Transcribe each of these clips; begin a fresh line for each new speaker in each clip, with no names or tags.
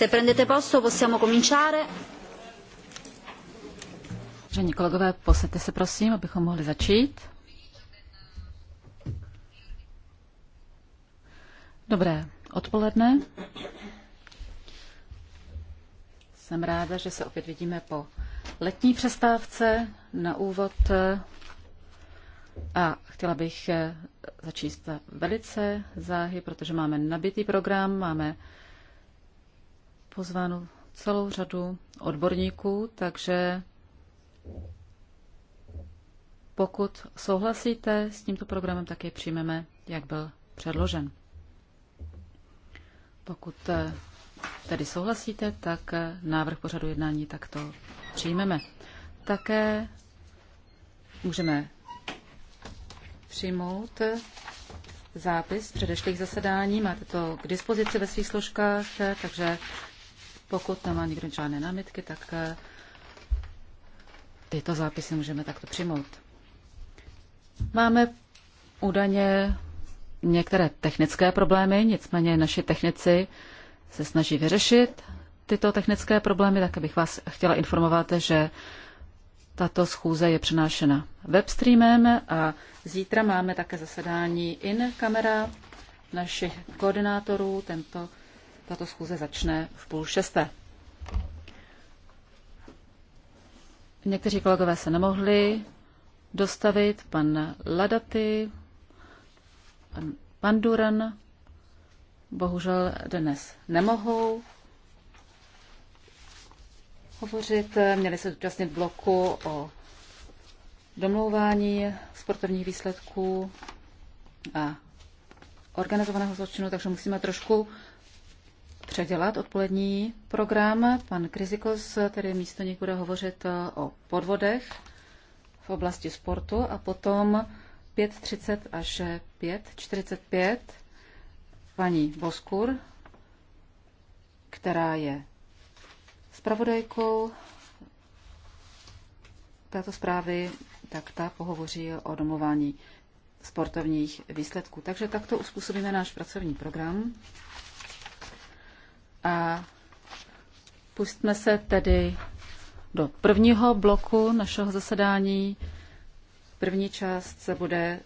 Se prendete
posto possiamo cominciare. Žení kolegové, posaďte se prosím, abychom mohli začít. Dobré odpoledne. Jsem ráda, že se opět vidíme po letní přestávce na úvod a chtěla bych začíst velice záhy, protože máme nabitý program, máme pozváno celou řadu odborníků, takže pokud souhlasíte s tímto programem, tak je přijmeme, jak byl předložen. Pokud eh, tedy souhlasíte, tak eh, návrh pořadu jednání takto přijmeme. Také můžeme přijmout zápis předešlých zasedání. Máte to k dispozici ve svých složkách, eh, takže pokud nemá nikdo žádné námitky, tak eh, tyto zápisy můžeme takto přijmout. Máme údajně některé technické problémy, nicméně naši technici se snaží vyřešit tyto technické problémy, tak bych vás chtěla informovat, že tato schůze je přenášena webstreamem a zítra máme také zasedání in kamera našich koordinátorů. Tento tato schůze začne v půl šesté. Někteří kolegové se nemohli dostavit. Pan Ladaty, pan Panduran, bohužel dnes nemohou hovořit. Měli se zúčastnit bloku o domlouvání sportovních výsledků a organizovaného zločinu, takže musíme trošku předělat odpolední program. Pan Krizikos tedy místo něj bude hovořit eh, o podvodech v oblasti sportu a potom 5.30 až 5.45 eh, paní Boskur, která je zpravodajkou této zprávy, tak ta pohovoří o domování sportovních výsledků. Takže takto uspůsobíme náš pracovní program. A pustme se tedy do prvního bloku našeho zasedání. První část se bude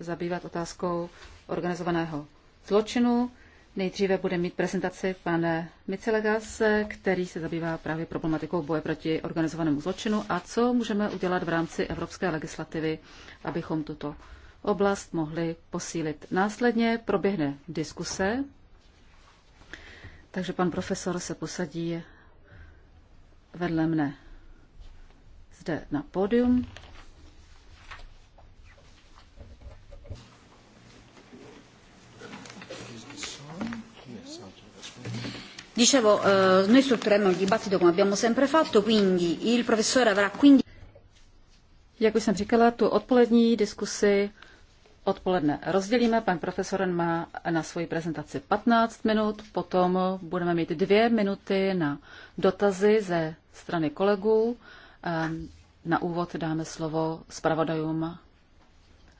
zabývat otázkou organizovaného zločinu. Nejdříve bude mít prezentaci pan Micelegas, který se zabývá právě problematikou boje proti organizovanému zločinu a co můžeme udělat v rámci evropské legislativy, abychom tuto oblast mohli posílit. Následně proběhne diskuse takže pan profesor se posadí vedle mne zde na pódium.
Dicevo, eh, noi strutturiamo
il dibattito come abbiamo sempre fatto, quindi il professore avrà quindi... Jak už jsem říkala, tu odpolední diskusi odpoledne rozdělíme. Pan profesor má na svoji prezentaci 15 minut, potom budeme mít dvě minuty na dotazy ze strany kolegů. Ehm, na úvod dáme slovo zpravodajům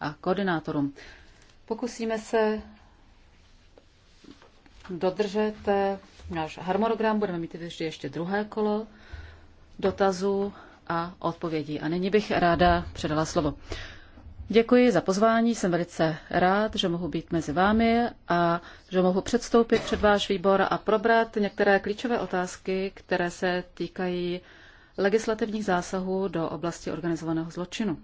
a koordinátorům. Pokusíme se dodržet eh, náš harmonogram, budeme mít vždy ještě druhé kolo dotazů a odpovědí. A nyní bych ráda předala slovo. Děkuji za pozvání, jsem velice rád, že mohu být mezi vámi a že mohu předstoupit před váš výbor a probrat některé klíčové otázky, které se týkají legislativních zásahů do oblasti organizovaného zločinu.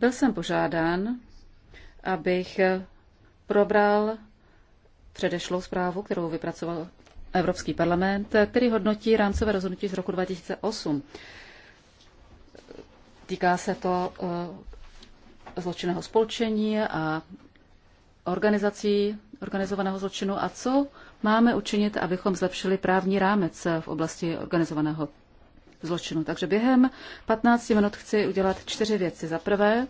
Byl jsem požádán, abych probral předešlou zprávu, kterou vypracoval Evropský parlament, který hodnotí rámcové rozhodnutí z roku 2008. Týká se to eh, zločinného spolčení a organizací organizovaného zločinu a co máme učinit, abychom zlepšili právní rámec v oblasti organizovaného zločinu. Takže během 15 minut chci udělat čtyři věci. Za prvé,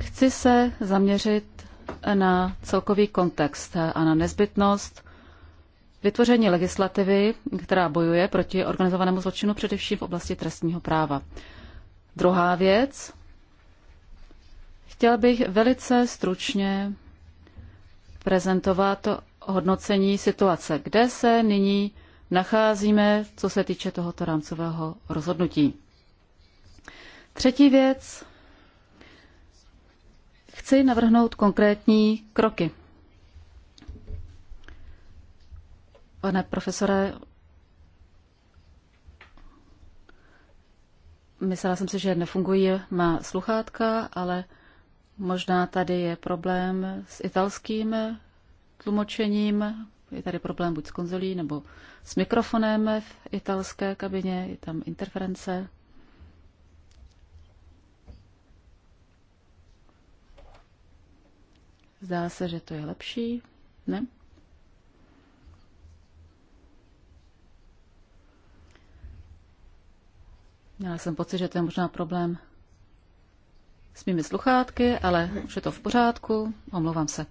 chci se zaměřit na celkový kontext a na nezbytnost vytvoření legislativy, která bojuje proti organizovanému zločinu především v oblasti trestního práva. Druhá věc, Chtěl bych velice stručně prezentovat hodnocení situace, kde se nyní nacházíme, co se týče tohoto rámcového rozhodnutí. Třetí věc. Chci navrhnout konkrétní kroky. Pane profesore, myslela jsem si, že nefungují má sluchátka, ale Možná tady je problém s italským tlumočením, je tady problém buď s konzolí nebo s mikrofonem v italské kabině, je tam interference. Zdá se, že to je lepší, ne? Měla jsem pocit, že to je možná problém s mými sluchátky, ale už je to v pořádku, omlouvám se.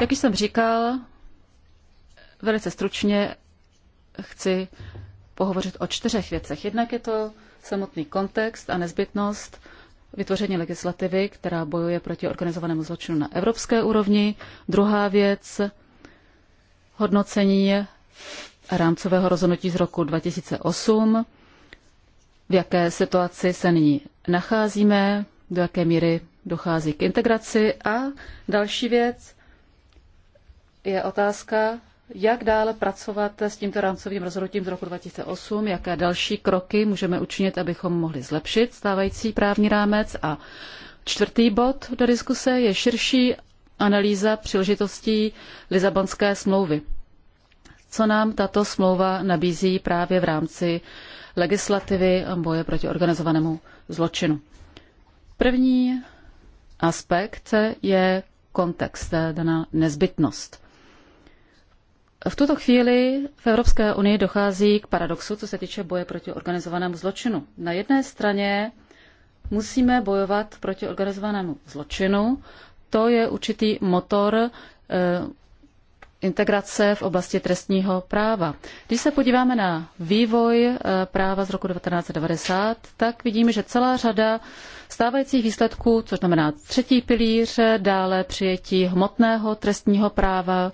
Jak jsem říkal, velice stručně chci pohovořit o čtyřech věcech. Jednak je to samotný kontext a nezbytnost vytvoření legislativy, která bojuje proti organizovanému zločinu na evropské úrovni. Druhá věc, hodnocení rámcového rozhodnutí z roku 2008, v jaké situaci se nyní nacházíme, do jaké míry dochází k integraci. A další věc je otázka, jak dále pracovat s tímto rámcovým rozhodnutím z roku 2008, jaké další kroky můžeme učinit, abychom mohli zlepšit stávající právní rámec. A čtvrtý bod do diskuse je širší analýza příležitostí Lizabonské smlouvy. Co nám tato smlouva nabízí právě v rámci legislativy a boje proti organizovanému zločinu. První aspekt je kontext, daná nezbytnost. V tuto chvíli v Evropské unii dochází k paradoxu, co se týče boje proti organizovanému zločinu. Na jedné straně musíme bojovat proti organizovanému zločinu, to je určitý motor eh, integrace v oblasti trestního práva. Když se podíváme na vývoj eh, práva z roku 1990, tak vidíme, že celá řada stávajících výsledků, což znamená třetí pilíř, dále přijetí hmotného trestního práva,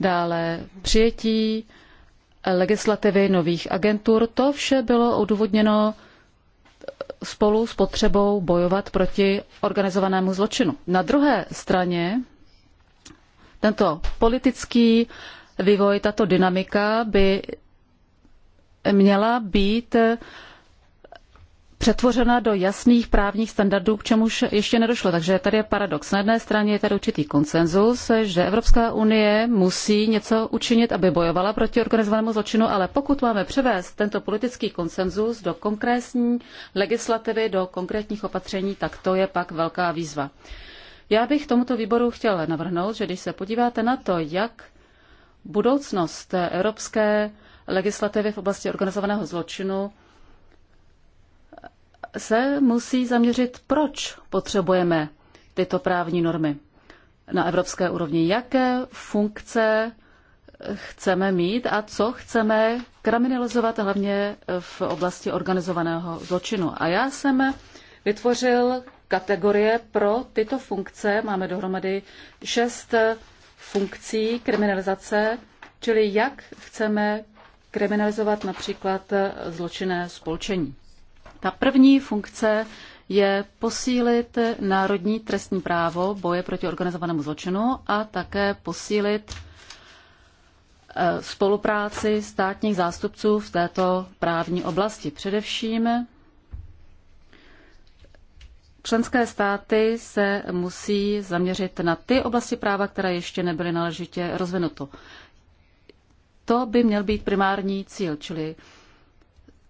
dále přijetí eh, legislativy nových agentur, to vše bylo odůvodněno eh, spolu s potřebou bojovat proti organizovanému zločinu. Na druhé straně tento politický vývoj, tato dynamika by měla být přetvořena do jasných právních standardů, k čemuž ještě nedošlo. Takže tady je paradox. Na jedné straně je tady určitý konsenzus, že Evropská unie musí něco učinit, aby bojovala proti organizovanému zločinu, ale pokud máme převést tento politický konsenzus do konkrétní legislativy, do konkrétních opatření, tak to je pak velká výzva. Já bych tomuto výboru chtěl navrhnout, že když se podíváte na to, jak budoucnost evropské legislativy v oblasti organizovaného zločinu se musí zaměřit, proč potřebujeme tyto právní normy na evropské úrovni, jaké funkce chceme mít a co chceme kriminalizovat hlavně v oblasti organizovaného zločinu. A já jsem vytvořil kategorie pro tyto funkce. Máme dohromady šest funkcí kriminalizace, čili jak chceme kriminalizovat například zločinné spolčení. Ta první funkce je posílit národní trestní právo boje proti organizovanému zločinu a také posílit eh, spolupráci státních zástupců v této právní oblasti. Především Členské státy se musí zaměřit na ty oblasti práva, které ještě nebyly náležitě rozvinuto. To by měl být primární cíl, čili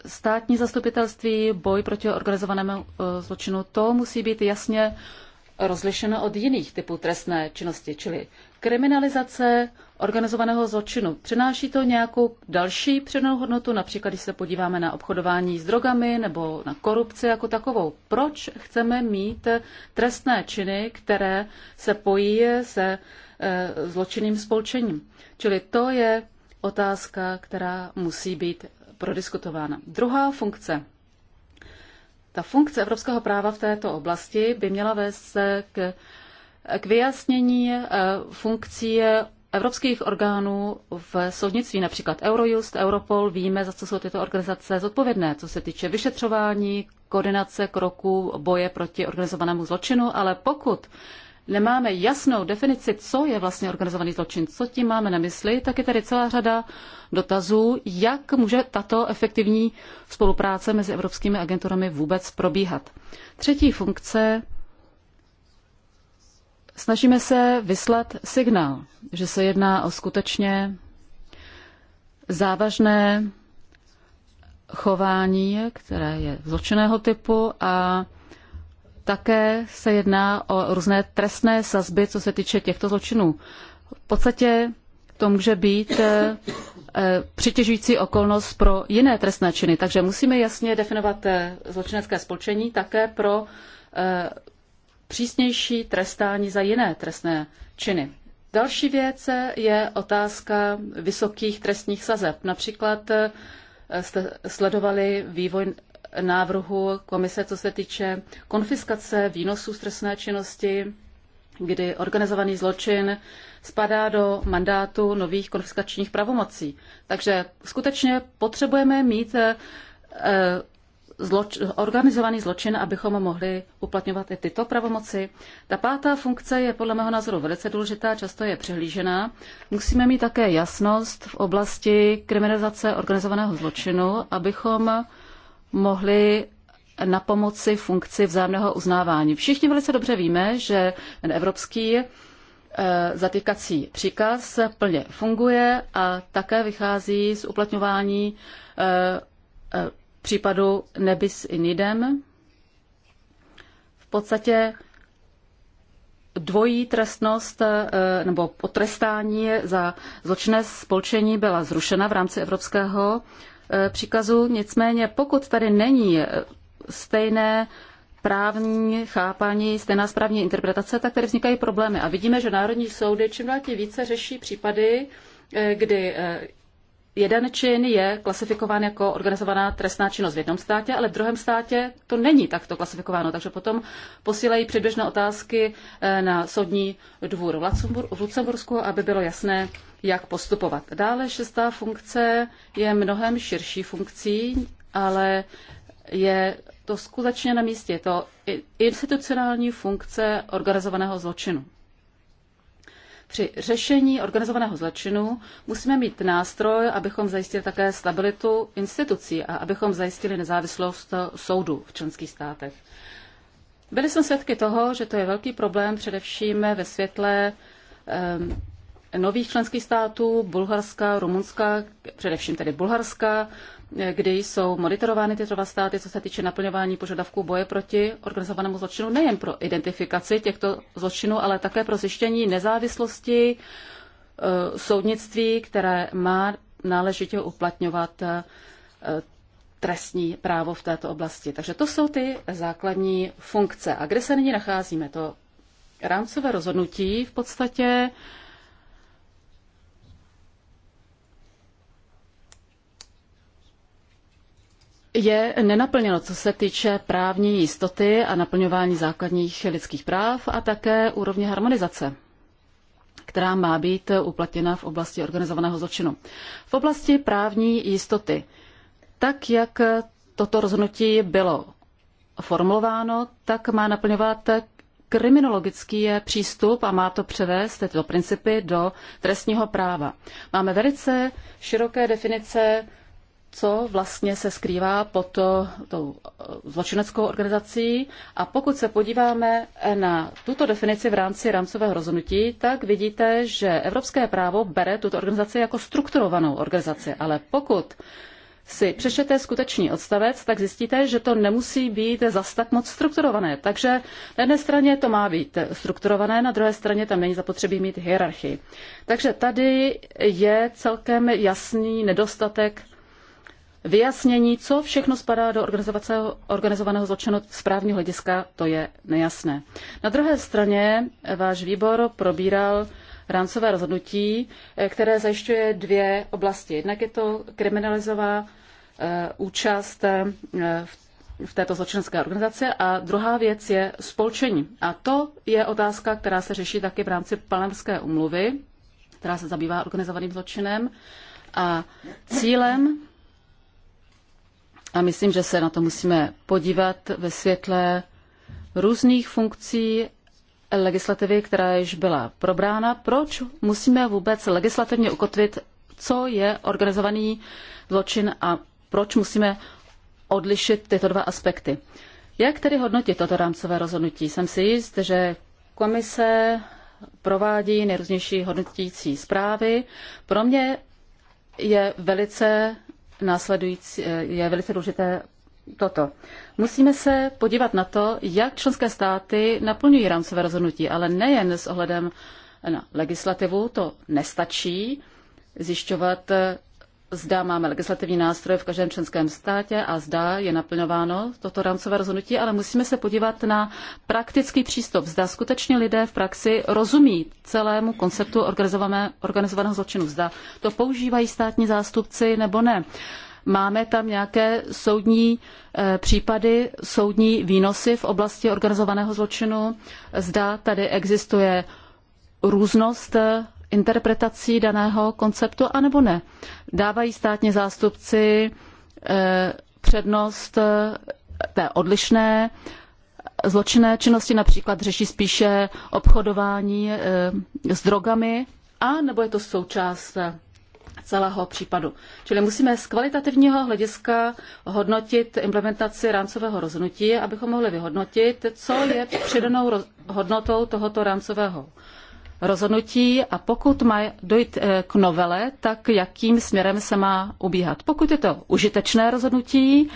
státní zastupitelství, boj proti organizovanému eh, zločinu, to musí být jasně rozlišeno od jiných typů trestné činnosti, čili kriminalizace organizovaného zločinu. Přináší to nějakou další přednou hodnotu, například když se podíváme na obchodování s drogami nebo na korupci jako takovou. Proč chceme mít trestné činy, které se pojí se eh, zločinným spolčením? Čili to je otázka, která musí být prodiskutována. Druhá funkce ta funkce evropského práva v této oblasti by měla vést k, k vyjasnění e, funkcí evropských orgánů v soudnictví, například Eurojust, Europol, víme, za co jsou tyto organizace zodpovědné, co se týče vyšetřování, koordinace kroků boje proti organizovanému zločinu, ale pokud nemáme jasnou definici, co je vlastně organizovaný zločin, co tím máme na mysli, tak je tady celá řada dotazů, jak může tato efektivní spolupráce mezi evropskými agenturami vůbec probíhat. Třetí funkce Snažíme se vyslat signál, že se jedná o skutečně závažné chování, které je zločinného typu a také se jedná o různé trestné sazby, co se týče těchto zločinů. V podstatě to může být eh, Eh, přitěžující okolnost pro jiné trestné činy. Takže musíme jasně definovat eh, zločinecké spolčení také pro eh, přísnější trestání za jiné trestné činy. Další věc je otázka vysokých trestních sazeb. Například jste sledovali vývoj návrhu komise, co se týče konfiskace výnosů z trestné činnosti, kdy organizovaný zločin spadá do mandátu nových konfiskačních pravomocí. Takže skutečně potřebujeme mít eh, zloč, organizovaný zločin, abychom mohli uplatňovat i tyto pravomoci. Ta pátá funkce je podle mého názoru velice důležitá, často je přehlížená. Musíme mít také jasnost v oblasti kriminalizace organizovaného zločinu, abychom mohli na pomoci funkci vzájemného uznávání. Všichni velice dobře víme, že ten evropský Eh, zatýkací příkaz plně funguje a také vychází z uplatňování eh, eh, případu nebis in idem. V podstatě dvojí trestnost nebo potrestání za zločinné spolčení byla zrušena v rámci evropského příkazu. Nicméně pokud tady není stejné právní chápání, stejná správní interpretace, tak tady vznikají problémy. A vidíme, že národní soudy čím dál tím více řeší případy, eh, kdy eh, jeden čin je klasifikován jako organizovaná trestná činnost v jednom státě, ale v druhém státě to není takto klasifikováno. Takže potom posílají předběžné otázky eh, na soudní dvůr v Lucembursku, aby bylo jasné, jak postupovat. Dále šestá funkce je mnohem širší funkcí, ale je to skutečně na místě. Je to institucionální funkce organizovaného zločinu. Při řešení organizovaného zločinu musíme mít nástroj, abychom zajistili také stabilitu institucí a abychom zajistili nezávislost soudu v členských státech. Byli jsme svědky toho, že to je velký problém především ve světle um, nových členských států, Bulharska, Rumunska, především tedy Bulharska, kdy jsou monitorovány tyto dva státy, co se týče naplňování požadavků boje proti organizovanému zločinu, nejen pro identifikaci těchto zločinů, ale také pro zjištění nezávislosti e, soudnictví, které má náležitě uplatňovat e, trestní právo v této oblasti. Takže to jsou ty základní funkce. A kde se nyní nacházíme? To rámcové rozhodnutí v podstatě je nenaplněno, co se týče právní jistoty a naplňování základních lidských práv a také úrovně harmonizace která má být uplatněna v oblasti organizovaného zločinu. V oblasti právní jistoty. Tak, jak toto rozhodnutí bylo formulováno, tak má naplňovat kriminologický přístup a má to převést tyto principy do trestního práva. Máme velice široké definice co vlastně se skrývá pod tou eh, zločineckou organizací. A pokud se podíváme na tuto definici v rámci rámcového rozhodnutí, tak vidíte, že evropské právo bere tuto organizaci jako strukturovanou organizaci. Ale pokud si přečtete skutečný odstavec, tak zjistíte, že to nemusí být zas tak moc strukturované. Takže na jedné straně to má být strukturované, na druhé straně tam není zapotřebí mít hierarchii. Takže tady je celkem jasný nedostatek vyjasnění, co všechno spadá do organizovaného zločinu z právního hlediska, to je nejasné. Na druhé straně váš výbor probíral rámcové rozhodnutí, eh, které zajišťuje dvě oblasti. Jednak je to kriminalizová eh, účast eh, v v této zločinské organizaci a druhá věc je spolčení. A to je otázka, která se řeší taky v rámci Palemské umluvy, která se zabývá organizovaným zločinem. A cílem a myslím, že se na to musíme podívat ve světle různých funkcí legislativy, která již byla probrána. Proč musíme vůbec legislativně ukotvit, co je organizovaný zločin a proč musíme odlišit tyto dva aspekty? Jak tedy hodnotit toto rámcové rozhodnutí? Jsem si jist, že komise provádí nejrůznější hodnotící zprávy. Pro mě je velice následující, eh, je velice důležité toto. Musíme se podívat na to, jak členské státy naplňují rámcové rozhodnutí, ale nejen s ohledem na legislativu, to nestačí zjišťovat, eh, zda máme legislativní nástroje v každém členském státě a zda je naplňováno toto rámcové rozhodnutí, ale musíme se podívat na praktický přístup. Zda skutečně lidé v praxi rozumí celému konceptu organizovaného zločinu. Zda to používají státní zástupci nebo ne. Máme tam nějaké soudní eh, případy, soudní výnosy v oblasti organizovaného zločinu. Zda tady existuje různost eh, interpretací daného konceptu, anebo ne. Dávají státní zástupci eh, přednost eh, té odlišné eh, zločinné činnosti, například řeší spíše obchodování s drogami, a nebo je to součást celého případu. Čili musíme z kvalitativního hlediska hodnotit implementaci rámcového rozhodnutí, abychom mohli vyhodnotit, co je přidanou hodnotou tohoto rámcového rozhodnutí a pokud má dojít eh, k novele, tak jakým směrem se má ubíhat. Pokud je to užitečné rozhodnutí,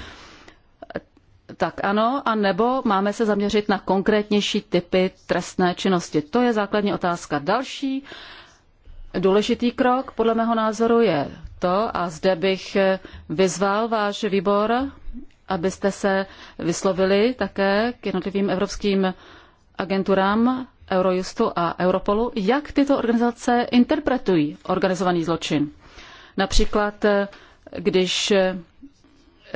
tak ano, a nebo máme se zaměřit na konkrétnější typy trestné činnosti. To je základní otázka. Další důležitý krok podle mého názoru je to, a zde bych eh, vyzval váš výbor, abyste se vyslovili také k jednotlivým evropským agenturám Eurojustu a Europolu, jak tyto organizace interpretují organizovaný zločin. Například, když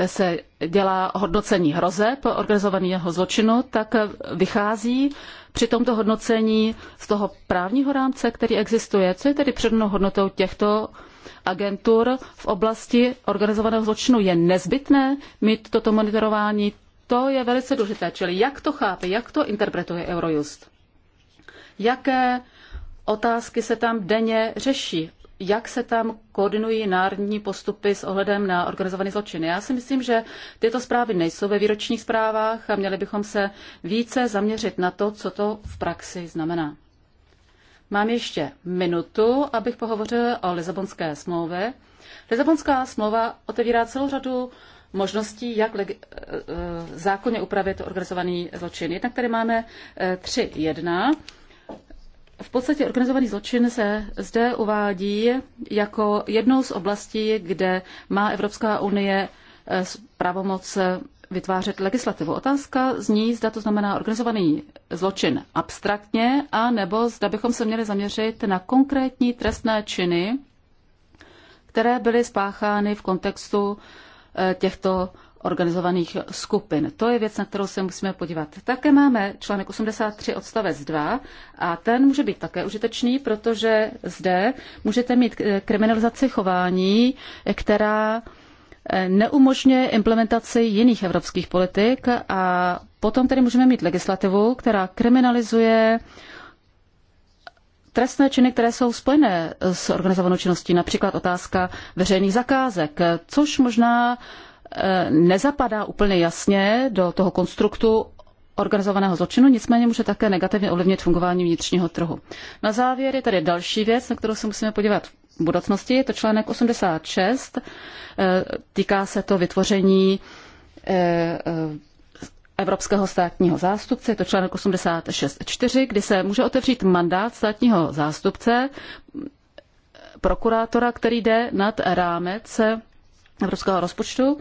se dělá hodnocení hrozeb organizovaného zločinu, tak vychází při tomto hodnocení z toho právního rámce, který existuje. Co je tedy přednou hodnotou těchto agentur v oblasti organizovaného zločinu? Je nezbytné mít toto monitorování? To je velice důležité. Čili jak to chápe, jak to interpretuje Eurojust? jaké otázky se tam denně řeší, jak se tam koordinují národní postupy s ohledem na organizovaný zločin. Já si myslím, že tyto zprávy nejsou ve výročních zprávách a měli bychom se více zaměřit na to, co to v praxi znamená. Mám ještě minutu, abych pohovořil o Lisabonské smlouvě. Lisabonská smlouva otevírá celou řadu možností, jak leg- eh, eh, zákonně upravit organizovaný zločin. Jednak tady máme 3.1, eh, v podstatě organizovaný zločin se zde uvádí jako jednou z oblastí, kde má Evropská unie eh, pravomoc eh, vytvářet legislativu. Otázka zní, zda to znamená organizovaný zločin abstraktně, a nebo zda bychom se měli zaměřit na konkrétní trestné činy, které byly spáchány v kontextu eh, těchto organizovaných skupin. To je věc, na kterou se musíme podívat. Také máme článek 83 odstavec 2 a ten může být také užitečný, protože zde můžete mít kriminalizaci chování, která eh, neumožňuje implementaci jiných evropských politik a potom tedy můžeme mít legislativu, která kriminalizuje trestné činy, které jsou spojené s organizovanou činností, například otázka veřejných zakázek, což možná Eh, nezapadá úplně jasně do toho konstruktu organizovaného zločinu, nicméně může také negativně ovlivnit fungování vnitřního trhu. Na závěr je tady další věc, na kterou se musíme podívat v budoucnosti. Je to článek 86. Eh, týká se to vytvoření eh, evropského státního zástupce, je to článek 86.4, kdy se může otevřít mandát státního zástupce prokurátora, který jde nad rámec evropského rozpočtu.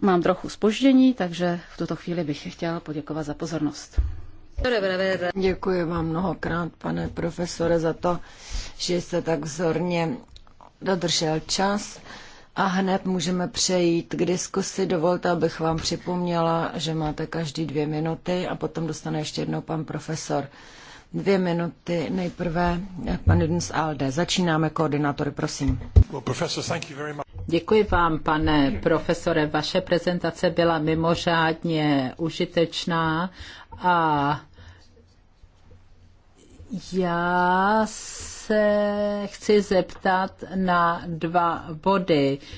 Mám trochu spoždění, takže v tuto chvíli bych chtěl poděkovat za pozornost. Děkuji vám mnohokrát, pane profesore, za to,
že jste tak vzorně dodržel čas. A hned můžeme přejít k diskusi. Dovolte, abych vám připomněla, že máte každý dvě minuty a potom dostane ještě jednou pan profesor. Dvě minuty nejprve,
pan Jeden z ALDE. Začínáme koordinátory, prosím. Děkuji vám, pane profesore. Vaše prezentace byla mimořádně užitečná a já se chci zeptat na dva body. Uh,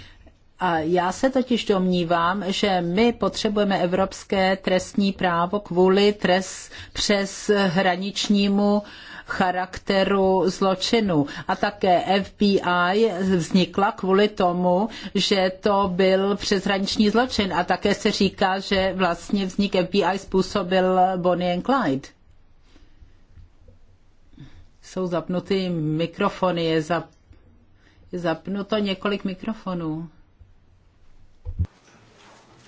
a já se totiž domnívám, že my potřebujeme evropské trestní právo kvůli trest přes hraničnímu charakteru zločinu. A také FBI vznikla kvůli tomu, že to byl přeshraniční zločin. A také se říká, že vlastně vznik FBI způsobil Bonnie and Clyde. Jsou zapnuty mikrofony, je, zap, je zapnuto několik mikrofonů.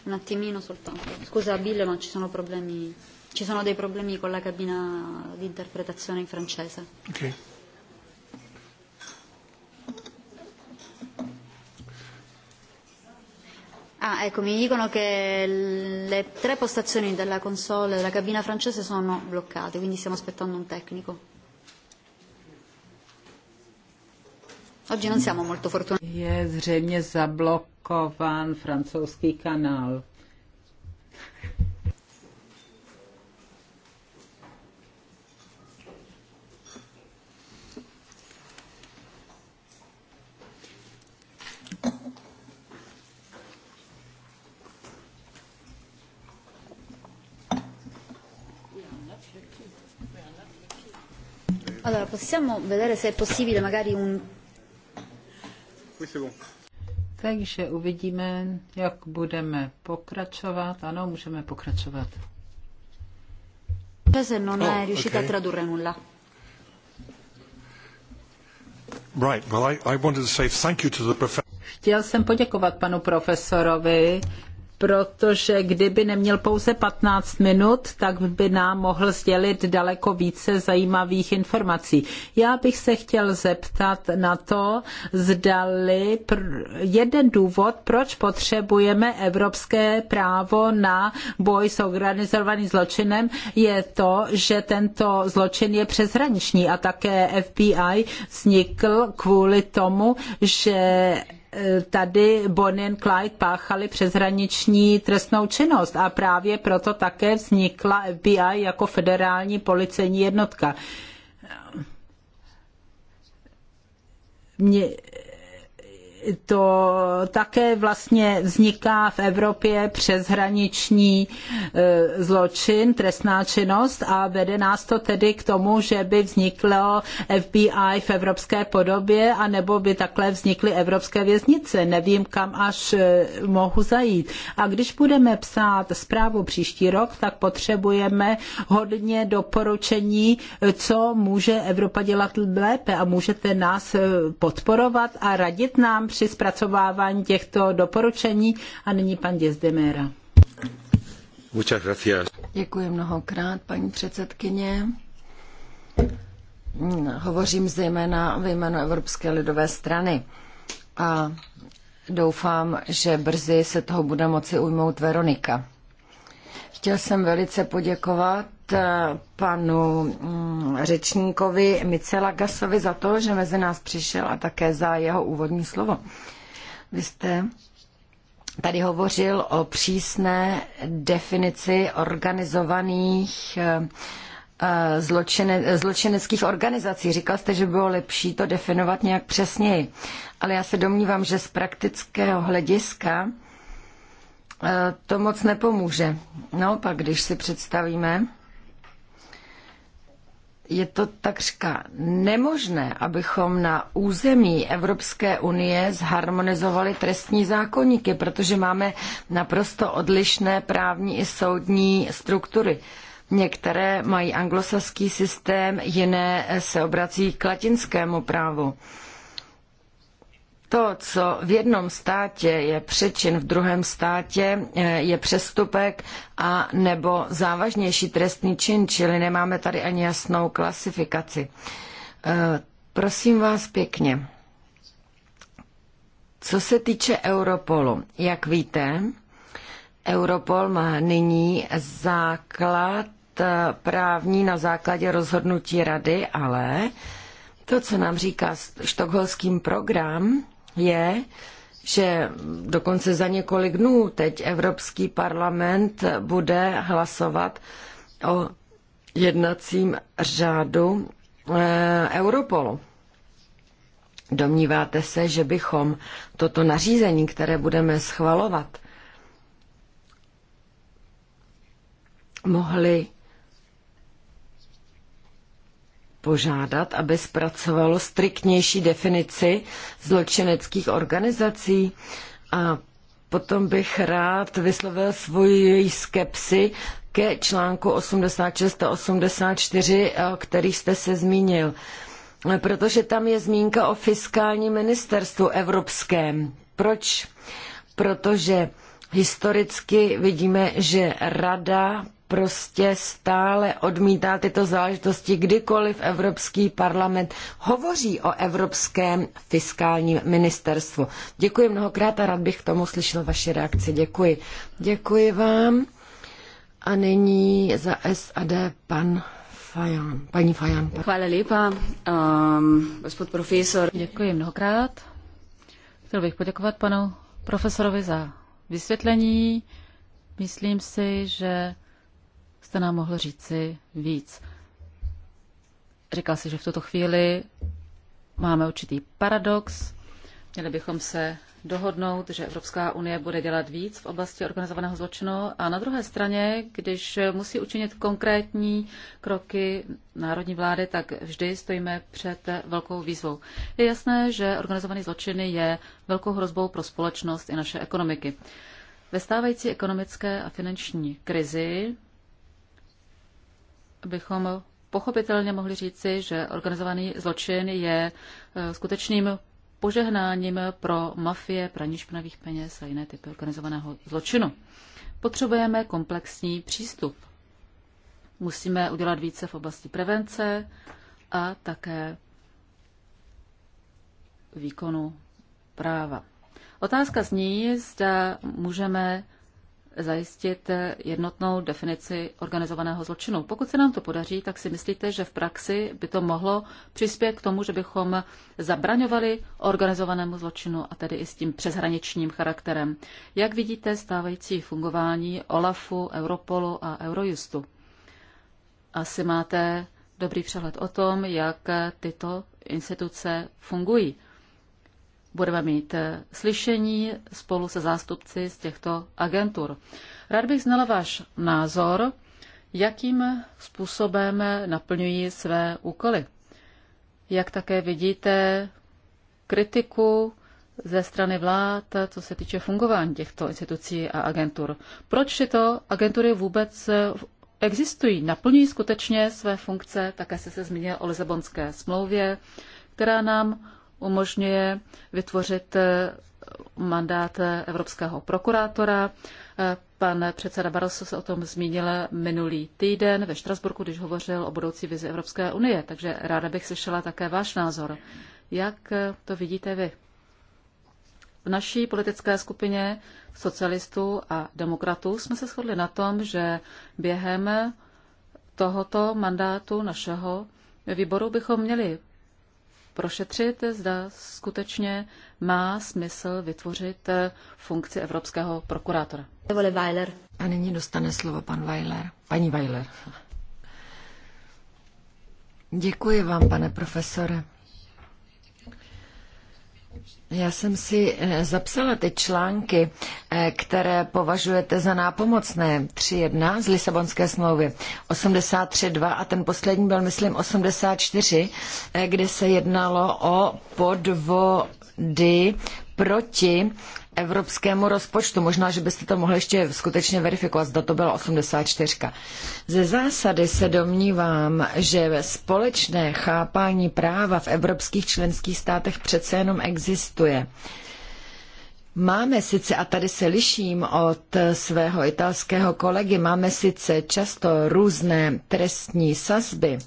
Un attimino soltanto. Scusa Bill, ma ci sono problemi. Ci sono dei problemi con la cabina di interpretazione in francese. Ok. Ah, ecco, mi dicono che le tre postazioni della console della cabina francese sono bloccate, quindi stiamo aspettando un tecnico. Oggi non siamo molto fortunati. Je zřejmě zablokován
francouzský kanál.
Allora,
possiamo vedere se è possibile magari un takže
uvidíme, jak budeme pokračovat. Ano, můžeme pokračovat.
Se non è riuscita a tradurre nulla. Right, well I, I wanted to say thank you to the professor.
Chtěl jsem poděkovat panu profesorovi protože kdyby neměl pouze 15 minut, tak by nám mohl sdělit daleko více zajímavých informací. Já bych se chtěl zeptat na to, zdali jeden důvod, proč potřebujeme evropské právo na boj s organizovaným zločinem, je to, že tento zločin je přeshraniční a také FBI vznikl kvůli tomu, že tady Bonnie and Clyde páchali přeshraniční trestnou činnost a právě proto také vznikla FBI jako federální policejní jednotka. Mě, to také vlastně vzniká v Evropě přeshraniční e, zločin, trestná činnost a vede nás to tedy k tomu, že by vzniklo FBI v evropské podobě a nebo by takhle vznikly evropské věznice. Nevím, kam až e, mohu zajít. A když budeme psát zprávu příští rok, tak potřebujeme hodně doporučení, e, co může Evropa dělat lépe a můžete nás podporovat a radit nám při zpracovávání těchto doporučení. A nyní pan Dězdemera. Děkuji
mnohokrát, paní předsedkyně. Hmm, hovořím zejména ve jménu Evropské lidové strany. A doufám, že brzy se toho bude moci ujmout Veronika. Chtěl jsem velice poděkovat Eh, panu mm, řečníkovi Micela Gasovi za to, že mezi nás přišel a také za jeho úvodní slovo. Vy jste tady hovořil o přísné definici organizovaných eh, eh, zločine, zločineckých organizací. Říkal jste, že bylo lepší to definovat nějak přesněji. Ale já se domnívám, že z praktického hlediska to moc nepomůže. Naopak, když si představíme, je to takřka nemožné, abychom na území Evropské unie zharmonizovali trestní zákonníky, protože máme naprosto odlišné právní i soudní struktury. Některé mají anglosaský systém, jiné se obrací k latinskému právu to, co v jednom státě je přečin, v druhém státě eh, je přestupek a nebo závažnější trestný čin, čili nemáme tady ani jasnou klasifikaci. Eh, prosím vás pěkně. Co se týče Europolu, jak víte, Europol má nyní základ eh, právní na základě rozhodnutí rady, ale to, co nám říká štokholský program, je, že dokonce za několik dnů teď Evropský parlament bude hlasovat o jednacím řádu e, Europolu. Domníváte se, že bychom toto nařízení, které budeme schvalovat, mohli požádat, aby zpracovalo striktnější definici zločineckých organizací. A potom bych rád vyslovil svoji skepsi ke článku 86 a 84, eh, který jste se zmínil. Protože tam je zmínka o fiskálním ministerstvu evropském. Proč? Protože historicky vidíme, že rada prostě stále odmítá tyto záležitosti, kdykoliv Evropský parlament hovoří o Evropském fiskálním ministerstvu. Děkuji mnohokrát a rád bych k tomu slyšel vaši reakci. Děkuji. Děkuji vám. A nyní za SAD pan Fajan. Paní
Fajan. Chvále lípa, um, gospod profesor. Děkuji mnohokrát. Chtěl bych poděkovat panu profesorovi za vysvětlení. Myslím si, že byste nám mohl říci víc? Říkal si, že v tuto chvíli máme určitý paradox. Měli bychom se dohodnout, že Evropská unie bude dělat víc v oblasti organizovaného zločinu a na druhé straně, když musí učinit konkrétní kroky národní vlády, tak vždy stojíme před velkou výzvou. Je jasné, že organizovaný zločin je velkou hrozbou pro společnost i naše ekonomiky. Ve stávající ekonomické a finanční krizi bychom pochopitelně mohli říci, že organizovaný zločin je e, skutečným požehnáním pro mafie, praní špinavých peněz a jiné typy organizovaného zločinu. Potřebujeme komplexní přístup. Musíme udělat více v oblasti prevence a také výkonu práva. Otázka zní, zda můžeme zajistit jednotnou definici organizovaného zločinu. Pokud se nám to podaří, tak si myslíte, že v praxi by to mohlo přispět k tomu, že bychom zabraňovali organizovanému zločinu a tedy i s tím přeshraničním charakterem. Jak vidíte stávající fungování OLAFu, Europolu a Eurojustu? Asi máte dobrý přehled o tom, jak tyto instituce fungují budeme mít eh, slyšení spolu se zástupci z těchto agentur. Rád bych znala váš názor, jakým způsobem naplňují své úkoly. Jak také vidíte kritiku ze strany vlád, co se týče fungování těchto institucí a agentur. Proč tyto agentury vůbec eh, existují? Naplňují skutečně své funkce? Také se se zmínil o Lisabonské smlouvě, která nám umožňuje vytvořit eh, mandát eh, evropského prokurátora. Eh, pan předseda Barroso se o tom zmínil minulý týden ve Štrasburku, když hovořil o budoucí vizi Evropské unie, takže ráda bych slyšela také váš názor. Jak to vidíte vy? V naší politické skupině socialistů a demokratů jsme se shodli na tom, že během tohoto mandátu našeho výboru bychom měli prošetřit, zda skutečně má smysl vytvořit eh, funkci evropského prokurátora.
A nyní dostane slovo pan Weiler. Paní Weiler. Děkuji vám, pane profesore. Já jsem si eh, zapsala ty články, eh, které považujete za nápomocné. 3.1 z Lisabonské smlouvy, 83.2 a ten poslední byl, myslím, 84, eh, kde se jednalo o podvody proti evropskému rozpočtu. Možná, že byste to mohli ještě skutečně verifikovat, zda to byla 84. Ze zásady se domnívám, že společné chápání práva v evropských členských státech přece jenom existuje. Máme sice, a tady se liším od svého italského kolegy, máme sice často různé trestní sazby,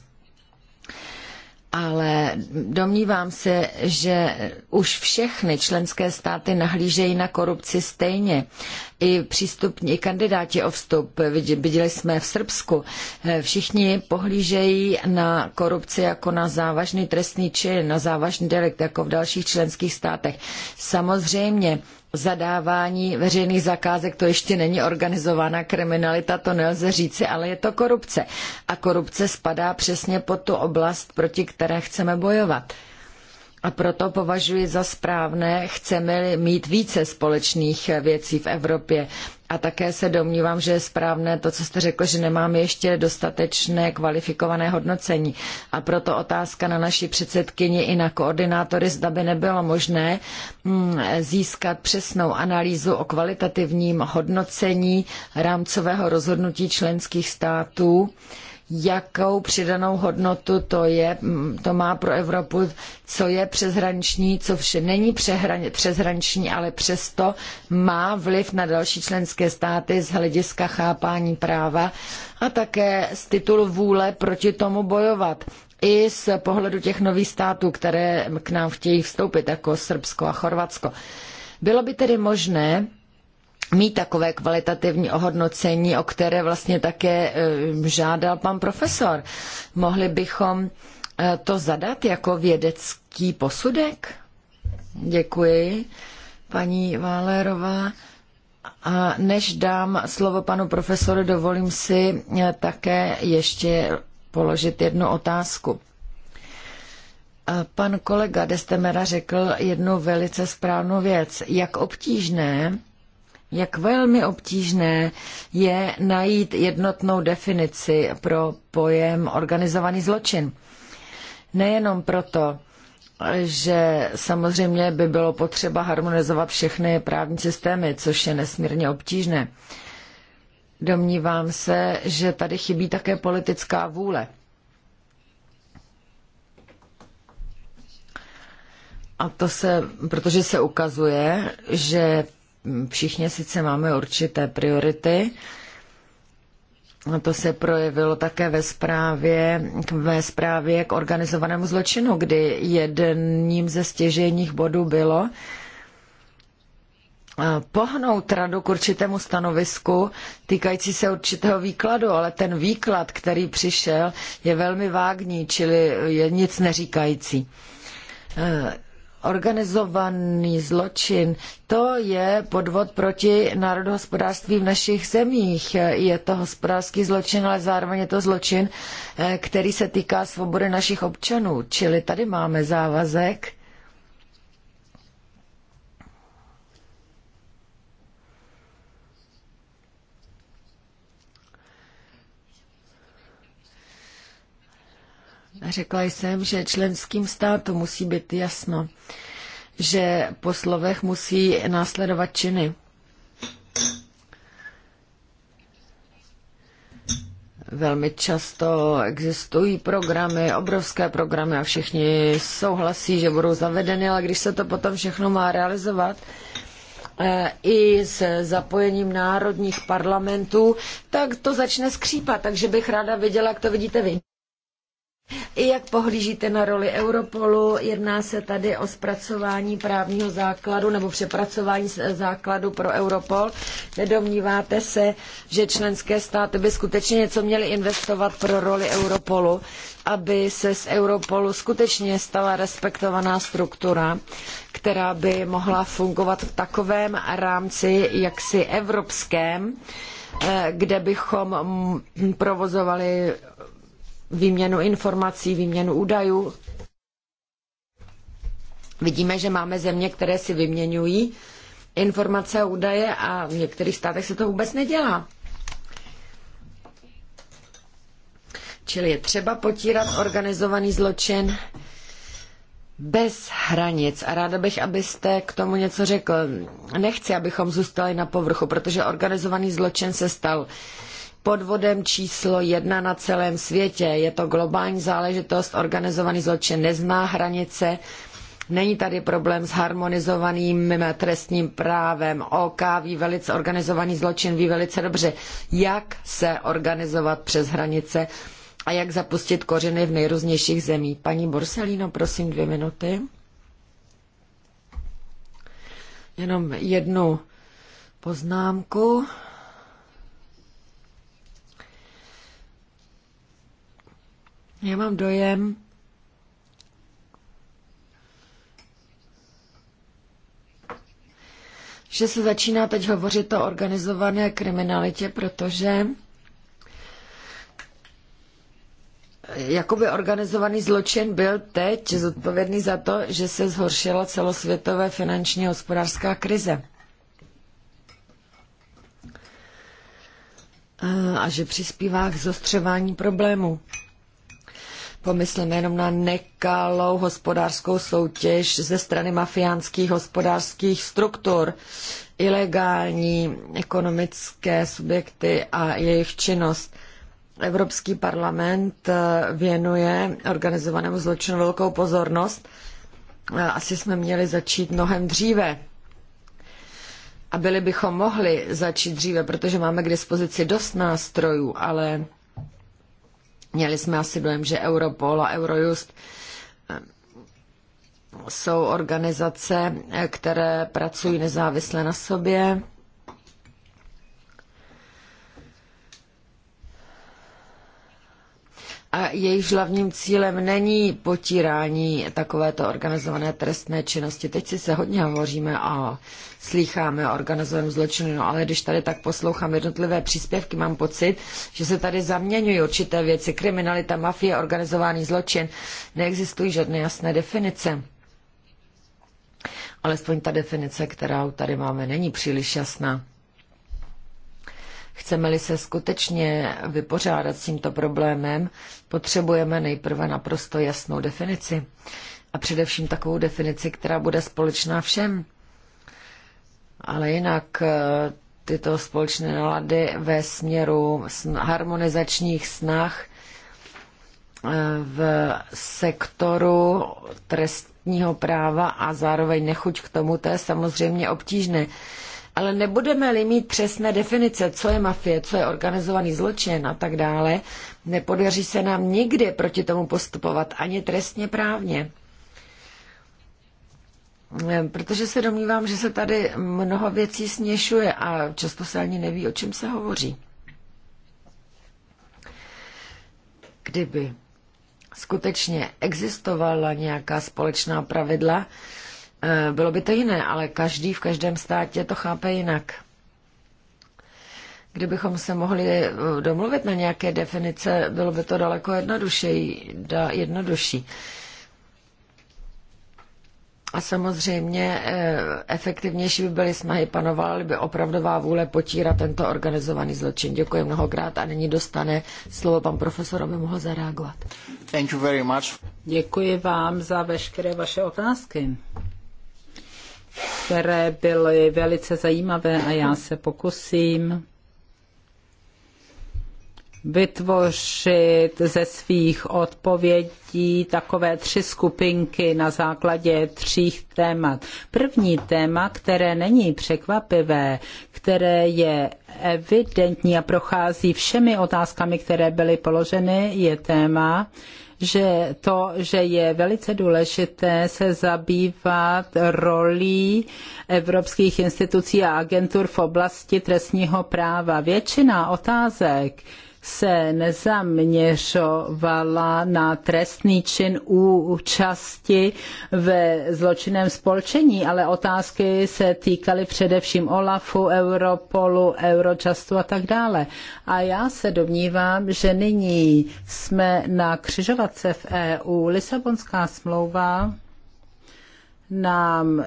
ale domnívám se, že už všechny členské státy nahlížejí na korupci stejně. I přístupní kandidáti o vstup, viděli jsme v Srbsku, eh, všichni pohlížejí na korupci jako na závažný trestný čin, na závažný delikt, jako v dalších členských státech. Samozřejmě zadávání veřejných zakázek, to ještě není organizovaná kriminalita, to nelze říci, ale je to korupce. A korupce spadá přesně pod tu oblast, proti které chceme bojovat. A proto považuji za správné, chceme mít více společných věcí v Evropě. A také se domnívám, že je správné to, co jste řekl, že nemáme ještě dostatečné kvalifikované hodnocení. A proto otázka na naši předsedkyni i na koordinátory, zda by nebylo možné mm, získat přesnou analýzu o kvalitativním hodnocení rámcového rozhodnutí členských států, jakou přidanou hodnotu to, je, to má pro Evropu, co je přeshraniční, co vše není přeshraniční, ale přesto má vliv na další členské státy z hlediska chápání práva a také z titulu vůle proti tomu bojovat. I z pohledu těch nových států, které k nám chtějí vstoupit, jako Srbsko a Chorvatsko. Bylo by tedy možné mít takové kvalitativní ohodnocení, o které vlastně také eh, žádal pan profesor. Mohli bychom eh, to zadat jako vědecký posudek? Děkuji, paní Válerová. A než dám slovo panu profesoru, dovolím si eh, také ještě položit jednu otázku. Pan kolega Destemera řekl jednu velice správnou věc. Jak obtížné jak velmi obtížné je najít jednotnou definici pro pojem organizovaný zločin. Nejenom proto, že samozřejmě by bylo potřeba harmonizovat všechny právní systémy, což je nesmírně obtížné. Domnívám se, že tady chybí také politická vůle. A to se, protože se ukazuje, že všichni sice máme určité priority, a to se projevilo také ve zprávě, ve zprávě k organizovanému zločinu, kdy jedním ze stěžejních bodů bylo eh, pohnout radu k určitému stanovisku týkající se určitého výkladu, ale ten výklad, který přišel, je velmi vágní, čili je nic neříkající. Eh, organizovaný zločin, to je podvod proti národohospodářství v našich zemích. Je to hospodářský zločin, ale zároveň je to zločin, eh, který se týká svobody našich občanů. Čili tady máme závazek Řekla jsem, že členským státům musí být jasno, že po slovech musí následovat činy. Velmi často existují programy, obrovské programy a všichni souhlasí, že budou zavedeny, ale když se to potom všechno má realizovat, eh, i s zapojením národních parlamentů, tak to začne skřípat. Takže bych ráda viděla, jak to vidíte vy. I jak pohlížíte na roli Europolu, jedná se tady o zpracování právního základu nebo přepracování základu pro Europol. Nedomníváte se, že členské státy by skutečně něco měly investovat pro roli Europolu, aby se z Europolu skutečně stala respektovaná struktura, která by mohla fungovat v takovém rámci jaksi evropském, eh, kde bychom provozovali výměnu informací, výměnu údajů. Vidíme, že máme země, které si vyměňují informace a údaje a v některých státech se to vůbec nedělá. Čili je třeba potírat organizovaný zločin bez hranic. A ráda bych, abyste k tomu něco řekl. Nechci, abychom zůstali na povrchu, protože organizovaný zločin se stal uh, podvodem číslo jedna na celém světě. Je to globální záležitost, organizovaný zločin nezná hranice, Není tady problém s harmonizovaným trestním právem. OK ví velice, organizovaný zločin ví velice dobře, jak se organizovat přes hranice a jak zapustit kořeny v nejrůznějších zemích. Paní Borsalino, prosím, dvě minuty. Jenom jednu poznámku. Já mám dojem, že se začíná teď hovořit o organizované kriminalitě, protože jakoby organizovaný zločin byl teď zodpovědný za to, že se zhoršila celosvětové finanční a hospodářská krize. A že přispívá k zostřování problémů. Pomysleme jenom na nekalou hospodářskou soutěž ze strany mafiánských hospodářských struktur, ilegální ekonomické subjekty a jejich činnost. Evropský parlament eh, věnuje organizovanému zločinu velkou pozornost. Eh, asi jsme měli začít mnohem dříve. A byli bychom mohli začít dříve, protože máme k dispozici dost nástrojů, ale Měli jsme asi dojem, že Europol a Eurojust eh, jsou organizace, eh, které pracují nezávisle na sobě a jejíž hlavním cílem není potírání takovéto organizované trestné činnosti. Teď si se hodně hovoříme a slýcháme o organizovaném zločinu, no ale když tady tak poslouchám jednotlivé příspěvky, mám pocit, že se tady zaměňují určité věci. Kriminalita, mafie, organizovaný zločin. Neexistují žádné jasné definice. Alespoň ta definice, kterou tady máme, není příliš jasná. Chceme-li se skutečně vypořádat s tímto problémem, potřebujeme nejprve naprosto jasnou definici. A především takovou definici, která bude společná všem. Ale jinak eh, tyto společné nalady ve směru harmonizačních snah eh, v sektoru trestního práva a zároveň nechuť k tomu, to je samozřejmě obtížné ale nebudeme-li mít přesné definice, co je mafie, co je organizovaný zločin a tak dále, nepodaří se nám nikdy proti tomu postupovat ani trestně právně. Eh, protože se domnívám, že se tady mnoho věcí směšuje a často se ani neví, o čem se hovoří. Kdyby skutečně existovala nějaká společná pravidla, Eh, bylo by to jiné, ale každý v každém státě to chápe jinak. Kdybychom se mohli eh, domluvit na nějaké definice, bylo by to daleko jednodušší. jednodušší. A samozřejmě eh, efektivnější by byly snahy, panovala by opravdová vůle potírat tento organizovaný zločin. Děkuji mnohokrát a nyní dostane slovo pan
profesor, aby mohl zareagovat. Thank you very much. Děkuji vám za veškeré vaše otázky které byly velice zajímavé a já se pokusím vytvořit ze svých odpovědí takové tři skupinky na základě tří témat. První téma, které není překvapivé, které je evidentní a prochází všemi otázkami, které byly položeny, je téma, že to, že je velice důležité se zabývat rolí evropských institucí a agentur v oblasti trestního práva. Většina otázek, se nezaměřovala na trestný čin účasti ve zločinném spolčení, ale otázky se týkaly především OLAFu, Europolu, Eurojustu a tak dále. A já se domnívám, že nyní jsme na křižovatce v EU. Lisabonská smlouva nám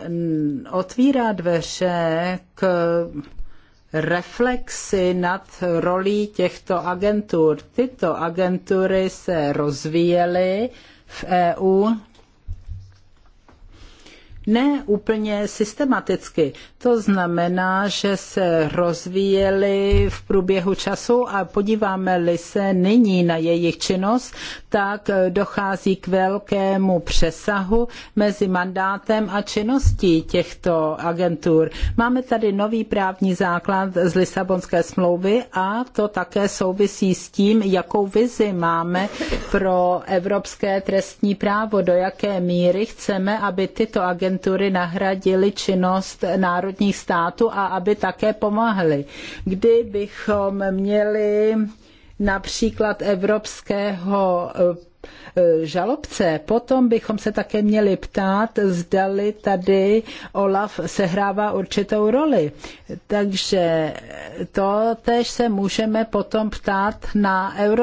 otvírá dveře k reflexy nad rolí těchto agentur. Tyto agentury se rozvíjely v EU ne úplně systematicky. To znamená, že se rozvíjeli v průběhu času a podíváme-li se nyní na jejich činnost, tak dochází k velkému přesahu mezi mandátem a činností těchto agentur. Máme tady nový právní základ z Lisabonské smlouvy a to také souvisí s tím, jakou vizi máme pro evropské trestní právo, do jaké míry chceme, aby tyto agentury agentury nahradily činnost národních států a aby také pomáhly. Kdybychom měli například evropského E, žalobce, potom bychom se také měli ptát, zdali tady Olaf sehrává určitou roli. Takže to tež se můžeme potom ptát na Eurojust.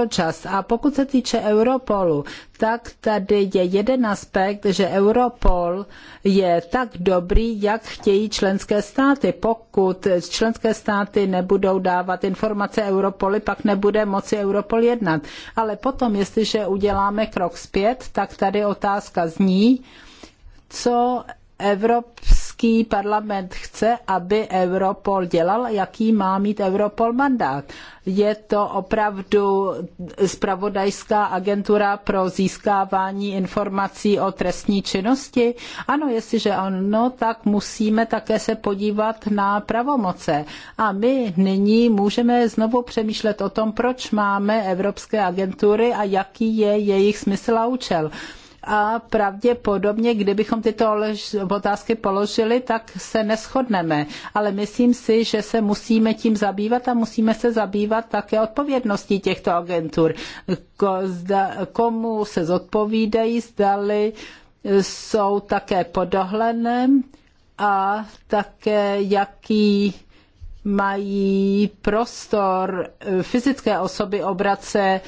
A pokud se týče Europolu, tak tady je jeden aspekt, že Europol je tak dobrý, jak chtějí členské státy. Pokud členské státy nebudou dávat informace Europoli, pak nebude moci Europol jednat. Ale potom, jestliže udělá uděláme krok zpět, tak tady otázka zní, co Evropská Evropský parlament chce, aby Europol dělal, jaký má mít Europol mandát. Je to opravdu spravodajská agentura pro získávání informací o trestní činnosti? Ano, jestliže ano, tak musíme také se podívat na pravomoce. A my nyní můžeme znovu přemýšlet o tom, proč máme evropské agentury a jaký je jejich smysl a účel a pravděpodobně, kdybychom tyto otázky položili, tak se neschodneme. Ale myslím si, že se musíme tím zabývat a musíme se zabývat také odpovědností těchto agentur. Komu se zodpovídají, zdali jsou také pod dohledem a také jaký mají prostor fyzické osoby obrace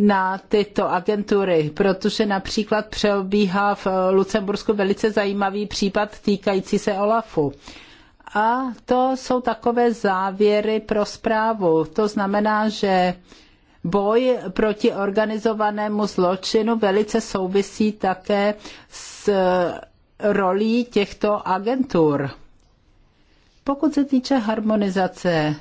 na tyto agentury, protože například přebíhá v Lucembursku velice zajímavý případ týkající se OLAFu. A to jsou takové závěry pro zprávu. To znamená, že boj proti organizovanému zločinu velice souvisí také s rolí těchto agentur. Pokud se týče harmonizace,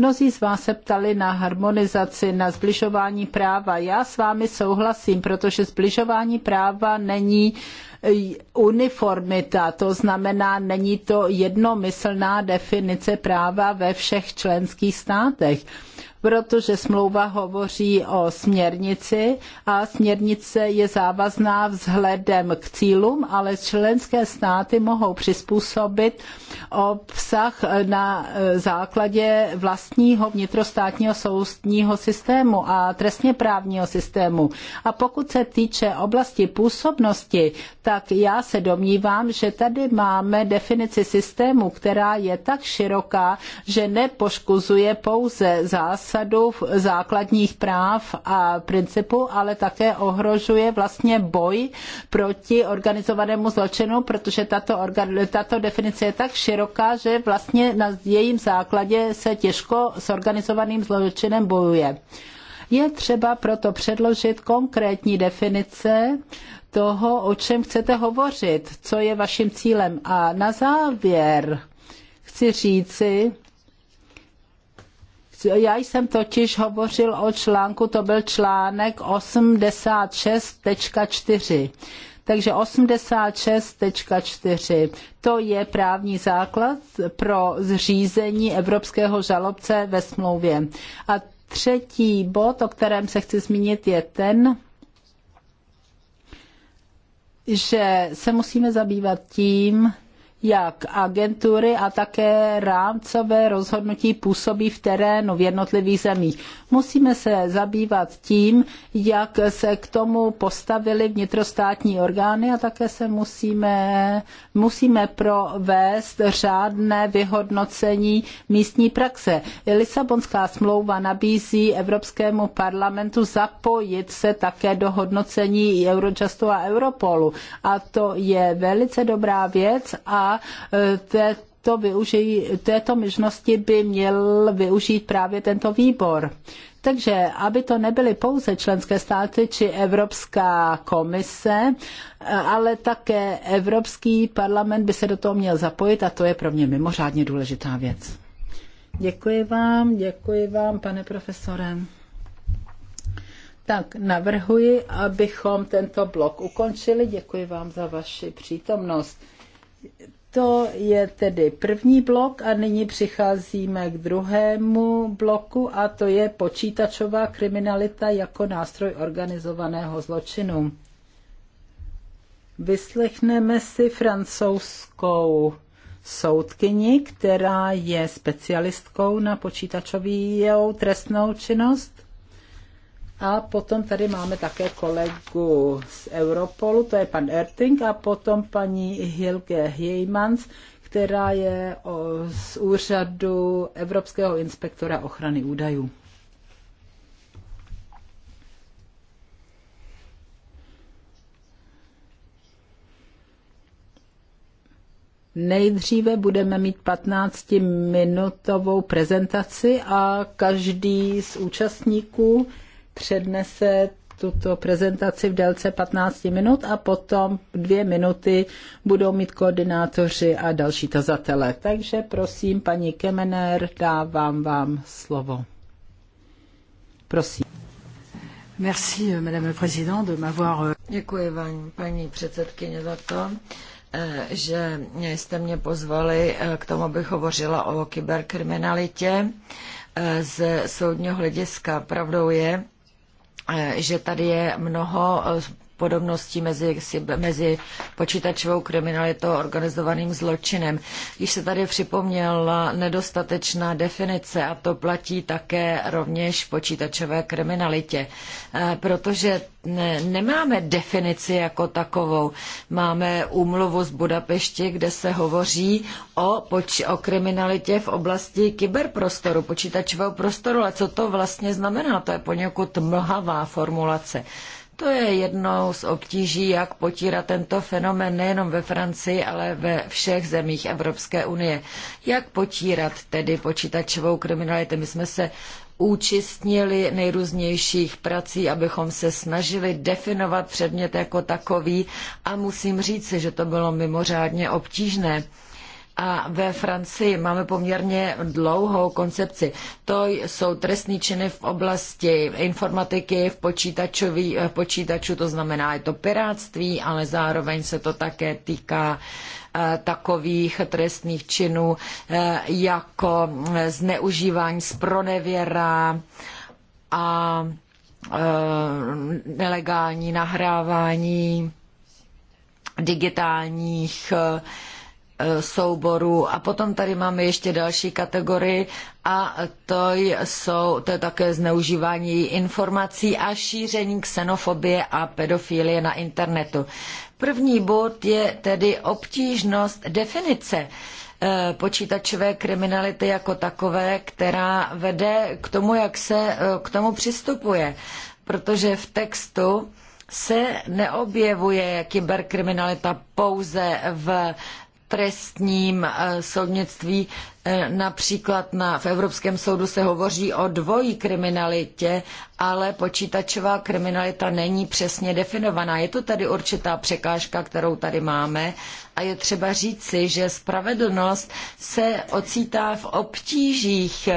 Mnozí z vás se ptali na harmonizaci, na zbližování práva. Já s vámi souhlasím, protože zbližování práva není e, uniformita, to znamená, není to jednomyslná definice práva ve všech členských státech protože smlouva hovoří o směrnici a směrnice je závazná vzhledem k cílům, ale členské státy mohou přizpůsobit obsah na e, základě vlastního vnitrostátního soudního systému a trestně právního systému. A pokud se týče oblasti působnosti, tak já se domnívám, že tady máme definici systému, která je tak široká, že nepoškozuje pouze zásady, zásadu základních práv a principů, ale také ohrožuje vlastně boj proti organizovanému zločinu, protože tato, organ, tato definice je tak široká, že vlastně na jejím základě se těžko s organizovaným zločinem bojuje. Je třeba proto předložit konkrétní definice toho, o čem chcete hovořit, co je vaším cílem. A na závěr chci říci, já jsem totiž hovořil o článku, to byl článek 86.4. Takže 86.4. To je právní základ pro zřízení evropského žalobce ve smlouvě. A třetí bod, o kterém se chci zmínit, je ten, že se musíme zabývat tím, jak agentury a také rámcové rozhodnutí působí v terénu v jednotlivých zemích. Musíme se zabývat tím, jak se k tomu postavili vnitrostátní orgány a také se musíme, musíme provést řádné vyhodnocení místní praxe. Lisabonská smlouva nabízí Evropskému parlamentu zapojit se také do hodnocení Eurojustu a Europolu. A to je velice dobrá věc a Eh, této, využijí, této možnosti by měl využít právě tento výbor. Takže aby to nebyly pouze členské státy či Evropská komise, eh, ale také Evropský parlament by se do toho měl zapojit a to je pro mě mimořádně důležitá věc. Děkuji vám, děkuji vám, pane profesore. Tak navrhuji, abychom tento blok ukončili. Děkuji vám za vaši přítomnost. To je tedy první blok a nyní přicházíme k druhému bloku a to je počítačová kriminalita jako nástroj organizovaného zločinu. Vyslechneme si francouzskou soudkyni, která je specialistkou na počítačovou trestnou činnost. A potom tady máme také kolegu z Europolu, to je pan Erting, a potom paní Hilke Heymans, která je z úřadu Evropského inspektora ochrany údajů. Nejdříve budeme mít 15-minutovou prezentaci a každý z účastníků přednese tuto prezentaci v délce 15 minut a potom dvě minuty budou mít koordinátoři a další tazatele. Takže prosím, paní Kemener, dávám vám slovo. Prosím.
Merci, madame la présidente, de m'avoir... Euh, Děkuji vám, paní předsedkyně, za to, eh, že jste mě pozvali eh, k tomu, abych hovořila o kyberkriminalitě eh, z soudního hlediska. Pravdou je, Eh, že tady je mnoho eh, podobností mezi, mezi počítačovou kriminalitou a organizovaným zločinem. Již se tady připomněla nedostatečná definice a to platí také rovněž počítačové kriminalitě, e, protože nemáme definici jako takovou. Máme úmluvu z Budapešti, kde se hovoří o, o kriminalitě v oblasti kyberprostoru, počítačového prostoru, ale co to vlastně znamená? To je poněkud mlhavá formulace. To je jednou z obtíží, jak potírat tento fenomen nejenom ve Francii, ale ve všech zemích Evropské unie. Jak potírat tedy počítačovou kriminalitu? My jsme se účistnili nejrůznějších prací, abychom se snažili definovat předmět jako takový a musím říci, že to bylo mimořádně obtížné a ve Francii máme poměrně dlouhou koncepci. To jsou trestní činy v oblasti informatiky, v, počítačový, eh, v počítaču, to znamená, je to piráctví, ale zároveň se to také týká eh, takových trestných činů eh, jako zneužívání spronevěra a nelegální nahrávání digitálních uh, E, souborů. A potom tady máme ještě další kategorii a to, jsou, to je také zneužívání informací a šíření xenofobie a pedofilie na internetu. První bod je tedy obtížnost definice e, počítačové kriminality jako takové, která vede k tomu, jak se e, k tomu přistupuje. Protože v textu se neobjevuje kyberkriminalita pouze v trestním eh, soudnictví. Eh, například na, v Evropském soudu se hovoří o dvojí kriminalitě, ale počítačová kriminalita není přesně definovaná. Je to tady určitá překážka, kterou tady máme a je třeba říci, že spravedlnost se ocitá v obtížích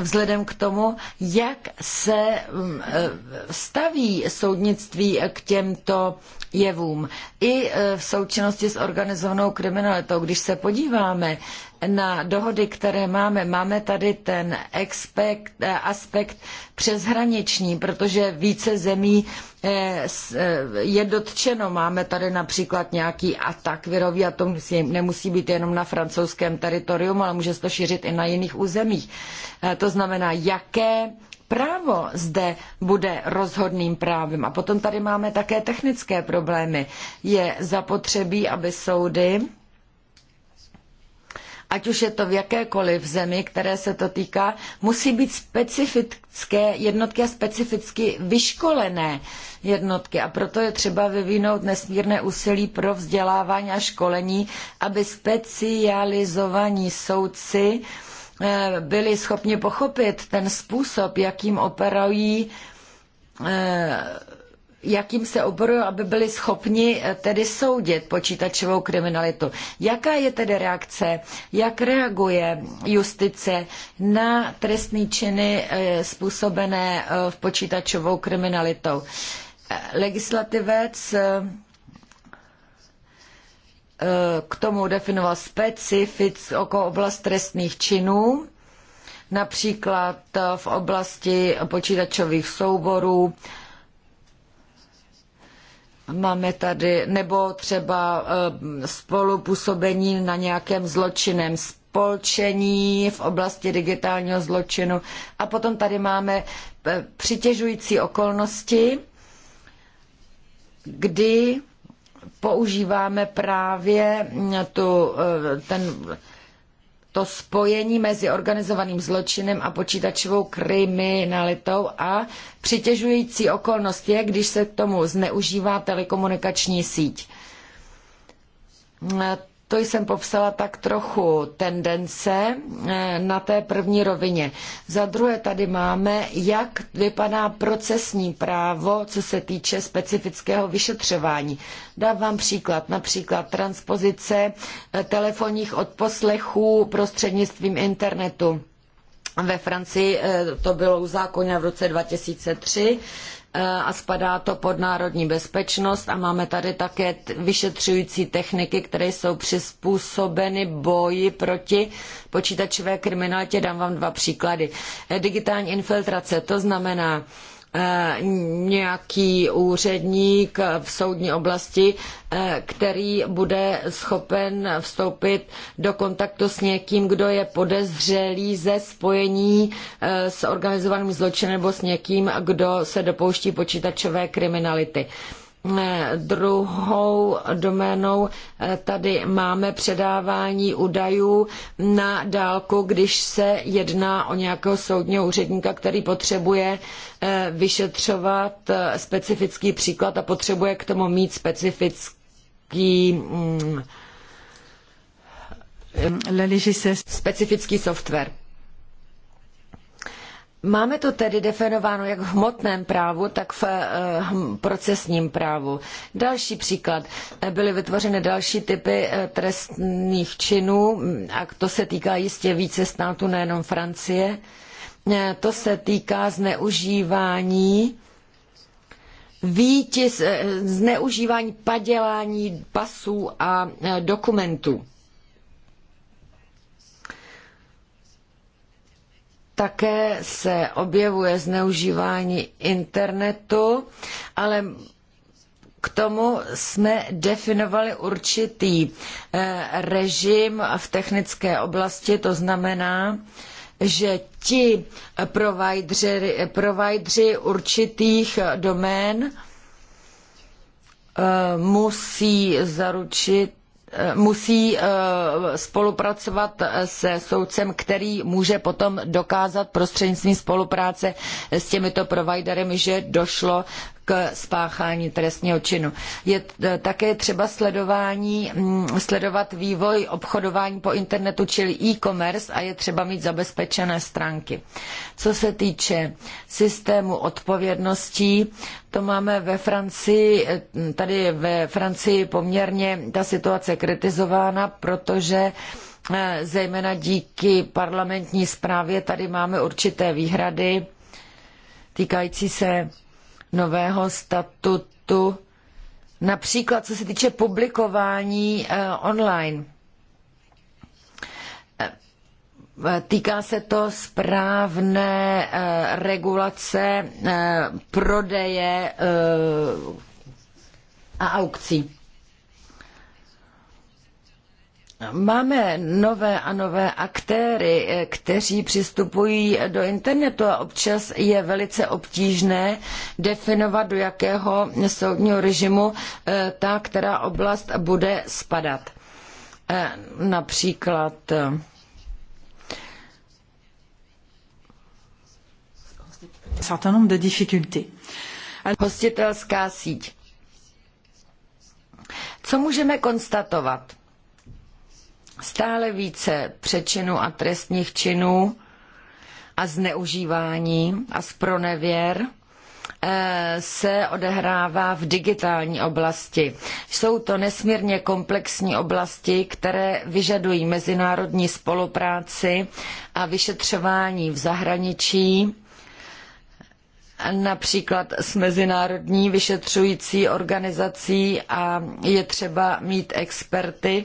vzhledem k tomu, jak se mm, e, staví soudnictví k těmto jevům. I e, v součinnosti s organizovanou kriminalitou, když se podíváme na dohody, které máme, máme tady ten expect, eh, aspekt přeshraniční, protože více zemí eh, eh, je dotčeno. Máme tady například nějaký atak virový a to musí, nemusí být jenom na francouzském teritorium, ale může se to šířit i na jiných územích. To znamená, jaké právo zde bude rozhodným právem. A potom tady máme také technické problémy. Je zapotřebí, aby soudy ať už je to v jakékoliv zemi, které se to týká, musí být specifické jednotky a specificky vyškolené jednotky. A proto je třeba vyvinout nesmírné úsilí pro vzdělávání a školení, aby specializovaní soudci eh, byli schopni pochopit ten způsob, jakým operují eh, jakým se oborují, aby byli schopni eh, tedy soudit počítačovou kriminalitu. Jaká je tedy reakce, jak reaguje justice na trestné činy eh, způsobené eh, v počítačovou kriminalitou? Legislativec k tomu definoval specifickou oblast trestných činů, například v oblasti počítačových souborů, Máme tady, nebo třeba eh, spolupůsobení na nějakém zločinem spolčení v oblasti digitálního zločinu. A potom tady máme eh, přitěžující okolnosti, kdy používáme právě tu, eh, ten to spojení mezi organizovaným zločinem a počítačovou kriminalitou a přitěžující okolnost je, když se k tomu zneužívá telekomunikační síť to jsem popsala tak trochu tendence eh, na té první rovině. Za druhé tady máme, jak vypadá procesní právo, co se týče specifického vyšetřování. Dám vám příklad, například transpozice eh, telefonních odposlechů prostřednictvím internetu. Ve Francii eh, to bylo uzákoněno v roce 2003 a spadá to pod národní bezpečnost a máme tady také vyšetřující techniky, které jsou přizpůsobeny boji proti počítačové kriminalitě. Dám vám dva příklady. Eh, digitální infiltrace, to znamená, Eh, nějaký úředník v soudní oblasti, eh, který bude schopen vstoupit do kontaktu s někým, kdo je podezřelý ze spojení eh, s organizovaným zločinem nebo s někým, kdo se dopouští počítačové kriminality. Druhou doménou tady máme předávání údajů na dálku, když se jedná o nějakého soudního úředníka, který potřebuje eh, vyšetřovat eh, specifický příklad a potřebuje k tomu mít specifický mm, specifický software. Máme to tedy definováno jak v hmotném právu, tak v eh, hm, procesním právu. Další příklad. Byly vytvořeny další typy eh, trestných činů, a to se týká jistě více států, nejenom Francie. Eh, to se týká zneužívání výtis, zneužívání padělání pasů a dokumentů. Také se objevuje zneužívání internetu, ale k tomu jsme definovali určitý eh, režim v technické oblasti, to znamená, že ti provajdři, určitých domén eh, musí zaručit musí eh, spolupracovat se soudcem, který může potom dokázat prostřednictvím spolupráce s těmito providery, že došlo spáchání trestního činu. Je e, také třeba sledování, mm, sledovat vývoj obchodování po internetu, čili e-commerce a je třeba mít zabezpečené stránky. Co se týče systému odpovědností, to máme ve Francii, e, tady ve Francii poměrně ta situace kritizována, protože e, zejména díky parlamentní zprávě tady máme určité výhrady týkající se nového statutu, například co se týče publikování eh, online. Eh, týká se to správné eh, regulace prodeje a aukcí. Máme nové a nové aktéry, eh, kteří přistupují do internetu a občas je velice obtížné definovat, do jakého soudního režimu eh, ta, která oblast bude spadat. Eh, například certain nombre de difficultés. Hostitelská síť. Co můžeme konstatovat? stále více přečinů a trestních činů a zneužívání a zpronevěr eh, se odehrává v digitální oblasti. Jsou to nesmírně komplexní oblasti, které vyžadují mezinárodní spolupráci a vyšetřování v zahraničí, například s mezinárodní vyšetřující organizací a je třeba mít experty,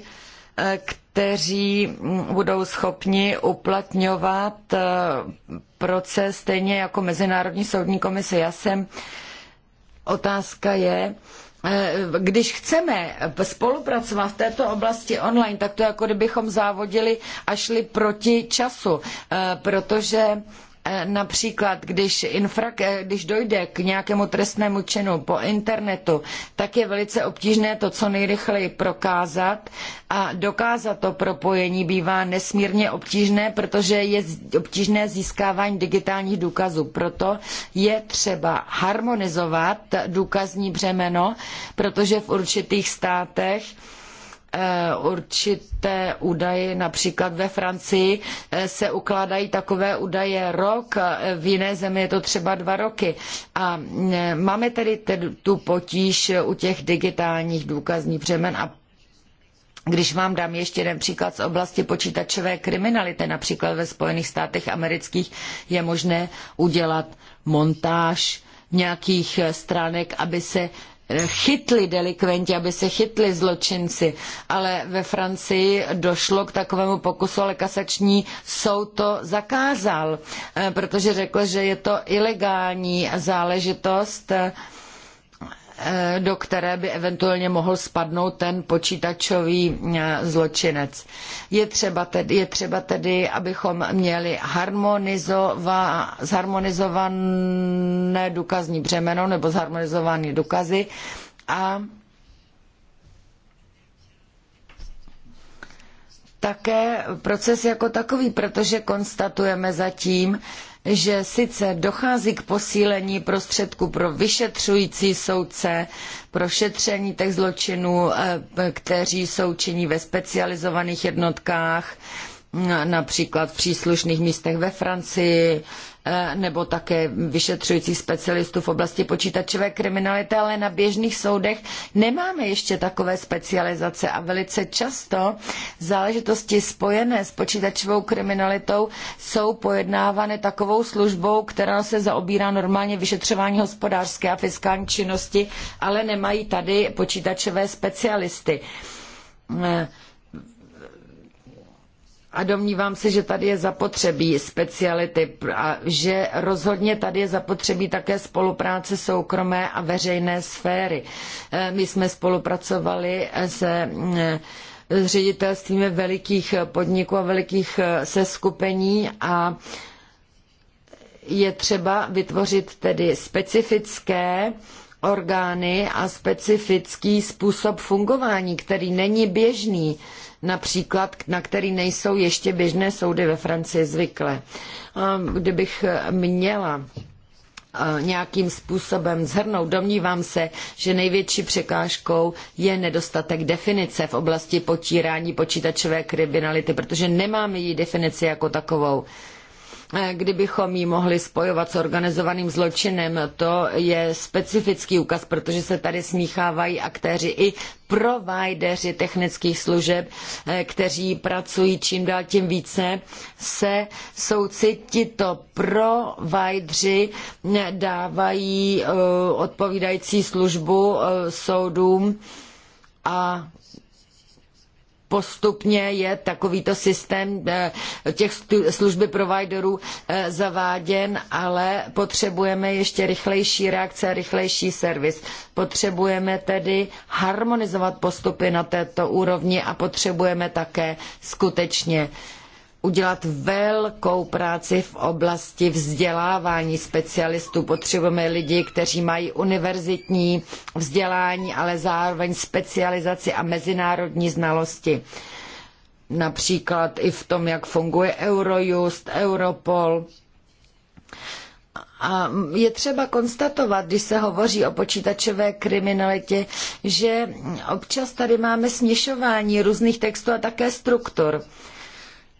kteří budou schopni uplatňovat eh, proces stejně jako Mezinárodní soudní komise. Já jsem, otázka je, eh, když chceme spolupracovat v této oblasti online, tak to jako kdybychom závodili a šli proti času, eh, protože Eh, například, když, eh, když dojde k nějakému trestnému činu po internetu, tak je velice obtížné to co nejrychleji prokázat a dokázat to propojení bývá nesmírně obtížné, protože je obtížné získávání digitálních důkazů. Proto je třeba harmonizovat důkazní břemeno, protože v určitých státech Eh, určité údaje, například ve Francii eh, se ukládají takové údaje rok, eh, v jiné zemi je to třeba dva roky. A máme tedy tu potíž u těch digitálních důkazních břemen a když vám dám ještě jeden příklad z oblasti počítačové kriminality, například ve Spojených státech amerických je možné udělat montáž nějakých stránek, aby se chytli delikventi, aby se chytli zločinci, ale ve Francii došlo k takovému pokusu, ale kasační soud to zakázal, eh, protože řekl, že je to ilegální záležitost, eh, Eh, do které by eventuálně mohl spadnout ten počítačový eh, zločinec. Je třeba tedy, je třeba tedy abychom měli harmonizova, zharmonizované důkazní břemeno nebo zharmonizované důkazy a také proces jako takový, protože konstatujeme zatím, že sice dochází k posílení prostředků pro vyšetřující soudce, pro šetření těch zločinů, eh, kteří jsou činí ve specializovaných jednotkách, například v příslušných místech ve Francii, Eh, nebo také vyšetřujících specialistů v oblasti počítačové kriminality, ale na běžných soudech nemáme ještě takové specializace a velice často záležitosti spojené s počítačovou kriminalitou jsou pojednávány takovou službou, která se zaobírá normálně vyšetřování hospodářské a fiskální činnosti, ale nemají tady počítačové specialisty. Eh, a domnívám se, že tady je zapotřebí speciality a že rozhodně tady je zapotřebí také spolupráce soukromé a veřejné sféry. Eh, my jsme spolupracovali se eh, ředitelstvími velikých podniků a velikých eh, seskupení a je třeba vytvořit tedy specifické orgány a specifický způsob fungování, který není běžný, například na který nejsou ještě běžné soudy ve Francii zvyklé. Kdybych měla nějakým způsobem zhrnout. Domnívám se, že největší překážkou je nedostatek definice v oblasti potírání počítačové kriminality, protože nemáme její definici jako takovou. Eh, kdybychom ji mohli spojovat s organizovaným zločinem, to je specifický úkaz, protože se tady smíchávají aktéři i provideři technických služeb, eh, kteří pracují čím dál tím více, se soudci tito provideři eh, dávají odpovídající službu soudům a postupně je takovýto systém eh, těch služby providerů eh, zaváděn, ale potřebujeme ještě rychlejší reakce a rychlejší servis. Potřebujeme tedy harmonizovat postupy na této úrovni a potřebujeme také skutečně udělat velkou práci v oblasti vzdělávání specialistů. Potřebujeme lidi, kteří mají univerzitní vzdělání, ale zároveň specializaci a mezinárodní znalosti. Například i v tom, jak funguje Eurojust, Europol. A je třeba konstatovat, když se hovoří o počítačové kriminalitě, že občas tady máme směšování různých textů a také struktur.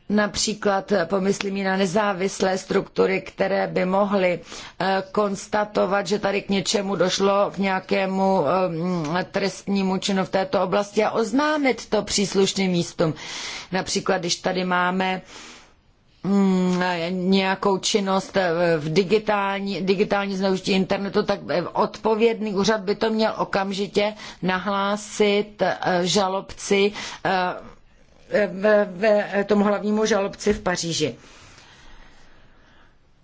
Například pomyslím na nezávislé struktury, které by mohly eh, konstatovat, že tady k něčemu došlo, k nějakému eh, trestnímu činu v této oblasti a oznámit to příslušným místům. Například, když tady máme mm, nějakou činnost eh, v digitální, digitální zneužití internetu, tak odpovědný úřad by to měl okamžitě nahlásit žalobci v, v tomu hlavnímu žalobci v Paříži.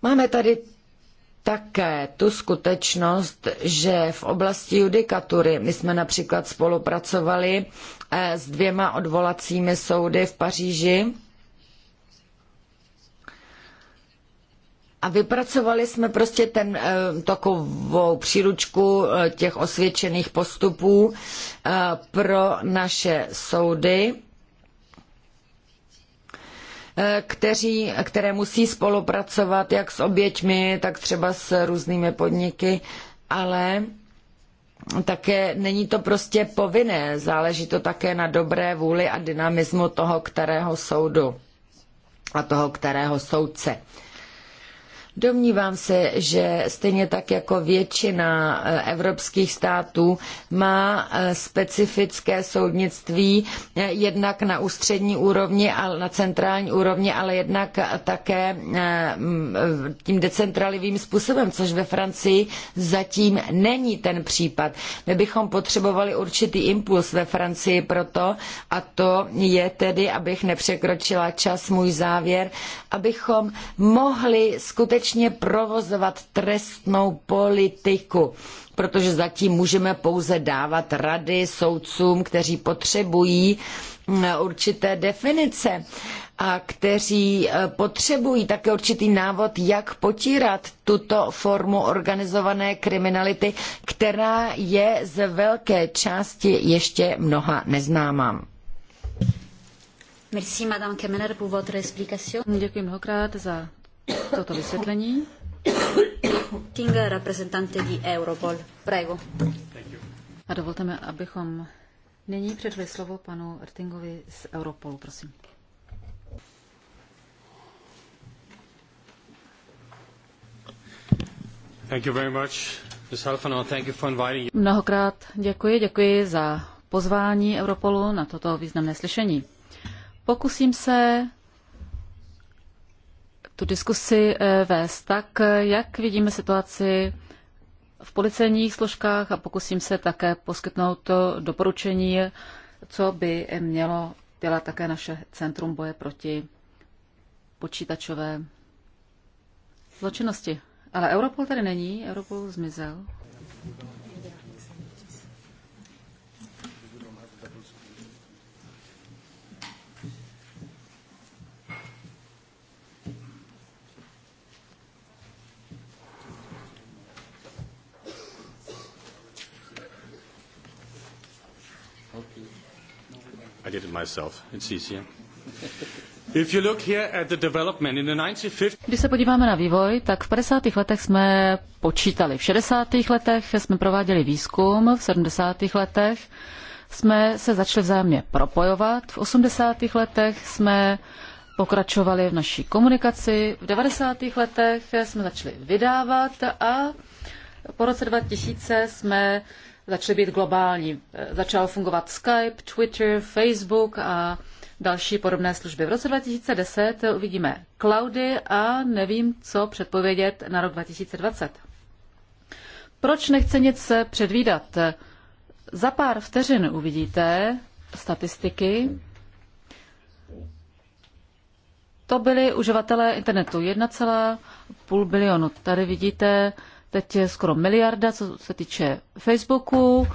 Máme tady také tu skutečnost, že v oblasti judikatury my jsme například spolupracovali eh, s dvěma odvolacími soudy v Paříži a vypracovali jsme prostě ten, eh, takovou příručku eh, těch osvědčených postupů pro naše soudy Eh, kteří, které musí spolupracovat jak s oběťmi, tak třeba s různými podniky, ale také není to prostě povinné, záleží to také na dobré vůli a dynamismu toho, kterého soudu a toho, kterého soudce. Domnívám se, že stejně tak jako většina eh, evropských států má eh, specifické soudnictví eh, jednak na ústřední úrovni a na centrální úrovni, ale jednak také tím decentralivým způsobem, což ve Francii zatím není ten případ. My bychom potřebovali určitý impuls ve Francii proto, a to je tedy, abych nepřekročila čas, můj závěr, abychom mohli skutečně skutečně provozovat trestnou politiku, protože zatím můžeme pouze dávat rady soudcům, kteří potřebují mm, určité definice a kteří e, potřebují také určitý návod, jak potírat tuto formu organizované kriminality, která je z velké části ještě mnoha neznámá.
Merci, Madame Kemener, pour votre explication. Děkuji mnohokrát za
toto vysvětlení.
King, reprezentante di Europol. Prego.
A dovolte mi, abychom nyní předali slovo panu Rtingovi z Europolu, prosím.
Thank you very much, Ms. Thank you for
inviting you. Mnohokrát děkuji, děkuji za pozvání Europolu na toto významné slyšení. Pokusím se tu diskusi eh, vést tak, jak vidíme situaci v policejních složkách a pokusím se také poskytnout to doporučení, co by mělo dělat také naše Centrum boje proti počítačové zločinnosti. Ale Europol tady není, Europol zmizel.
I did it myself.
It's easier. If you look here at the development in the 1950...
Když se podíváme na vývoj, tak v 50. letech jsme počítali. V 60. letech jsme prováděli výzkum, v 70. letech jsme se začali vzájemně propojovat, v 80. letech jsme pokračovali v naší komunikaci, v 90. letech jsme začali vydávat a po roce 2000 jsme začaly být globální. Eh, začal fungovat Skype, Twitter, Facebook a další podobné služby. V roce 2010 uvidíme cloudy a nevím, co předpovědět na rok 2020. Proč nechce nic předvídat? Za pár vteřin uvidíte statistiky. To byli uživatelé internetu 1,5 bilionu. Tady vidíte Teď je skoro miliarda, co se týče Facebooku,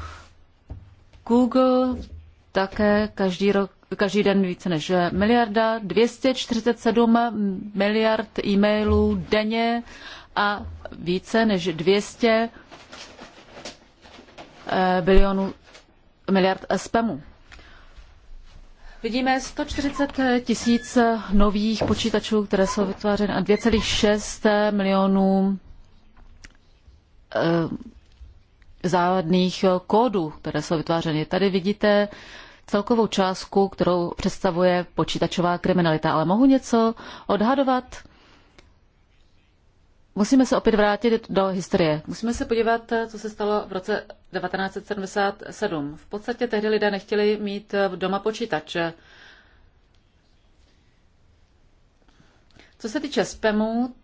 Google, také každý rok každý den více než miliarda, 247 miliard e-mailů denně a více než 200 eh, bilionů miliard spamu. Vidíme 140 tisíc nových počítačů, které jsou vytvářeny a 2,6 milionů Eh, závadných kódů, které jsou vytvářeny. Tady vidíte celkovou částku, kterou představuje počítačová kriminalita. Ale mohu něco odhadovat? Musíme se opět vrátit do historie. Musíme se podívat, eh, co se stalo v roce 1977. V podstatě tehdy lidé nechtěli mít eh, doma počítač. Co se týče spamu,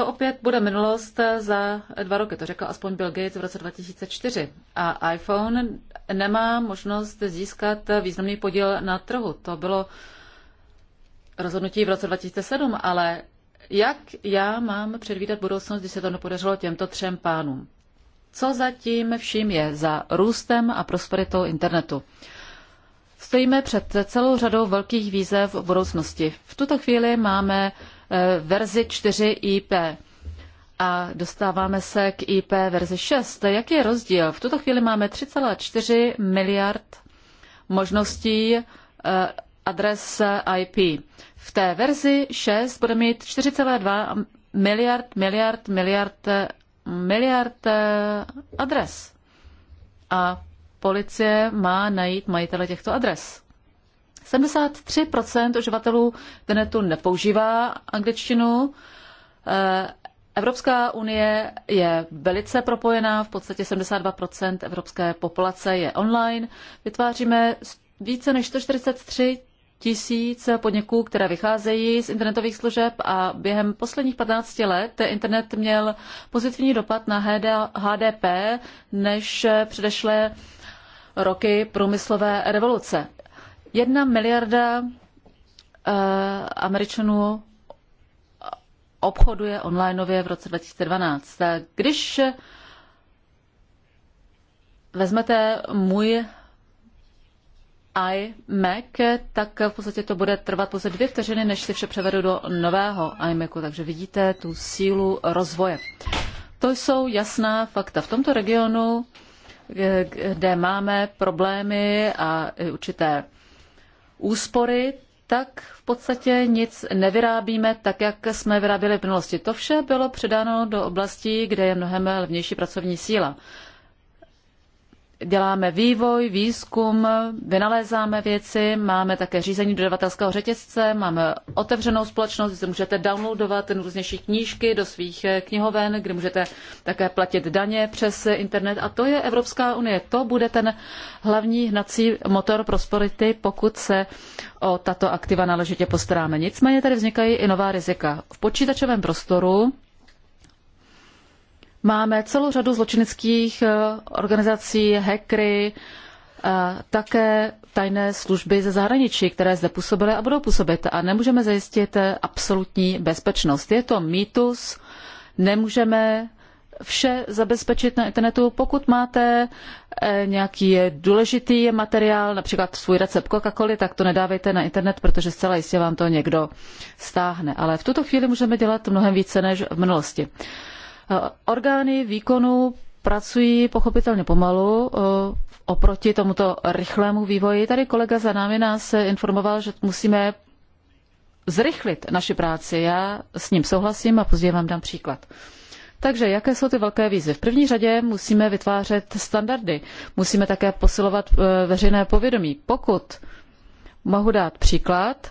to opět bude minulost za dva roky, to řekl aspoň Bill Gates v roce 2004. A iPhone nemá možnost získat významný podíl na trhu. To bylo rozhodnutí v roce 2007, ale jak já mám předvídat budoucnost, když se to nepodařilo těmto třem pánům? Co zatím vším je za růstem a prosperitou internetu? Stojíme před celou řadou velkých výzev v budoucnosti. V tuto chvíli máme Eh, verzi 4 IP a dostáváme se k IP verzi 6. Jaký je rozdíl? V tuto chvíli máme 3,4 miliard možností eh, adres IP. V té verzi 6 bude mít 4,2 miliard, miliard, miliard, miliard eh, adres. A policie má najít majitele těchto adres. 73% uživatelů internetu nepoužívá angličtinu. Eh, Evropská unie je velice propojená, v podstatě 72% evropské populace je online. Vytváříme více než 143 tisíc podniků, které vycházejí z internetových služeb a během posledních 15 let internet měl pozitivní dopad na HDP než předešlé roky průmyslové revoluce. Jedna miliarda eh, Američanů obchoduje onlineově v roce 2012. Když vezmete můj iMac, tak v podstatě to bude trvat pouze dvě vteřiny, než si vše převedu do nového iMacu. Takže vidíte tu sílu rozvoje. To jsou jasná fakta. V tomto regionu, eh, kde máme problémy a určité úspory, tak v podstatě nic nevyrábíme tak, jak jsme vyráběli v minulosti. To vše bylo předáno do oblastí, kde je mnohem levnější pracovní síla děláme vývoj, výzkum, vynalézáme věci, máme také řízení dodavatelského řetězce, máme otevřenou společnost, kde můžete downloadovat různější knížky do svých eh, knihoven, kde můžete také platit daně přes eh, internet. A to je Evropská unie. To bude ten hlavní hnací motor prosperity, pokud se o tato aktiva náležitě postaráme. Nicméně tady vznikají i nová rizika. V počítačovém prostoru Máme celou řadu zločineckých eh, organizací, hackery, eh, také tajné služby ze zahraničí, které zde působily a budou působit. A nemůžeme zajistit eh, absolutní bezpečnost. Je to mýtus, nemůžeme vše zabezpečit na internetu. Pokud máte nějaký důležitý materiál, například svůj recept Coca-Coly, tak to nedávejte na internet, protože zcela jistě vám to někdo stáhne. Ale v tuto chvíli můžeme dělat mnohem více než v minulosti. Eh, orgány výkonu pracují pochopitelně pomalu eh, oproti tomuto rychlému vývoji. Tady kolega za námi nás informoval, že musíme zrychlit naši práci. Já s ním souhlasím a později vám dám příklad. Takže jaké jsou ty velké výzvy? V první řadě musíme vytvářet standardy, musíme také posilovat eh, veřejné povědomí. Pokud mohu dát příklad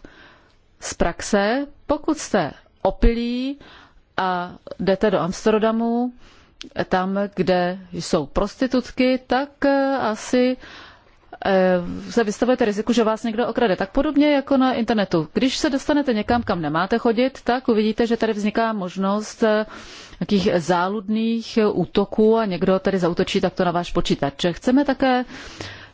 z praxe, pokud jste opilí a jdete do Amsterdamu, tam, kde jsou prostitutky, tak eh, asi eh, se vystavujete riziku, že vás někdo okrade. Tak podobně jako na internetu. Když se dostanete někam, kam nemáte chodit, tak uvidíte, že tady vzniká možnost eh, nějakých záludných útoků a někdo tady zautočí takto na váš počítač. Chceme také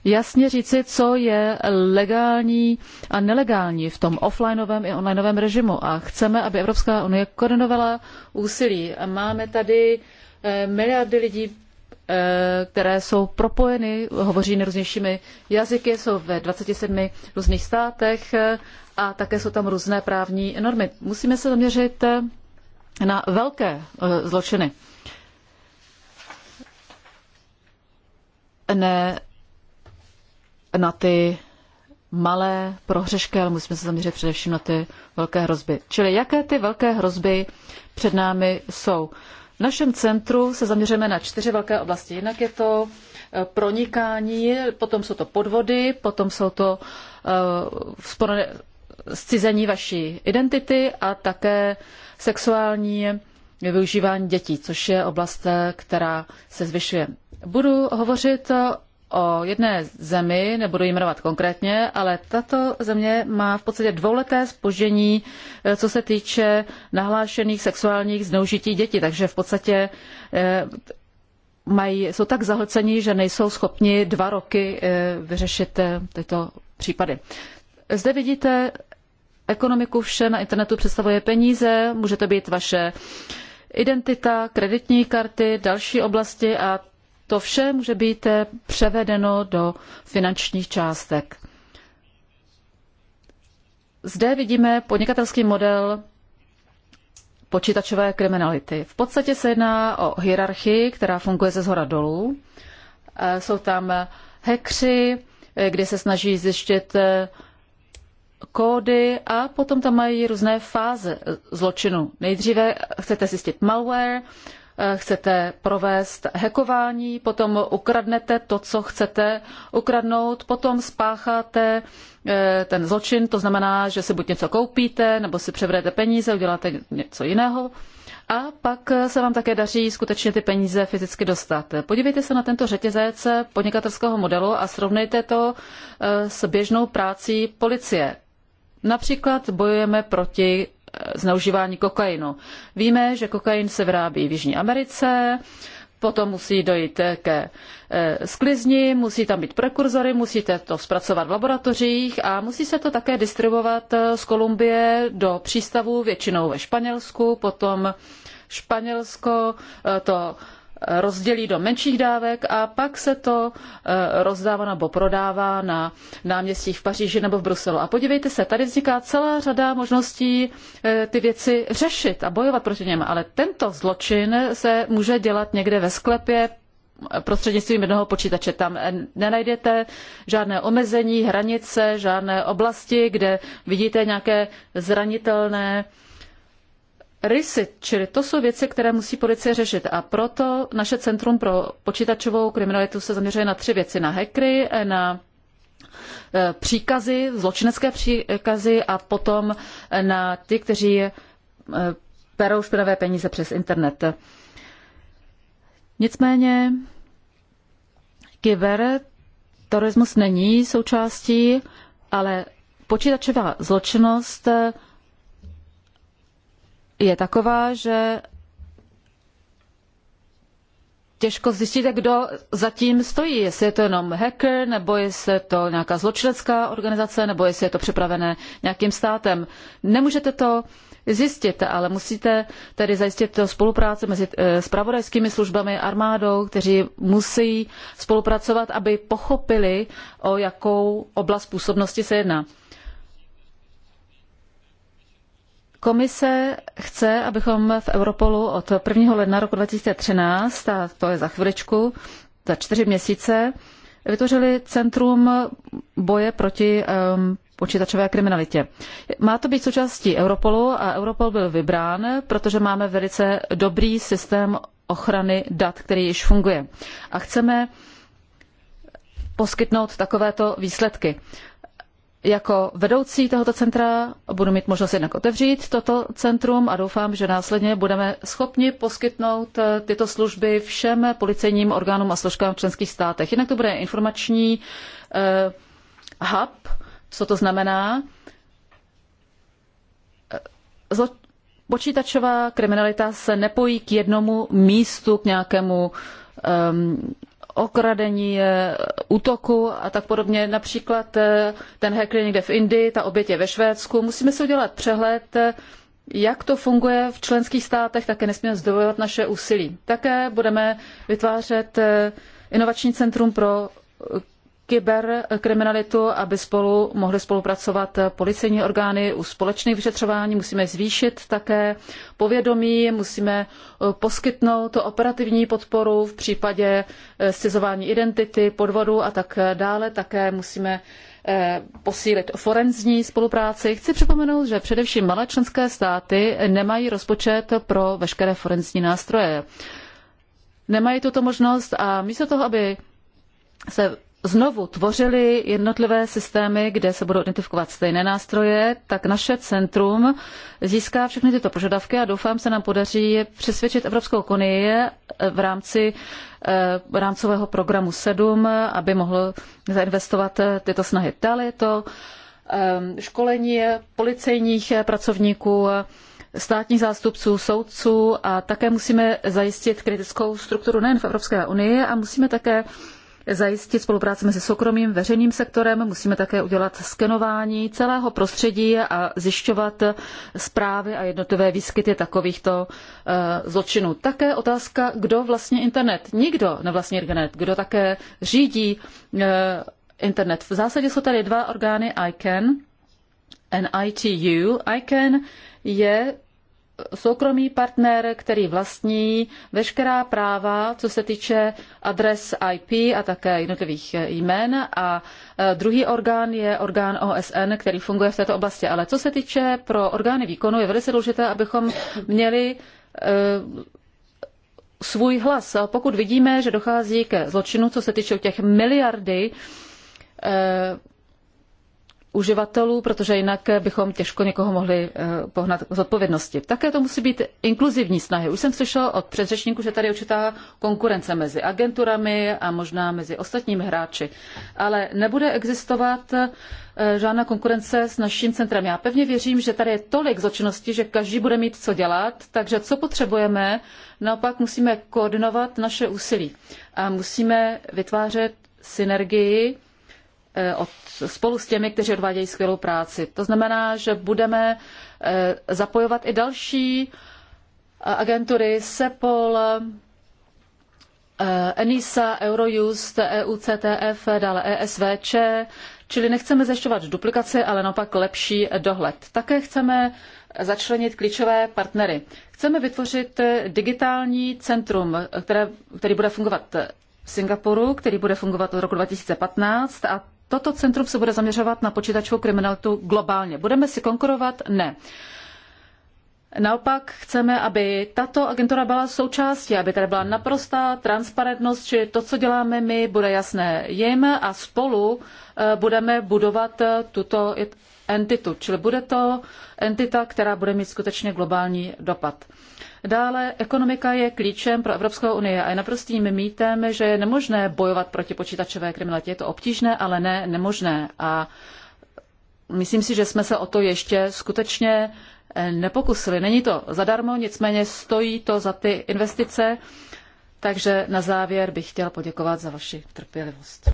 jasně říci, co je legální a nelegální v tom offlineovém i onlineovém režimu. A chceme, aby Evropská unie koordinovala úsilí. A máme tady eh, miliardy lidí, eh, které jsou propojeny, hovoří nejrůznějšími jazyky, jsou ve 27 různých státech eh, a také jsou tam různé právní normy. Musíme se zaměřit na velké zločiny. Ne na ty malé prohřešky, ale musíme se zaměřit především na ty velké hrozby. Čili jaké ty velké hrozby před námi jsou? V našem centru se zaměříme na čtyři velké oblasti. Jinak je to eh, pronikání, potom jsou to podvody, potom jsou to uh, zcizení vaší identity a také sexuální využívání dětí, což je oblast, eh, která se zvyšuje. Budu hovořit o jedné zemi, nebudu ji jmenovat konkrétně, ale tato země má v podstatě dvouleté spoždění, eh, co se týče nahlášených sexuálních zneužití dětí. Takže v podstatě eh, mají, jsou tak zahlcení, že nejsou schopni dva roky eh, vyřešit tyto případy. Zde vidíte ekonomiku vše na internetu představuje peníze, může to být vaše identita, kreditní karty, další oblasti a to vše může být eh, převedeno do finančních částek. Zde vidíme podnikatelský model počítačové kriminality. V podstatě se jedná o hierarchii, která funguje ze zhora dolů. Eh, jsou tam eh, hekři, kde se snaží zjištět kódy a potom tam mají různé fáze zločinu. Nejdříve chcete zjistit malware, Eh, chcete provést hekování, potom ukradnete to, co chcete ukradnout, potom spácháte eh, ten zločin, to znamená, že si buď něco koupíte, nebo si převedete peníze, uděláte něco jiného. A pak se vám také daří skutečně ty peníze fyzicky dostat. Podívejte se na tento řetězec podnikatelského modelu a srovnejte to eh, s běžnou prací policie. Například bojujeme proti zneužívání kokainu. Víme, že kokain se vyrábí v Jižní Americe, potom musí dojít ke e, sklizni, musí tam být prekurzory, musíte to zpracovat v laboratořích a musí se to také distribuovat e, z Kolumbie do přístavů většinou ve Španělsku, potom Španělsko e, to rozdělí do menších dávek a pak se to eh, rozdává nebo prodává na náměstích v Paříži nebo v Bruselu. A podívejte se, tady vzniká celá řada možností eh, ty věci řešit a bojovat proti něm, ale tento zločin se může dělat někde ve sklepě, prostřednictvím jednoho počítače. Tam eh, nenajdete žádné omezení, hranice, žádné oblasti, kde vidíte nějaké zranitelné rysy, čili to jsou věci, které musí policie řešit. A proto naše Centrum pro počítačovou kriminalitu se zaměřuje na tři věci. Na hackery, na e, příkazy, zločinecké příkazy a potom e, na ty, kteří perou e, špinavé peníze přes internet. Nicméně kyberterorismus není součástí, ale počítačová zločinnost je taková, že těžko zjistit, kdo zatím stojí, jestli je to jenom hacker, nebo jestli je to nějaká zločinecká organizace, nebo jestli je to připravené nějakým státem. Nemůžete to zjistit, ale musíte tedy zajistit to spolupráci mezi eh, spravodajskými službami, armádou, kteří musí spolupracovat, aby pochopili, o jakou oblast působnosti se jedná. Komise chce, abychom v Europolu od 1. ledna roku 2013, a to je za chviličku, za čtyři měsíce, vytvořili Centrum boje proti um, počítačové kriminalitě. Má to být součástí Europolu a Europol byl vybrán, protože máme velice dobrý systém ochrany dat, který již funguje. A chceme poskytnout takovéto výsledky. Jako vedoucí tohoto centra budu mít možnost jednak otevřít toto centrum a doufám, že následně budeme schopni poskytnout eh, tyto služby všem policejním orgánům a složkám v členských státech. Jinak to bude informační eh, hub, co to znamená. Eh, zlo- počítačová kriminalita se nepojí k jednomu místu, k nějakému ehm, okradení, eh, útoku a tak podobně. Například eh, ten hacker někde v Indii, ta oběť je ve Švédsku. Musíme si udělat přehled, eh, jak to funguje v členských státech, také nesmíme zdvojovat naše úsilí. Také budeme vytvářet inovační centrum pro kyberkriminalitu, aby spolu mohly spolupracovat policejní orgány u společných vyšetřování. Musíme zvýšit také povědomí, musíme eh, poskytnout operativní podporu v případě scizování eh, identity, podvodu a tak dále. Také musíme eh, posílit forenzní spolupráci. Chci připomenout, že především malé členské státy nemají rozpočet pro veškeré forenzní nástroje. Nemají tuto možnost a místo toho, aby se znovu tvořili jednotlivé systémy, kde se budou identifikovat stejné nástroje, tak naše centrum získá všechny tyto požadavky a doufám se nám podaří přesvědčit Evropskou unii eh, v rámci eh, rámcového programu 7, aby mohl zainvestovat eh, tyto snahy. Dále je to školení policejních pracovníků, státních zástupců, soudců a také musíme zajistit kritickou strukturu nejen v Evropské unii a musíme také zajistit spolupráci mezi soukromým veřejným sektorem, musíme také udělat skenování celého prostředí a zjišťovat zprávy a jednotlivé výskyty takovýchto eh, zločinů. Také otázka, kdo vlastně internet. Nikdo nevlastní internet. Kdo také řídí eh, internet. V zásadě jsou tady dva orgány ICANN NITU. ICANN je soukromý partner, který vlastní veškerá práva, co se týče adres IP a také jednotlivých jmen. A e, druhý orgán je orgán OSN, který funguje v této oblasti. Ale co se týče pro orgány výkonu, je velice důležité, abychom měli e, svůj hlas. A Pokud vidíme, že dochází ke zločinu, co se týče těch miliardy e, uživatelů, protože jinak bychom těžko někoho mohli eh, pohnat z odpovědnosti. Také to musí být inkluzivní snahy. Už jsem slyšel od předřečníku, že tady je určitá konkurence mezi agenturami a možná mezi ostatními hráči. Ale nebude existovat eh, žádná konkurence s naším centrem. Já pevně věřím, že tady je tolik zločinnosti, že každý bude mít co dělat, takže co potřebujeme, naopak musíme koordinovat naše úsilí a musíme vytvářet synergii Eh, od, spolu s těmi, kteří odvádějí skvělou práci. To znamená, že budeme eh, zapojovat i další eh, agentury SEPOL, ENISA, Eurojust, EUCTF, dále ESVČ, čili nechceme zajišťovat duplikaci, ale naopak lepší dohled. Také chceme začlenit klíčové partnery. Chceme vytvořit digitální centrum, které, který bude fungovat v Singapuru, který bude fungovat od roku 2015 a toto centrum se bude zaměřovat na počítačovou kriminalitu globálně. Budeme si konkurovat? Ne. Naopak chceme, aby tato agentura byla součástí, aby tady byla naprostá transparentnost, či to, co děláme my, bude jasné jim a spolu eh, budeme budovat eh, tuto entitu, čili bude to entita, která bude mít skutečně globální dopad. Dále ekonomika je klíčem pro Evropskou unii a je naprostým mýtem, že je nemožné bojovat proti počítačové kriminalitě. Je to obtížné, ale ne nemožné. A myslím si, že jsme se o to ještě skutečně eh, nepokusili. Není to zadarmo, nicméně stojí to za ty investice. Takže na závěr bych chtěla poděkovat za vaši trpělivost.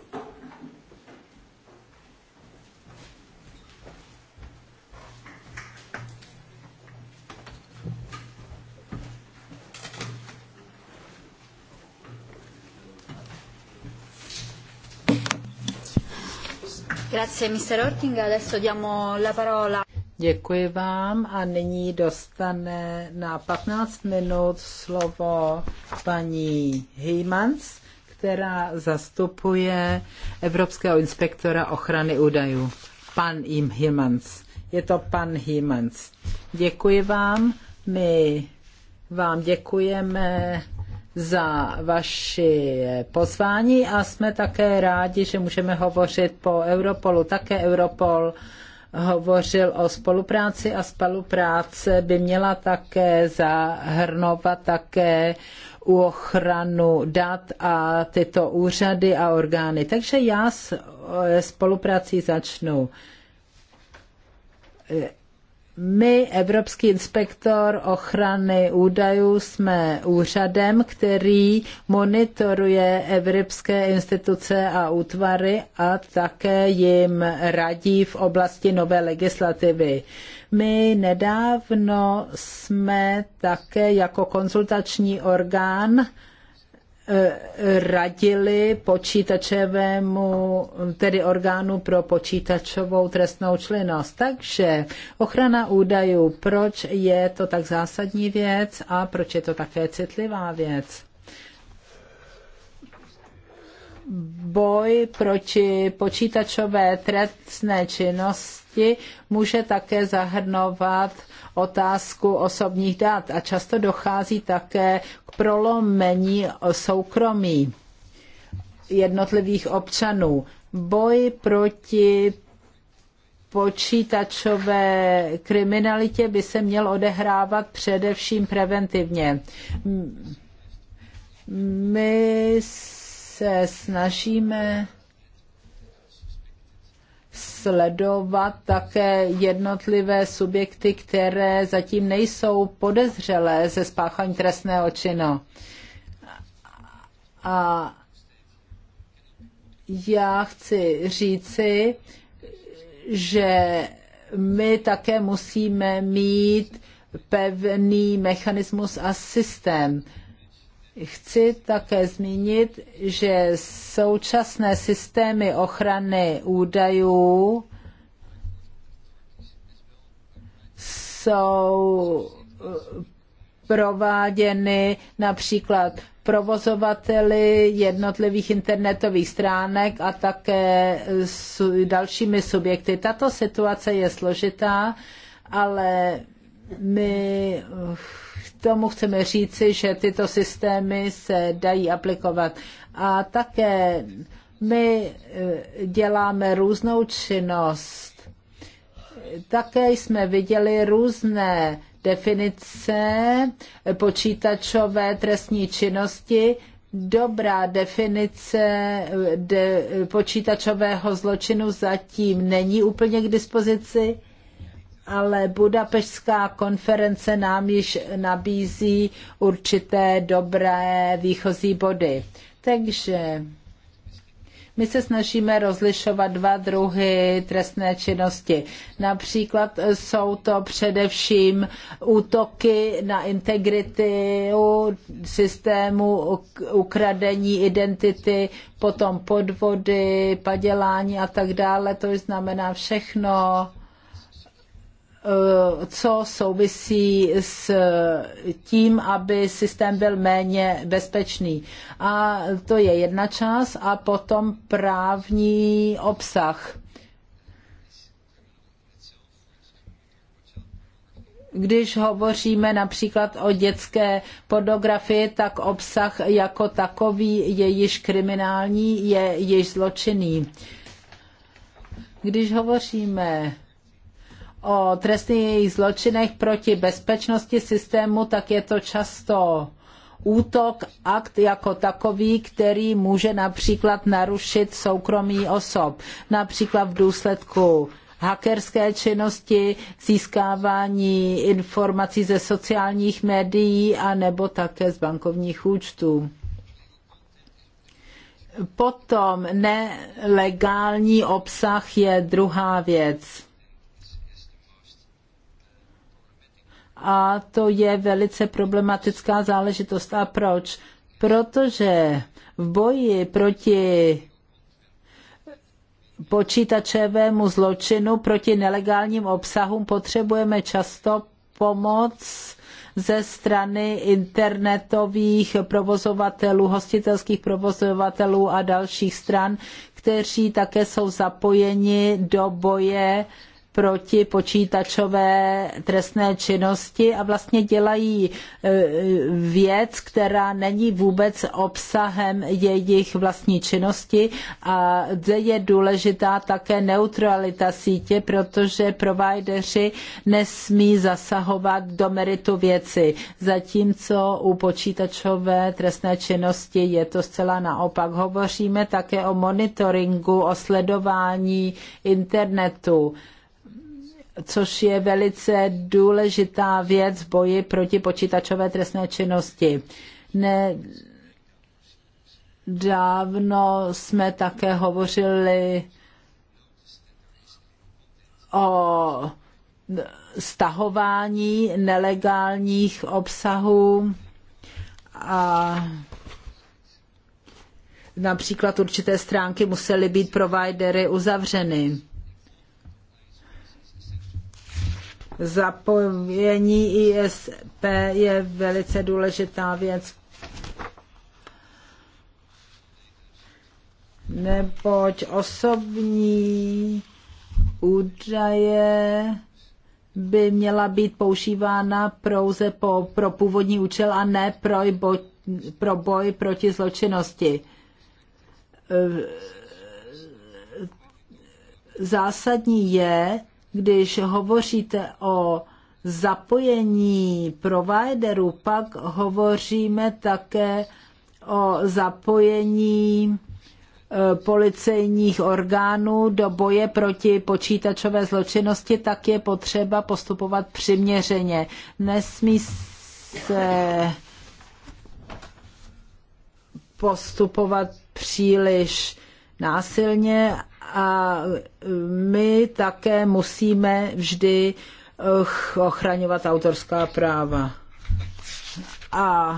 Grazie, Adesso diamo la parola.
Děkuji vám a nyní dostane na 15 minut slovo paní Heymans, která zastupuje Evropského inspektora ochrany údajů. Pan Im Heymans. Je to pan Heymans. Děkuji vám. My vám děkujeme za vaši pozvání a jsme také rádi, že můžeme hovořit po Europolu. Také Europol hovořil o spolupráci a spolupráce by měla také zahrnovat také u ochranu dat a tyto úřady a orgány. Takže já s e, spoluprací začnu my, Evropský inspektor ochrany údajů, jsme úřadem, který monitoruje evropské instituce a útvary a také jim radí v oblasti nové legislativy. My nedávno jsme také jako konzultační orgán radili počítačovému, tedy orgánu pro počítačovou trestnou činnost. Takže ochrana údajů, proč je to tak zásadní věc a proč je to také citlivá věc? boj proti počítačové trestné činnosti může také zahrnovat otázku osobních dat a často dochází také k prolomení soukromí jednotlivých občanů. Boj proti počítačové kriminalitě by se měl odehrávat především preventivně. My se snažíme sledovat také jednotlivé subjekty, které zatím nejsou podezřelé ze spáchání trestného činu. A já chci říci, že my také musíme mít pevný mechanismus a systém Chci také zmínit, že současné systémy ochrany údajů jsou eh, prováděny například provozovateli jednotlivých internetových stránek a také s dalšími subjekty. Tato situace je složitá, ale my tomu chceme říci, že tyto systémy se dají aplikovat. A také my eh, děláme různou činnost. Také jsme viděli různé definice počítačové trestní činnosti, dobrá definice eh, de, eh, počítačového zločinu zatím není úplně k dispozici ale Budapešská konference nám již nabízí určité dobré výchozí body. Takže my se snažíme rozlišovat dva druhy trestné činnosti. Například jsou to především útoky na integrity systému, ukradení identity, potom podvody, padělání a tak dále. To znamená všechno, Eh, co souvisí s tím, aby systém byl méně bezpečný. A to je jedna část a potom právní obsah. když hovoříme například o dětské pornografii, tak obsah jako takový je již kriminální, je již zločinný. Když hovoříme o trestných zločinech proti bezpečnosti systému, tak je to často útok, akt jako takový, který může například narušit soukromí osob, například v důsledku hackerské činnosti, získávání informací ze sociálních médií a nebo také z bankovních účtů. Potom nelegální obsah je druhá věc a to je velice problematická záležitost. A proč? Protože v boji proti počítačovému zločinu, proti nelegálním obsahům potřebujeme často pomoc ze strany internetových provozovatelů, hostitelských provozovatelů a dalších stran, kteří také jsou zapojeni do boje uh, proti počítačové trestné činnosti a vlastně dělají e, věc, která není vůbec obsahem jejich vlastní činnosti a zde je důležitá také neutralita sítě, protože provideři nesmí zasahovat do meritu věci, zatímco u počítačové trestné činnosti je to zcela naopak. Hovoříme také o monitoringu, o sledování internetu což je velice důležitá věc v boji proti počítačové trestné činnosti. Ne, dávno jsme také hovořili o stahování nelegálních obsahů a například určité stránky musely být providery uzavřeny. zapojení ISP je velice důležitá věc, neboť osobní údaje by měla být používána pouze po, pro původní účel a ne pro boj, pro boj proti zločinnosti. Zásadní je, když hovoříte o zapojení providerů, pak hovoříme také o zapojení e, policejních orgánů do boje proti počítačové zločinnosti, tak je potřeba postupovat přiměřeně. Nesmí se postupovat příliš násilně a e, my také musíme vždy ochraňovat autorská práva. A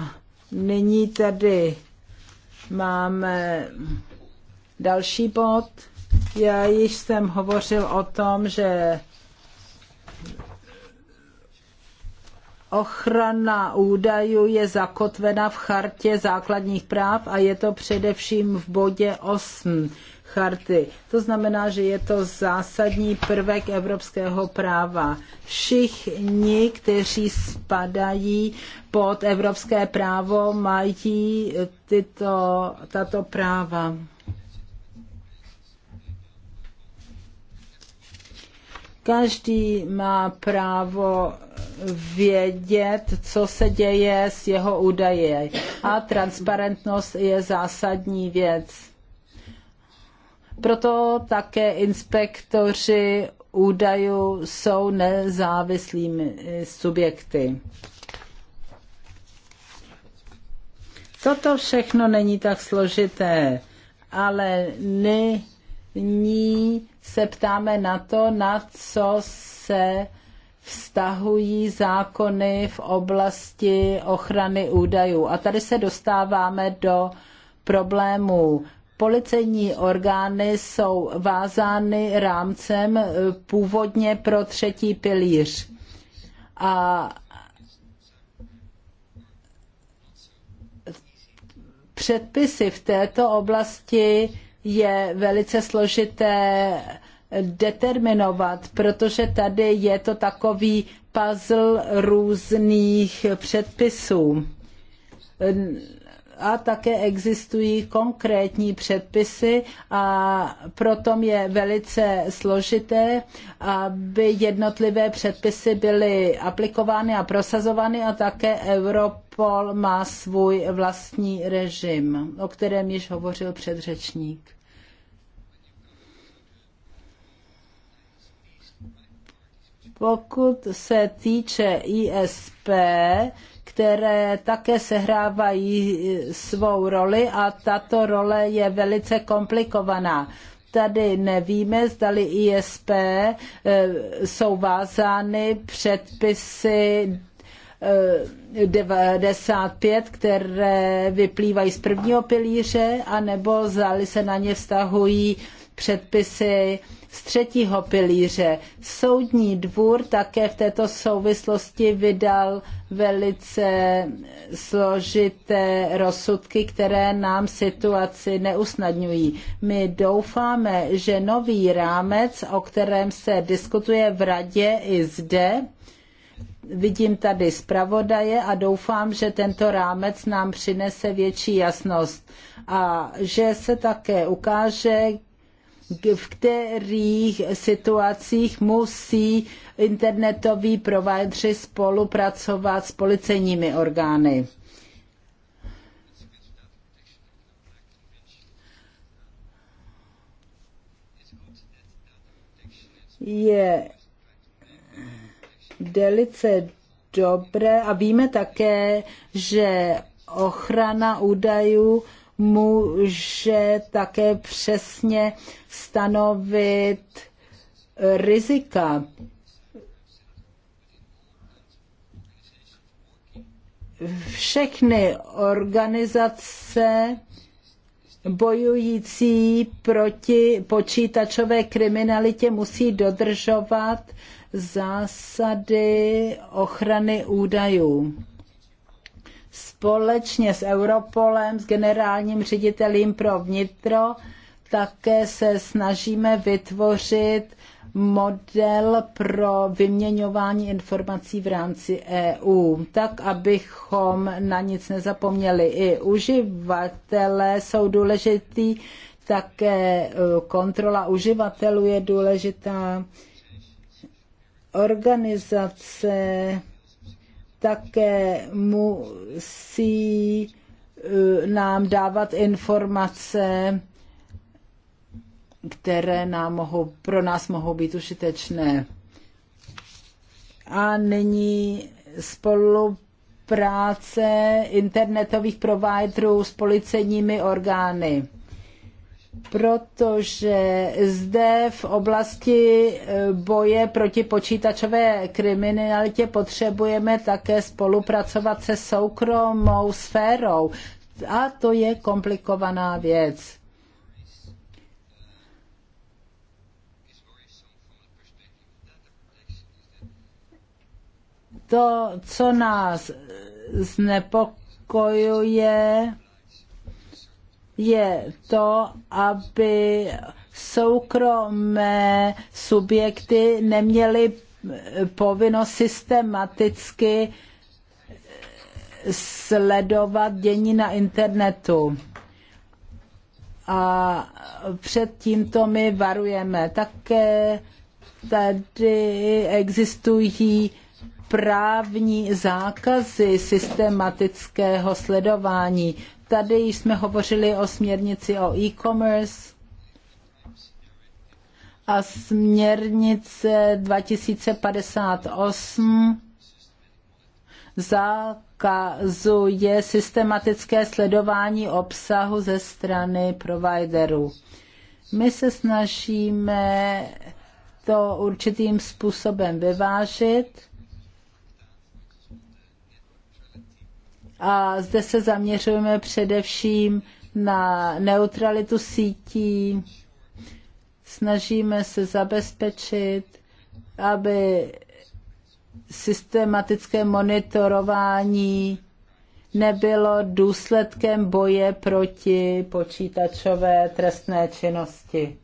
nyní tedy máme další bod. Já již jsem hovořil o tom, že ochrana údajů je zakotvena v chartě základních práv a je to především v bodě 8 charty. To znamená, že je to zásadní prvek evropského práva. Všichni, kteří spadají pod evropské právo, mají tyto, tato práva. Každý má právo vědět, co se děje s jeho údaje. A transparentnost je zásadní věc. Proto také inspektoři údajů jsou nezávislými eh, subjekty. Toto všechno není tak složité, ale nyní se ptáme na to, na co se vztahují zákony v oblasti ochrany údajů. A tady se dostáváme do problémů policejní orgány jsou vázány rámcem eh, původně pro třetí pilíř. A předpisy v této oblasti je velice složité determinovat, protože tady je to takový puzzle různých předpisů a také existují konkrétní předpisy a proto je velice složité, aby jednotlivé předpisy byly aplikovány a prosazovány a také Europol má svůj vlastní režim, o kterém již hovořil předřečník. Pokud se týče ISP, které také sehrávají e, svou roli a tato role je velice komplikovaná. Tady nevíme, zdali ISP e, jsou vázány předpisy 95, e, které vyplývají z prvního pilíře, anebo zdali se na ně vztahují předpisy z třetího pilíře. Soudní dvůr také v této souvislosti vydal velice složité rozsudky, které nám situaci neusnadňují. My doufáme, že nový rámec, o kterém se diskutuje v radě i zde, vidím tady zpravodaje a doufám, že tento rámec nám přinese větší jasnost a že se také ukáže, v kterých situacích musí internetoví provideri spolupracovat s policejními orgány. Je delice dobré a víme také, že ochrana údajů může také přesně stanovit rizika. Všechny organizace bojující proti počítačové kriminalitě musí dodržovat zásady ochrany údajů společně s Europolem, s generálním ředitelím pro vnitro, také se snažíme vytvořit model pro vyměňování informací v rámci EU, tak abychom na nic nezapomněli. I uživatelé jsou důležitý, také e, kontrola uživatelů je důležitá. Organizace také musí eh, nám dávat informace, které nám mohou, pro nás mohou být užitečné. A nyní spolupráce internetových providerů s policejními orgány protože zde v oblasti e, boje proti počítačové kriminalitě potřebujeme také spolupracovat se soukromou sférou. A to je komplikovaná věc. To, co nás znepokojuje, je to, aby soukromé subjekty neměly povinnost systematicky sledovat dění na internetu. A před tímto my varujeme. Také tady existují právní zákazy systematického sledování. Tady jsme hovořili o směrnici o e-commerce a směrnice 2058 zakazuje systematické sledování obsahu ze strany providerů. My se snažíme to určitým způsobem vyvážit A zde se zaměřujeme především na neutralitu sítí. Snažíme se zabezpečit, aby systematické monitorování nebylo důsledkem boje proti počítačové trestné činnosti.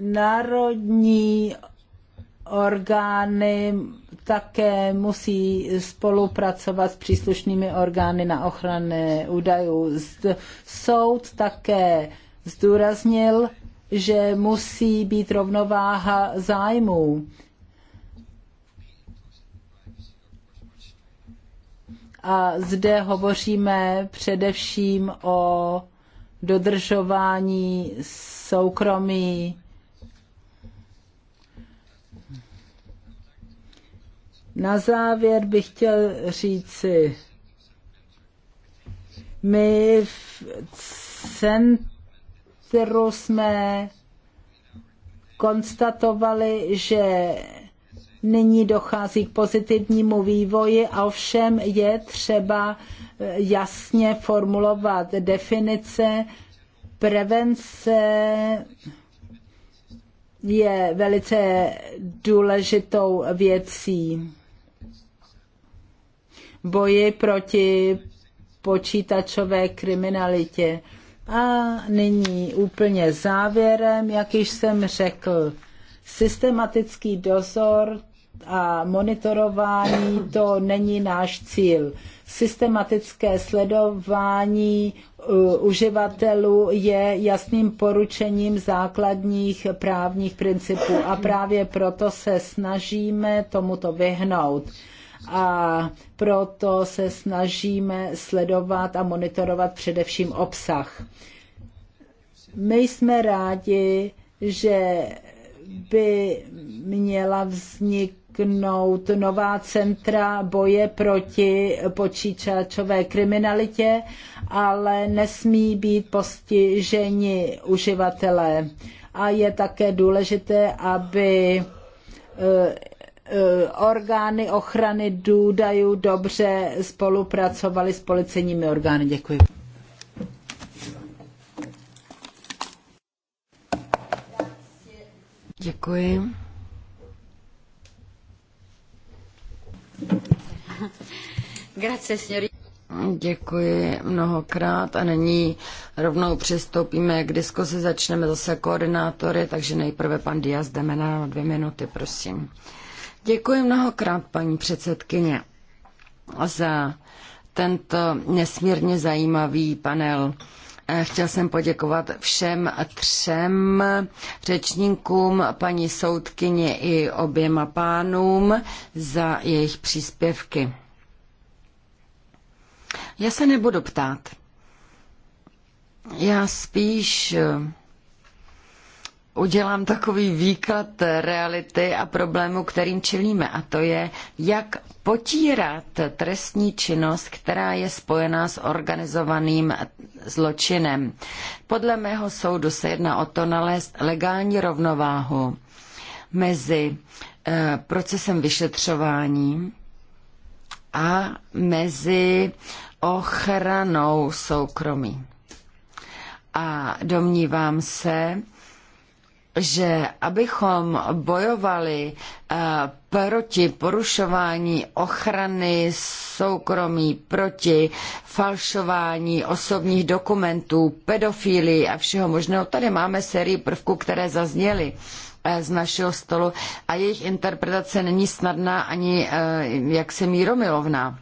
Národní orgány také musí spolupracovat s příslušnými orgány na ochrany údajů. Soud také zdůraznil, že musí být rovnováha zájmů. A zde hovoříme především o dodržování soukromí Na závěr bych chtěl říci, my v centru jsme konstatovali, že nyní dochází k pozitivnímu vývoji, a ovšem je třeba eh, jasně formulovat definice. Prevence je velice důležitou věcí boji proti počítačové kriminalitě. A nyní úplně závěrem, jak již jsem řekl, systematický dozor a monitorování to není náš cíl. Systematické sledování uh, uživatelů je jasným poručením základních právních principů a právě proto se snažíme tomuto vyhnout a proto se snažíme sledovat a monitorovat především obsah. My jsme rádi, že by měla vzniknout nová centra boje proti počítačové kriminalitě, ale nesmí být postiženi uživatelé. A je také důležité, aby eh, Eh, orgány ochrany důdajů dobře spolupracovaly s policejními orgány. Děkuji.
Děkuji.
Děkuji mnohokrát a nyní rovnou přistoupíme k diskusi. Začneme zase koordinátory, takže nejprve pan Diaz jdeme na dvě minuty, prosím. Děkuji mnohokrát, paní předsedkyně, za tento nesmírně zajímavý panel. Eh, chtěl jsem poděkovat všem třem řečníkům, paní soudkyni i oběma pánům za jejich příspěvky. Já se nebudu ptát. Já spíš eh, udělám takový výklad reality a problému, kterým čelíme. A to je, jak potírat trestní činnost, která je spojená s organizovaným zločinem. Podle mého soudu se jedná o to nalézt legální rovnováhu mezi eh, procesem vyšetřování a mezi ochranou soukromí. A domnívám se, že abychom bojovali eh, proti porušování ochrany soukromí, proti falšování osobních dokumentů, pedofílii a všeho možného. Tady máme sérii prvků, které zazněly eh, z našeho stolu a jejich interpretace není snadná ani eh, jaksi míromilovná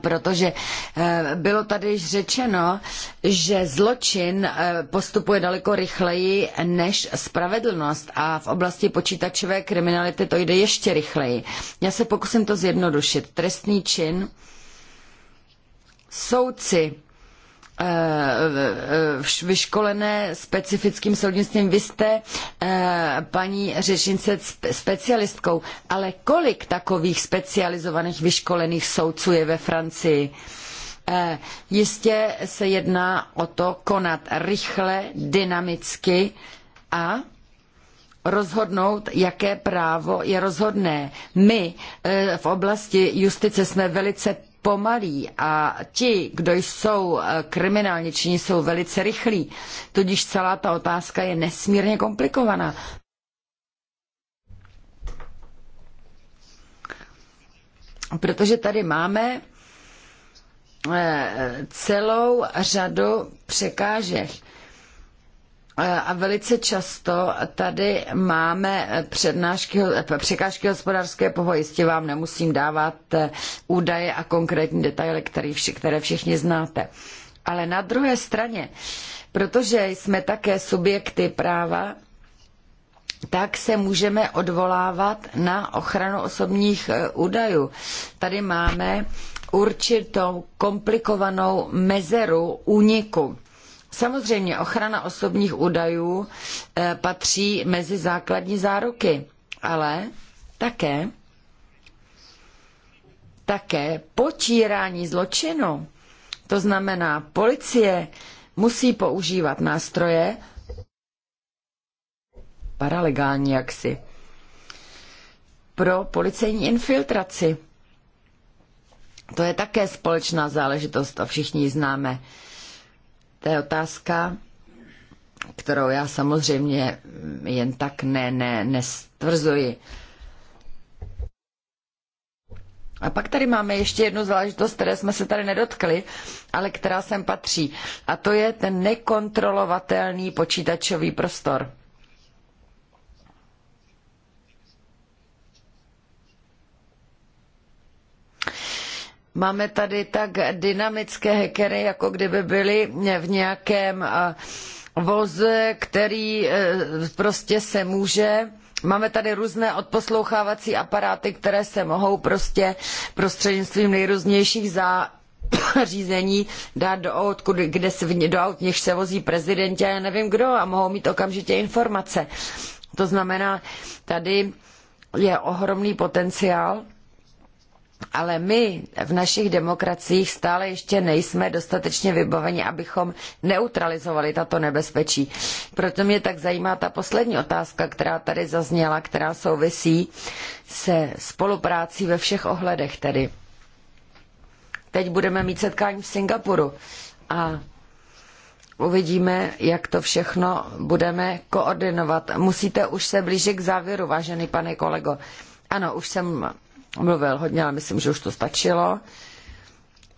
protože eh, bylo tady již řečeno, že zločin eh, postupuje daleko rychleji než spravedlnost a v oblasti počítačové kriminality to jde ještě rychleji. Já se pokusím to zjednodušit. Trestný čin soudci Eh, vyškolené specifickým soudnictvím. Vy jste, eh, paní řešince, specialistkou, ale kolik takových specializovaných vyškolených soudců je ve Francii? Eh, jistě se jedná o to konat rychle, dynamicky a rozhodnout, jaké právo je rozhodné. My v oblasti justice jsme velice pomalí a ti, kdo jsou eh, kriminálně činí, jsou velice rychlí. Tudíž celá ta otázka je nesmírně komplikovaná. Protože tady máme eh, celou řadu překážek a velice často tady máme přednášky, překážky hospodářské povahy. Jistě vám nemusím dávat eh, údaje a konkrétní detaily, které všichni znáte. Ale na druhé straně, protože jsme také subjekty práva, tak se můžeme odvolávat na ochranu osobních eh, údajů. Tady máme určitou komplikovanou mezeru úniku Samozřejmě ochrana osobních údajů eh, patří mezi základní záruky, ale také také potírání zločinu. To znamená, policie musí používat nástroje paralegální jaksi pro policejní infiltraci. To je také společná záležitost a všichni ji známe. To je otázka, kterou já samozřejmě jen tak ne, ne, nestvrzuji. A pak tady máme ještě jednu záležitost, které jsme se tady nedotkli, ale která sem patří. A to je ten nekontrolovatelný počítačový prostor. Máme tady tak dynamické hackery, jako kdyby byli v nějakém voze, který e, prostě se může Máme tady různé odposlouchávací aparáty, které se mohou prostě prostřednictvím nejrůznějších za řízení dát do aut, kde se, do aut, něž se vozí prezidenti a já nevím kdo a mohou mít okamžitě informace. To znamená, tady je ohromný potenciál ale my v našich demokraciích stále ještě nejsme dostatečně vybaveni, abychom neutralizovali tato nebezpečí. Proto mě tak zajímá ta poslední otázka, která tady zazněla, která souvisí se spoluprácí ve všech ohledech tedy. Teď budeme mít setkání v Singapuru a uvidíme, jak to všechno budeme koordinovat. Musíte už se blížit k závěru, vážený pane kolego. Ano, už jsem mluvil hodně, ale myslím, že už to stačilo,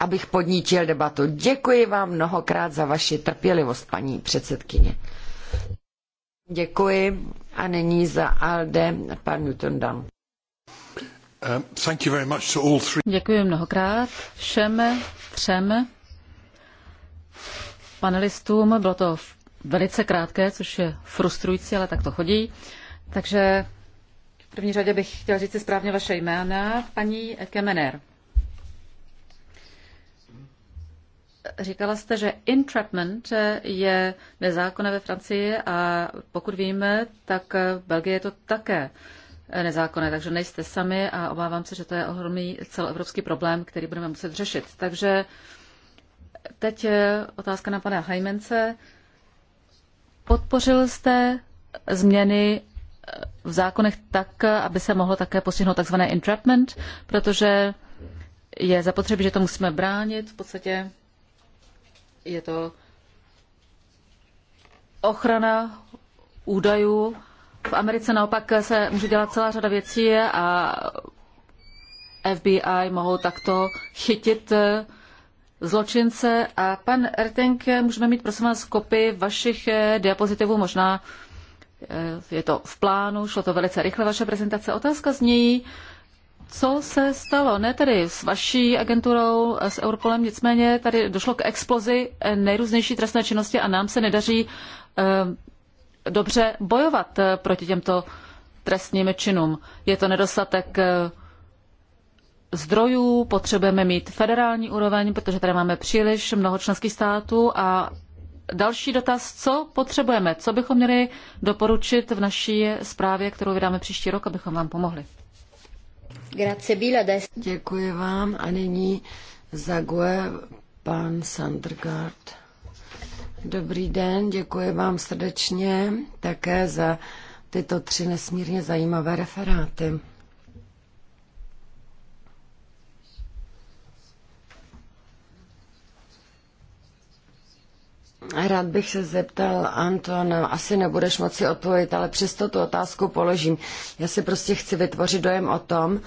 abych podnítil debatu. Děkuji vám mnohokrát za vaši trpělivost, paní předsedkyně. Děkuji a nyní za ALDE pan Newton Dan.
Um,
Děkuji mnohokrát všem třem panelistům. Bylo to velice krátké, což je frustrující, ale tak to chodí. Takže v první řadě bych chtěl říct si správně vaše jména. Paní Kemener. Říkala jste, že entrapment je nezákonné ve Francii a pokud víme, tak v Belgii je to také nezákonné, takže nejste sami a obávám se, že to je ohromný celoevropský problém, který budeme muset řešit. Takže teď je otázka na pana Hajmence. Podpořil jste změny v zákonech tak, aby se mohlo také postihnout tzv. entrapment, protože je zapotřebí, že to musíme bránit. V podstatě je to ochrana údajů. V Americe naopak se může dělat celá řada věcí a FBI mohou takto chytit eh, zločince. A pan Erteng, můžeme mít prosím vás kopy vašich eh, diapozitivů, možná Eh, je to v plánu, šlo to velice rychle, vaše prezentace. Otázka zní, co se stalo, ne tedy s vaší agenturou, eh, s Europolem, nicméně tady došlo k explozi eh, nejrůznější trestné činnosti a nám se nedaří dobře bojovat proti těmto trestním činům. Je to nedostatek zdrojů, potřebujeme mít federální úroveň, protože tady máme příliš mnoho členských států a další dotaz, co potřebujeme, co bychom měli doporučit v naší zprávě, kterou vydáme příští rok, abychom vám pomohli.
Děkuji vám a nyní zague pan Sandergaard. Dobrý den, děkuji vám srdečně také za tyto tři nesmírně zajímavé referáty. Rád bych se zeptal, Anton, asi nebudeš moci odpovědět, ale přesto tu otázku položím. Já si prostě chci vytvořit dojem o tom,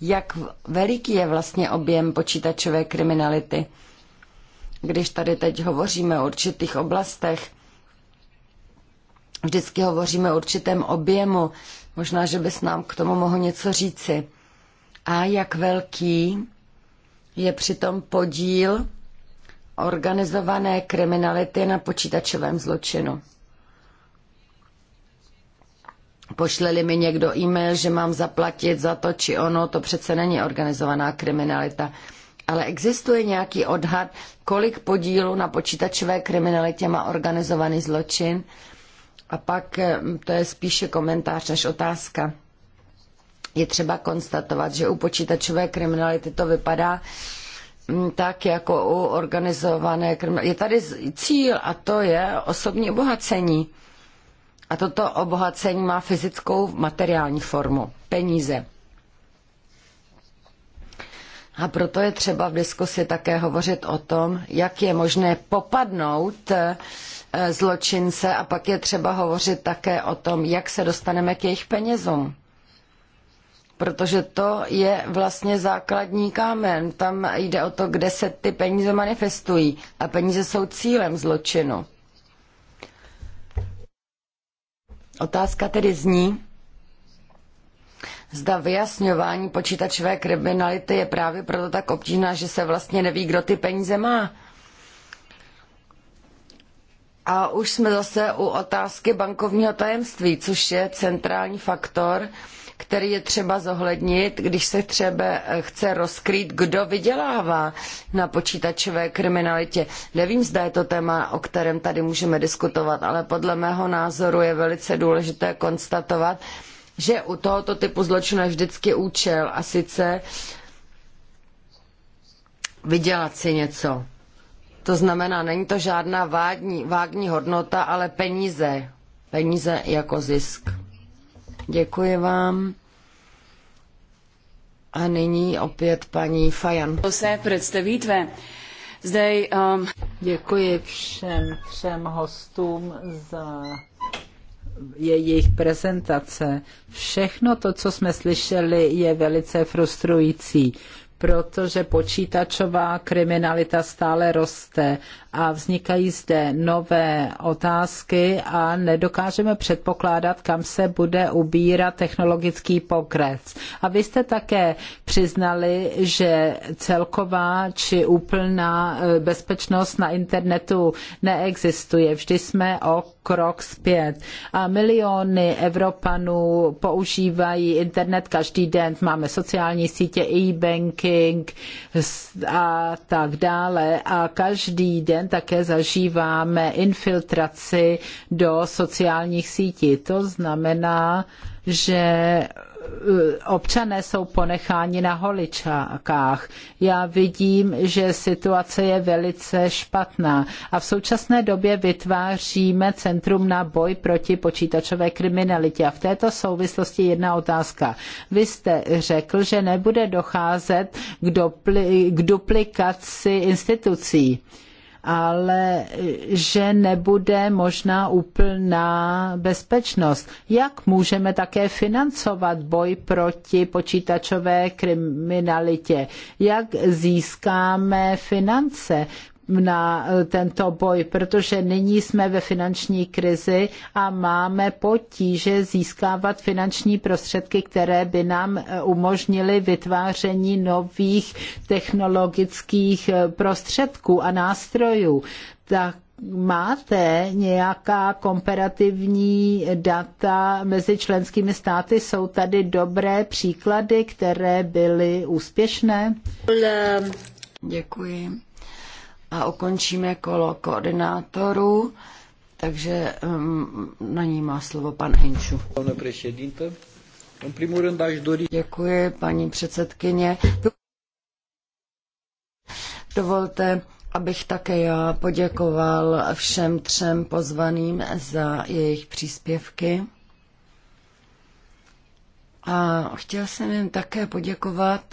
jak veliký je vlastně objem počítačové kriminality. Když tady teď hovoříme o určitých oblastech, vždycky hovoříme o určitém objemu. Možná, že bys nám k tomu mohl něco říci. A jak velký je přitom podíl organizované kriminality na počítačovém zločinu. Pošleli mi někdo e-mail, že mám zaplatit za to či ono, to přece není organizovaná kriminalita. Ale existuje nějaký odhad, kolik podílu na počítačové kriminalitě má organizovaný zločin? A pak eh, to je spíše komentář než otázka. Je třeba konstatovat, že u počítačové kriminality to vypadá, Mm, tak jako u organizované kriminality. Je tady cíl a to je osobní obohacení. A toto obohacení má fyzickou materiální formu, peníze. A proto je třeba v diskusi také hovořit o tom, jak je možné popadnout eh, zločince a pak je třeba hovořit také o tom, jak se dostaneme k jejich penězům. Protože to je vlastně základní kámen. Tam jde o to, kde se ty peníze manifestují. A peníze jsou cílem zločinu. Otázka tedy zní, Zda vyjasňování počítačové kriminality je právě proto tak obtížná, že se vlastně neví, kdo ty peníze má. A už jsme zase u otázky bankovního tajemství, což je centrální faktor, který je třeba zohlednit, když se třeba eh, chce rozkrýt, kdo vydělává na počítačové kriminalitě. Nevím, zda je to téma, o kterém tady můžeme diskutovat, ale podle mého názoru je velice důležité konstatovat, že u tohoto typu zločinu je vždycky účel a sice vydělat si něco. To znamená, není to žádná vágní, vágní hodnota, ale peníze. Peníze jako zisk. Děkuji vám. A nyní opět paní Fajan. Se
představitve. Zdej, um... Děkuji všem třem hostům za jejich prezentace. Všechno to, co jsme slyšeli, je velice frustrující protože počítačová kriminalita stále roste a vznikají zde nové otázky a nedokážeme předpokládat, kam se bude ubírat technologický pokres. A vy jste také přiznali, že celková či úplná eh, bezpečnost na internetu neexistuje. Vždy jsme o krok zpět. A miliony Evropanů používají internet každý den. Máme sociální sítě, e-banking a tak dále. A každý den také zažíváme infiltraci do sociálních sítí. To znamená, že Eh, občané jsou ponecháni na holičkách. Já vidím, že situace je velice špatná a v současné době vytváříme Centrum na boj proti počítačové kriminalitě. A v této souvislosti jedna otázka. Vy jste řekl, že nebude docházet k, dupli, k duplikaci institucí ale eh, že nebude možná úplná bezpečnost. Jak můžeme také financovat boj proti počítačové kriminalitě? Jak získáme finance? na eh, tento boj, protože nyní jsme ve finanční krizi a máme potíže získávat finanční prostředky, které by nám eh, umožnily vytváření nových technologických eh, prostředků a nástrojů. Tak máte nějaká komparativní data mezi členskými státy? Jsou tady dobré příklady, které byly úspěšné?
Děkuji a ukončíme kolo koordinátorů. Takže um, na ní má slovo pan dori. Děkuji, paní předsedkyně. Dovolte, abych také já poděkoval všem třem pozvaným za jejich příspěvky. A chtěl jsem jim také poděkovat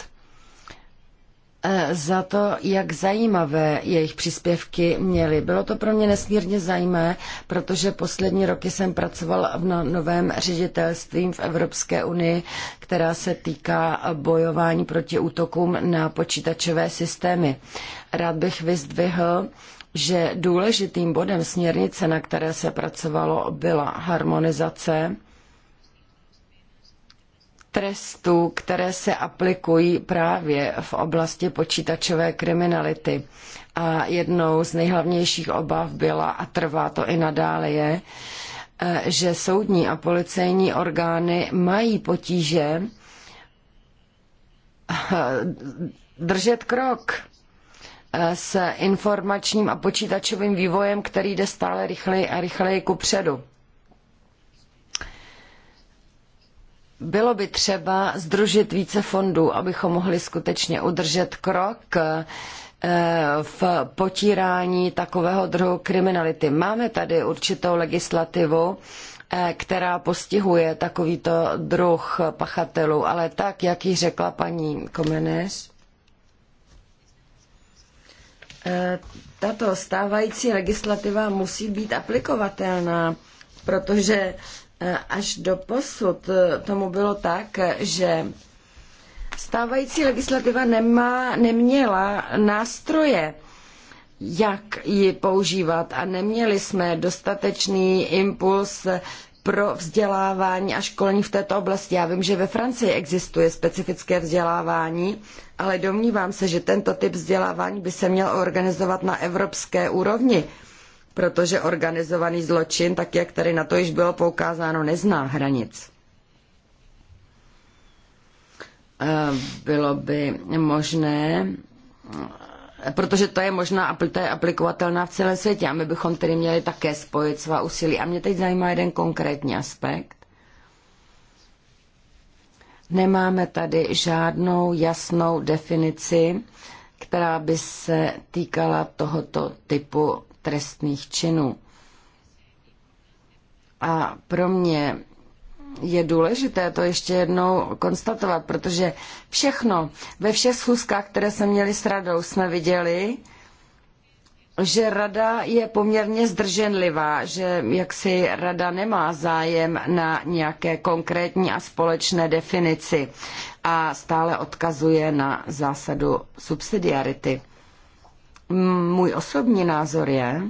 E, za to, jak zajímavé jejich příspěvky měly. Bylo to pro mě nesmírně zajímavé, protože poslední roky jsem pracoval v no, novém ředitelství v Evropské unii, která se týká bojování proti útokům na počítačové systémy. Rád bych vyzdvihl, že důležitým bodem směrnice, na které se pracovalo, byla harmonizace trestů, které se aplikují právě v oblasti počítačové kriminality. A jednou z nejhlavnějších obav byla, a trvá to i nadále je, e, že soudní a policejní orgány mají potíže e, držet krok e, s informačním a počítačovým vývojem, který jde stále rychleji a rychleji kupředu. bylo by třeba združit více fondů, abychom mohli skutečně udržet krok eh, v potírání takového druhu kriminality. Máme tady určitou legislativu, eh, která postihuje takovýto druh pachatelů, ale tak, jak ji řekla paní Komenes, eh, tato stávající legislativa musí být aplikovatelná, protože Až do posud tomu bylo tak, že stávající legislativa nemá, neměla nástroje, jak ji používat a neměli jsme dostatečný impuls pro vzdělávání a školení v této oblasti. Já vím, že ve Francii existuje specifické vzdělávání, ale domnívám se, že tento typ vzdělávání by se měl organizovat na evropské úrovni protože organizovaný zločin, tak jak tady na to již bylo poukázáno, nezná hranic. Eh, bylo by možné, protože to je možná, to je aplikovatelná v celém světě a my bychom tedy měli také spojit svá úsilí. A mě teď zajímá jeden konkrétní aspekt. Nemáme tady žádnou jasnou definici, která by se týkala tohoto typu trestných činů. A pro mě je důležité to ještě jednou konstatovat, protože všechno, ve všech schůzkách, které jsme měli s radou, jsme viděli, že rada je poměrně zdrženlivá, že jaksi rada nemá zájem na nějaké konkrétní a společné definici a stále odkazuje na zásadu subsidiarity. Můj osobní názor je,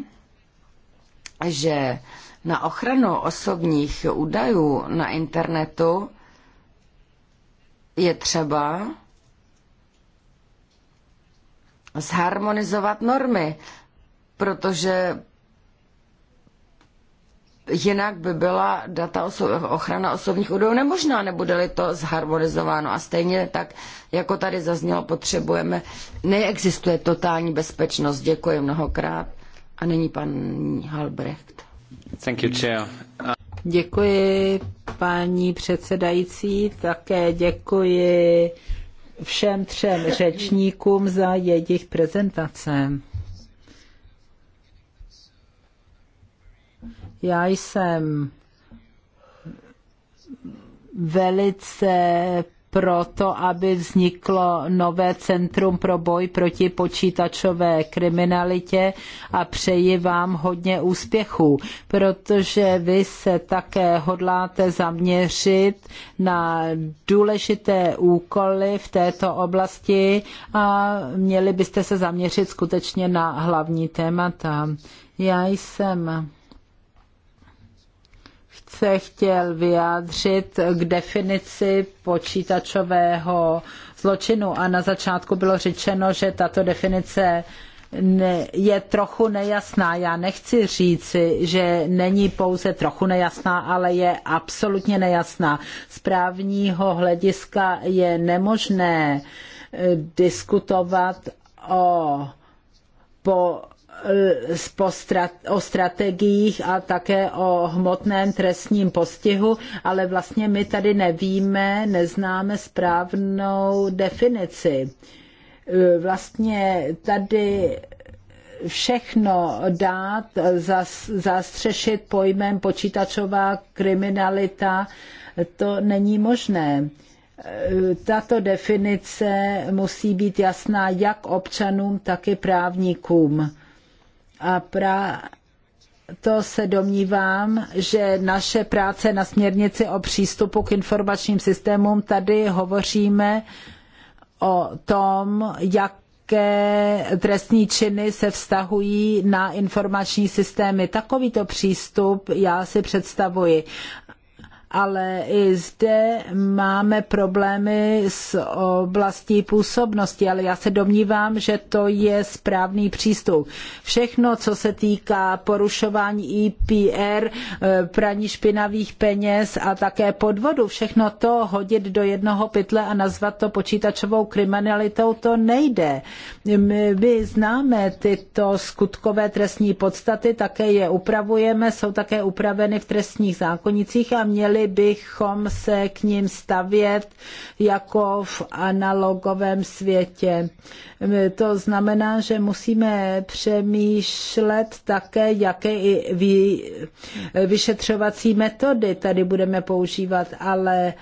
že na ochranu osobních údajů na internetu je třeba zharmonizovat normy, protože Jinak by byla data oso- ochrana osobních údajů nemožná, nebude-li to zharmonizováno. A stejně tak, jako tady zaznělo, potřebujeme, neexistuje totální bezpečnost. Děkuji mnohokrát. A nyní pan Halbrecht.
Thank you, chair. Děkuji, paní předsedající. Také děkuji všem třem řečníkům za jejich prezentace. Já jsem velice proto, aby vzniklo nové centrum pro boj proti počítačové kriminalitě a přeji vám hodně úspěchů, protože vy se také hodláte zaměřit na důležité úkoly v této oblasti a měli byste se zaměřit skutečně na hlavní témata. Já jsem se chtěl vyjádřit k definici počítačového zločinu a na začátku bylo řečeno, že tato definice je trochu nejasná. Já nechci říci, že není pouze trochu nejasná, ale je absolutně nejasná. Z právního hlediska je nemožné eh, diskutovat o po Eh, o strategiích a také o hmotném trestním postihu, ale vlastně my tady nevíme, neznáme správnou definici. Eh, vlastně tady všechno dát, zastřešit pojmem počítačová kriminalita, to není možné eh, tato definice musí být jasná jak občanům, tak i právníkům. A pra, to se domnívám, že naše práce na směrnici o přístupu k informačním systémům tady hovoříme o tom, jaké trestní činy se vztahují na informační systémy. Takovýto přístup já si představuji ale i zde máme problémy s oblastí působnosti, ale já se domnívám, že to je správný přístup. Všechno, co se týká porušování IPR, e eh, praní špinavých peněz a také podvodu, všechno to hodit do jednoho pytle a nazvat to počítačovou kriminalitou, to nejde. My, my známe tyto skutkové trestní podstaty, také je upravujeme, jsou také upraveny v trestních zákonicích a měli měli bychom se k ním stavět jako v analogovém světě. To znamená, že musíme přemýšlet také, jaké vyšetřovací metody tady budeme používat, ale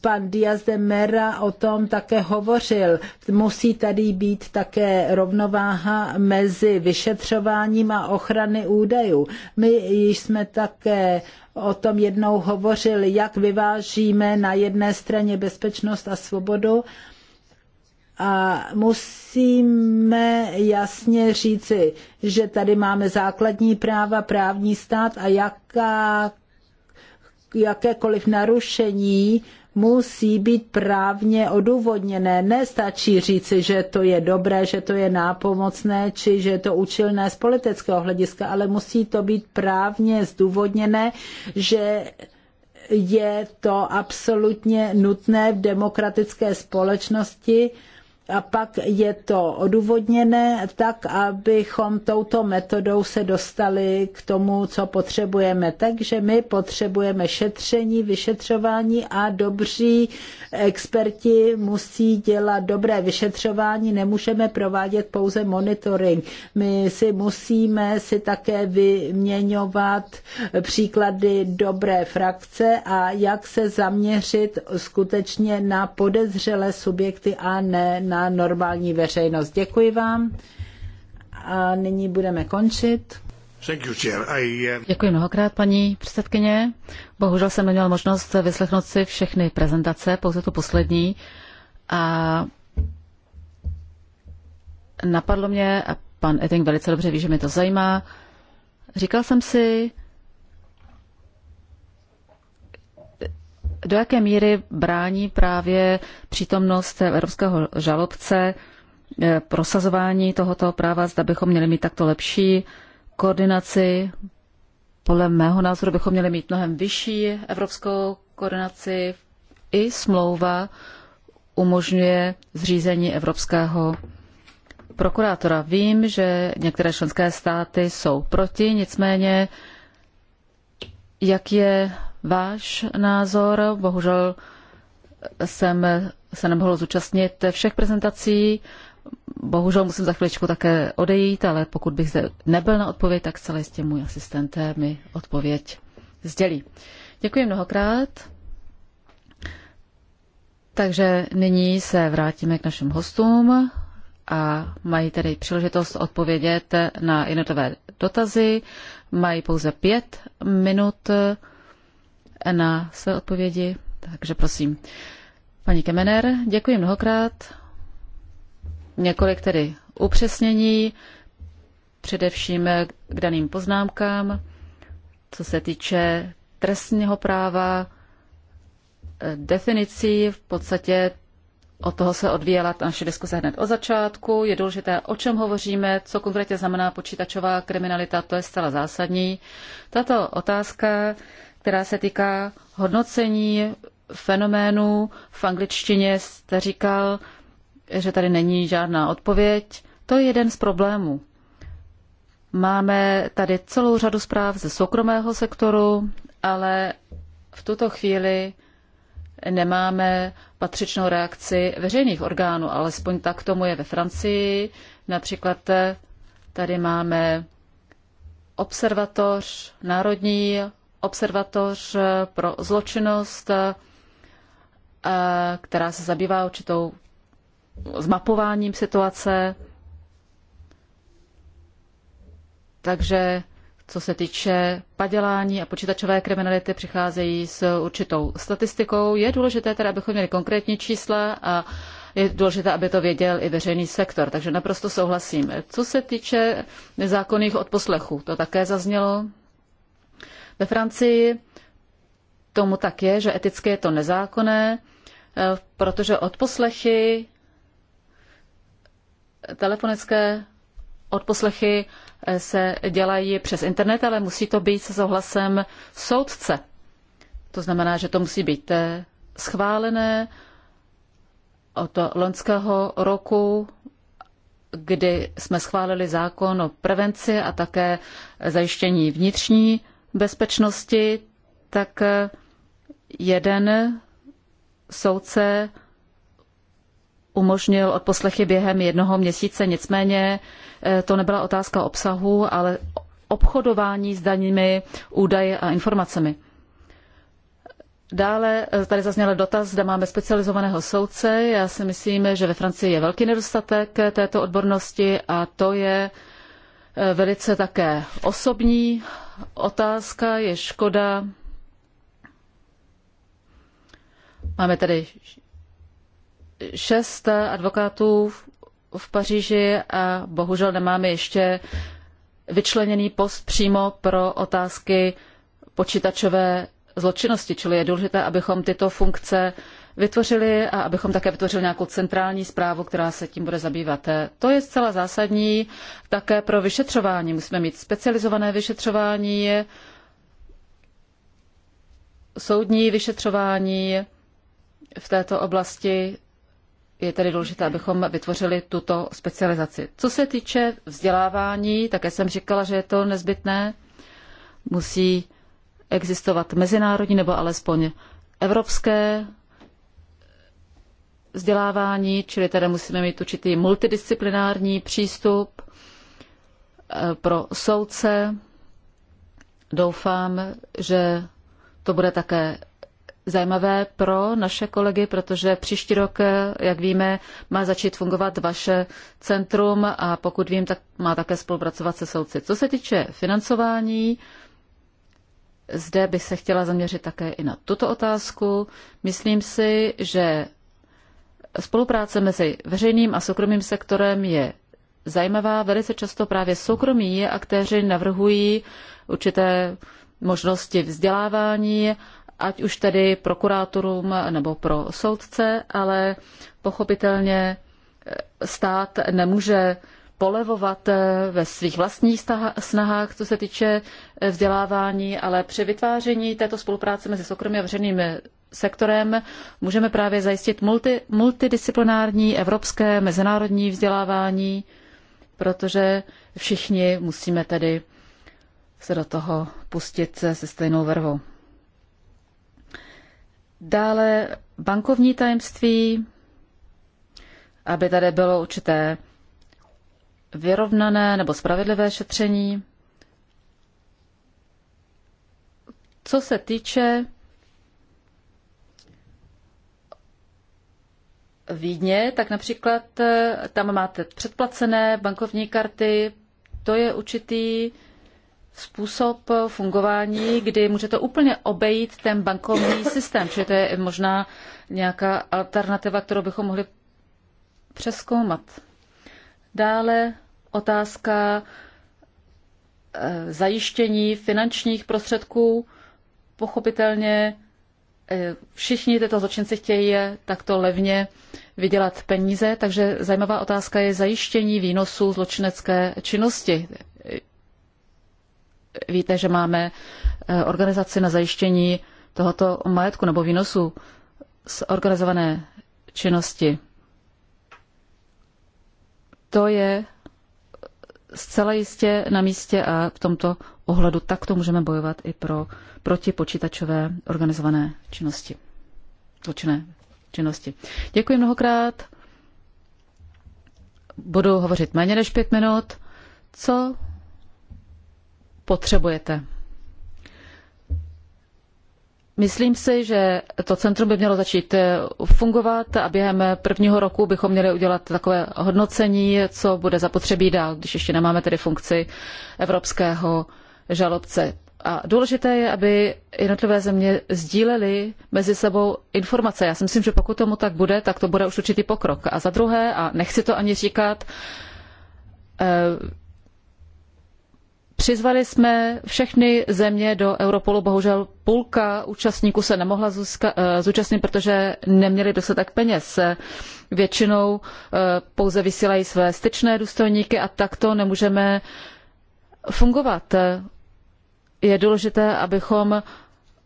pan Diaz de Mera o tom také hovořil. Musí tady být také rovnováha mezi vyšetřováním a ochrany údajů. My jsme také o tom jednou hovořil, jak vyvážíme na jedné straně bezpečnost a svobodu a musíme jasně říci, že tady máme základní práva, právní stát a jaká jakékoliv narušení musí být právně odůvodněné. Nestačí říci, že to je dobré, že to je nápomocné, či že je to účelné z politického hlediska, ale musí to být právně zdůvodněné, že je to absolutně nutné v demokratické společnosti a pak je to odůvodněné tak, abychom touto metodou se dostali k tomu, co potřebujeme. Takže my potřebujeme šetření, vyšetřování a dobří experti musí dělat dobré vyšetřování. Nemůžeme provádět pouze monitoring. My si musíme si také vyměňovat příklady dobré frakce a jak se zaměřit skutečně na podezřelé subjekty a ne na normální veřejnost. Děkuji vám
a nyní budeme končit.
Uh,
Děkuji mnohokrát, paní předsedkyně. Bohužel jsem neměl možnost vyslechnout si všechny prezentace, pouze tu poslední. A napadlo mě, a pan Etting velice dobře ví, že mě to zajímá, říkal jsem si, do jaké míry brání právě přítomnost evropského žalobce eh, prosazování tohoto práva, zda bychom měli mít takto lepší koordinaci. Podle mého názoru bychom měli mít mnohem vyšší evropskou koordinaci. I smlouva umožňuje zřízení evropského prokurátora. Vím, že některé členské státy jsou proti, nicméně jak je váš názor. Bohužel jsem se nemohl zúčastnit všech prezentací. Bohužel musím za chviličku také odejít, ale pokud bych zde nebyl na odpověď, tak celé jistě můj asistent mi odpověď sdělí. Děkuji mnohokrát. Takže nyní se vrátíme k našim hostům a mají tedy příležitost odpovědět na jednotlivé dotazy. Mají pouze pět minut na své odpovědi. Takže prosím. Paní Kemener, děkuji mnohokrát. Několik tedy upřesnění, především k daným poznámkám, co se týče trestního práva, definicí, v podstatě od toho se odvíjela naše diskuse hned od začátku. Je důležité, o čem hovoříme, co konkrétně znamená počítačová kriminalita, to je zcela zásadní. Tato otázka která se týká hodnocení fenoménu. V angličtině jste říkal, že tady není žádná odpověď. To je jeden z problémů. Máme tady celou řadu zpráv ze soukromého sektoru, ale v tuto chvíli nemáme patřičnou reakci veřejných orgánů, alespoň tak tomu je ve Francii. Například tady máme observatoř, národní observatoř pro zločinnost, eh, která se zabývá určitou zmapováním situace. Takže co se týče padělání a počítačové kriminality, přicházejí s určitou statistikou. Je důležité teda, abychom měli konkrétní čísla a je důležité, aby to věděl i veřejný sektor. Takže naprosto souhlasím. Co se týče nezákonných odposlechů, to také zaznělo. Ve Francii tomu tak je, že eticky je to nezákonné, eh, protože odposlechy, telefonické odposlechy eh, se dělají přes internet, ale musí to být se souhlasem soudce. To znamená, že to musí být eh, schválené od loňského roku, kdy jsme schválili zákon o prevenci a také zajištění vnitřní bezpečnosti, tak jeden soudce umožnil odposlechy během jednoho měsíce. Nicméně eh, to nebyla otázka obsahu, ale obchodování s daními údaji a informacemi. Dále eh, tady zazněl dotaz, zda máme specializovaného soudce. Já si myslím, že ve Francii je velký nedostatek této odbornosti a to je eh, velice také osobní otázka je škoda. Máme tady šest advokátů v Paříži a bohužel nemáme ještě vyčleněný post přímo pro otázky počítačové zločinnosti, čili je důležité, abychom tyto funkce vytvořili a abychom také vytvořili nějakou centrální zprávu, která se tím bude zabývat. To je zcela zásadní také pro vyšetřování. Musíme mít specializované vyšetřování, soudní vyšetřování v této oblasti. Je tedy důležité, abychom vytvořili tuto specializaci. Co se týče vzdělávání, také jsem říkala, že je to nezbytné. Musí existovat mezinárodní nebo alespoň evropské vzdělávání, čili tady musíme mít určitý multidisciplinární přístup eh, pro soudce. Doufám, že to bude také zajímavé pro naše kolegy, protože příští rok, eh, jak víme, má začít fungovat vaše centrum a pokud vím, tak má také spolupracovat se soudci. Co se týče financování, zde bych se chtěla zaměřit také i na tuto otázku. Myslím si, že Spolupráce mezi veřejným a soukromým sektorem je zajímavá. Velice často právě soukromí aktéři navrhují určité možnosti vzdělávání, ať už tedy pro kurátorům nebo pro soudce, ale pochopitelně eh, stát nemůže polevovat eh, ve svých vlastních snahách, co se týče eh, vzdělávání, ale při vytváření této spolupráce mezi soukromým a veřejným sektorem můžeme právě zajistit multi, multidisciplinární evropské mezinárodní vzdělávání, protože všichni musíme tedy se do toho pustit se, se stejnou vervou. Dále bankovní tajemství, aby tady bylo určité vyrovnané nebo spravedlivé šetření. Co se týče Vídně, tak například eh, tam máte předplacené bankovní karty, to je určitý způsob fungování, kdy můžete úplně obejít ten bankovní systém, čili to je možná nějaká alternativa, kterou bychom mohli přeskoumat. Dále otázka eh, zajištění finančních prostředků. Pochopitelně E, všichni tyto zločinci chtějí takto levně vydělat peníze, takže zajímavá otázka je zajištění výnosů zločinecké činnosti. E, víte, že máme e, organizaci na zajištění tohoto majetku nebo výnosu z organizované činnosti. To je zcela jistě na místě a v tomto ohledu takto můžeme bojovat i pro protipočítačové organizované činnosti. Zločinné činnosti. Děkuji mnohokrát. Budu hovořit méně než pět minut. Co potřebujete? Myslím si, že to centrum by mělo začít eh, fungovat a během prvního roku bychom měli udělat takové hodnocení, co bude zapotřebí dál, když ještě nemáme tedy funkci evropského žalobce. A důležité je, aby jednotlivé země sdílely mezi sebou informace. Já si myslím, že pokud tomu tak bude, tak to bude už určitý pokrok. A za druhé, a nechci to ani říkat, eh, Přizvali jsme všechny země do Europolu, bohužel půlka účastníků se nemohla eh, zúčastnit, protože neměli dostatek peněz. Většinou eh, pouze vysílají své styčné důstojníky a takto nemůžeme fungovat. Je důležité, abychom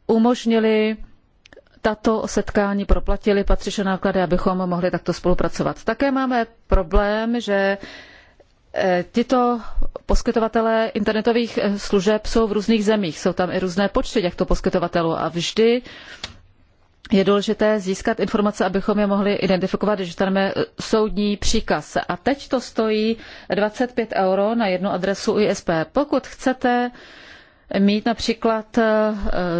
umožnili tato setkání proplatili patřičné náklady, abychom mohli takto spolupracovat. Také máme problém, že Tito poskytovatelé internetových eh, služeb jsou v různých zemích, jsou tam i různé počty těchto poskytovatelů a vždy je důležité získat informace, abychom je mohli identifikovat, když dostaneme eh, soudní příkaz. A teď to stojí 25 euro na jednu adresu ISP. Pokud chcete mít například eh,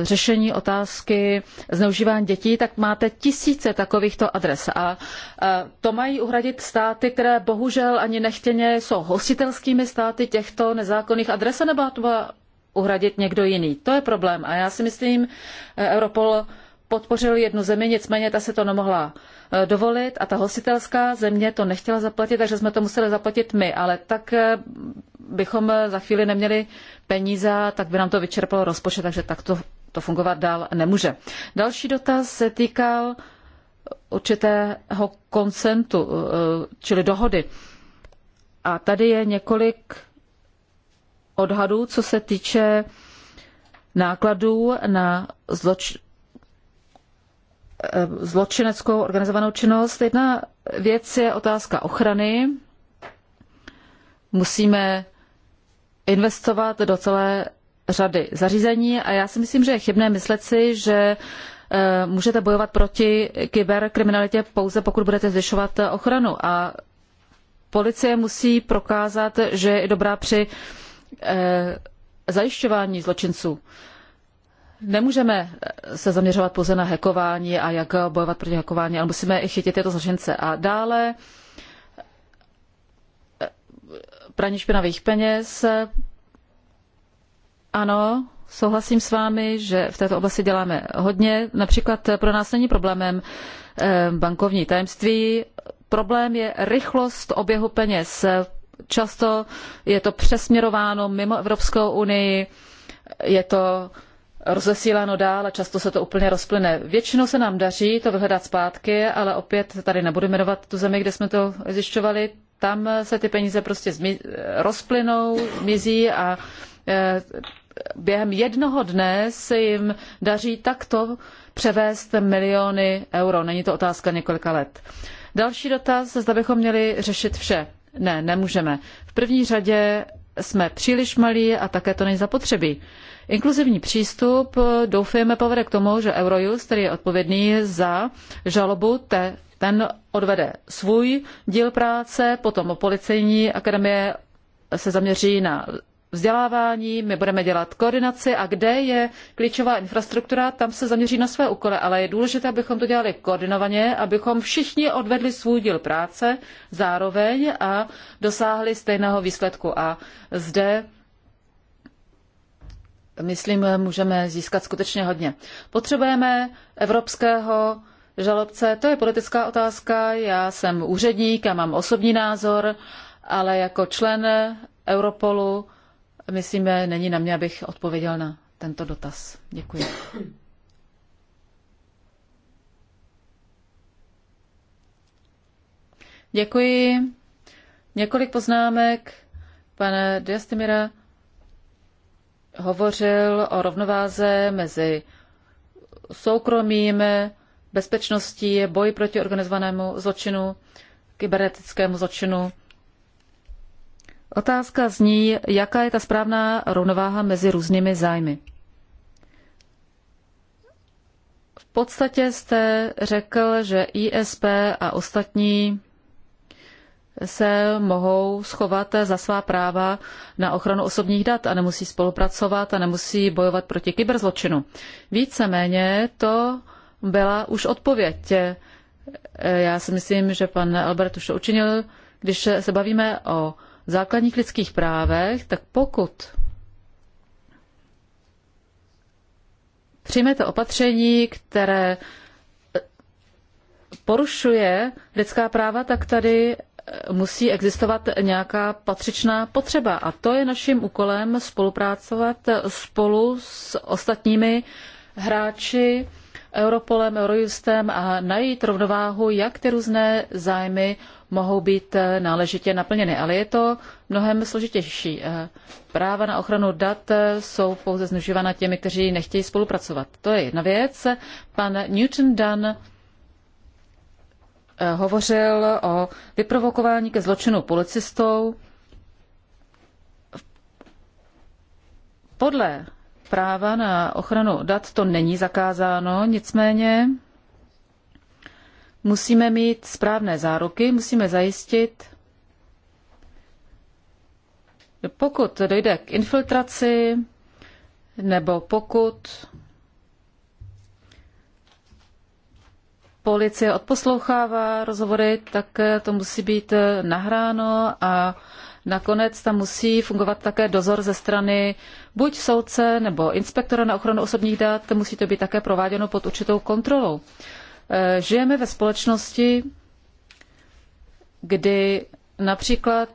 řešení otázky zneužívání dětí, tak máte tisíce takovýchto adres. A eh, to mají uhradit státy, které bohužel ani nechtěně jsou hostitelskými státy těchto nezákonných adres, nebo to má uhradit někdo jiný. To je problém. A já si myslím, eh, Europol podpořil jednu zemi, nicméně ta se to nemohla eh, dovolit a ta hostitelská země to nechtěla zaplatit, takže jsme to museli zaplatit my, ale tak eh, bychom eh, za chvíli neměli peníze, tak by nám to vyčerpalo rozpočet, takže tak to, to fungovat dál nemůže. Další dotaz se týkal určitého koncentu, čili dohody. A tady je několik odhadů, co se týče nákladů na zloč- Eh, zločineckou organizovanou činnost. Jedna věc je otázka ochrany. Musíme investovat do celé řady zařízení a já si myslím, že je chybné myslet si, že eh, můžete bojovat proti kyberkriminalitě pouze pokud budete zvyšovat ochranu. A policie musí prokázat, že je dobrá při eh, zajišťování zločinců nemůžeme eh, se zaměřovat pouze na hackování a jak bojovat proti hackování, ale musíme i chytit tyto zložence. A dále eh, praní špinavých peněz. Ano, souhlasím s vámi, že v této oblasti děláme hodně. Například eh, pro nás není problémem bankovní tajemství. Problém je rychlost oběhu peněz. Často je to přesměrováno mimo Evropskou unii, je to rozesíláno dál a často se to úplně rozplyne. Většinou se nám daří to vyhledat zpátky, ale opět tady nebudu jmenovat tu zemi, kde jsme to zjišťovali. Tam se ty peníze prostě zmi- rozplynou, mizí a e, během jednoho dne se jim daří takto převést miliony euro. Není to otázka několika let. Další dotaz, zda bychom měli řešit vše. Ne, nemůžeme. V první řadě jsme příliš malí a také to není zapotřebí. Inkluzivní přístup eh, doufejme povede k tomu, že Eurojust, který je odpovědný za žalobu, te, ten odvede svůj díl práce, potom policejní akademie se zaměří na vzdělávání, my budeme dělat koordinaci a kde je klíčová infrastruktura, tam se zaměří na své úkoly, ale je důležité, abychom to dělali koordinovaně, abychom všichni odvedli svůj díl práce zároveň a dosáhli stejného výsledku. A zde myslím, můžeme získat skutečně hodně. Potřebujeme evropského žalobce, to je politická otázka, já jsem úředník, já mám osobní názor, ale jako člen Europolu, myslím, není na mě, abych odpověděl na tento dotaz. Děkuji. Děkuji. Několik poznámek. Pane Diastimira, hovořil o rovnováze mezi soukromím, bezpečností, boji proti organizovanému zločinu, kybernetickému zločinu. Otázka zní, jaká je ta správná rovnováha mezi různými zájmy. V podstatě jste řekl, že ISP a ostatní se mohou schovat za svá práva na ochranu osobních dat a nemusí spolupracovat a nemusí bojovat proti kyberzločinu. Víceméně to byla už odpověď. Já si myslím, že pan Albert už to učinil. Když se bavíme o základních lidských právech, tak pokud přijmete opatření, které porušuje lidská práva, tak tady musí existovat nějaká patřičná potřeba. A to je naším úkolem spolupracovat spolu s ostatními hráči, Europolem, Eurojustem a najít rovnováhu, jak ty různé zájmy mohou být náležitě naplněny. Ale je to mnohem složitější. Práva na ochranu dat jsou pouze zneužívána těmi, kteří nechtějí spolupracovat. To je jedna věc. Pan Newton Dunn Eh, hovořil o vyprovokování ke zločinu policistou. Podle práva na ochranu dat to není zakázáno, nicméně musíme mít správné záruky, musíme zajistit, pokud dojde k infiltraci nebo pokud policie odposlouchává rozhovory, tak eh, to musí být eh, nahráno a nakonec tam musí fungovat také dozor ze strany buď soudce nebo inspektora na ochranu osobních dat, musí to být také prováděno pod určitou kontrolou. Eh, žijeme ve společnosti, kdy například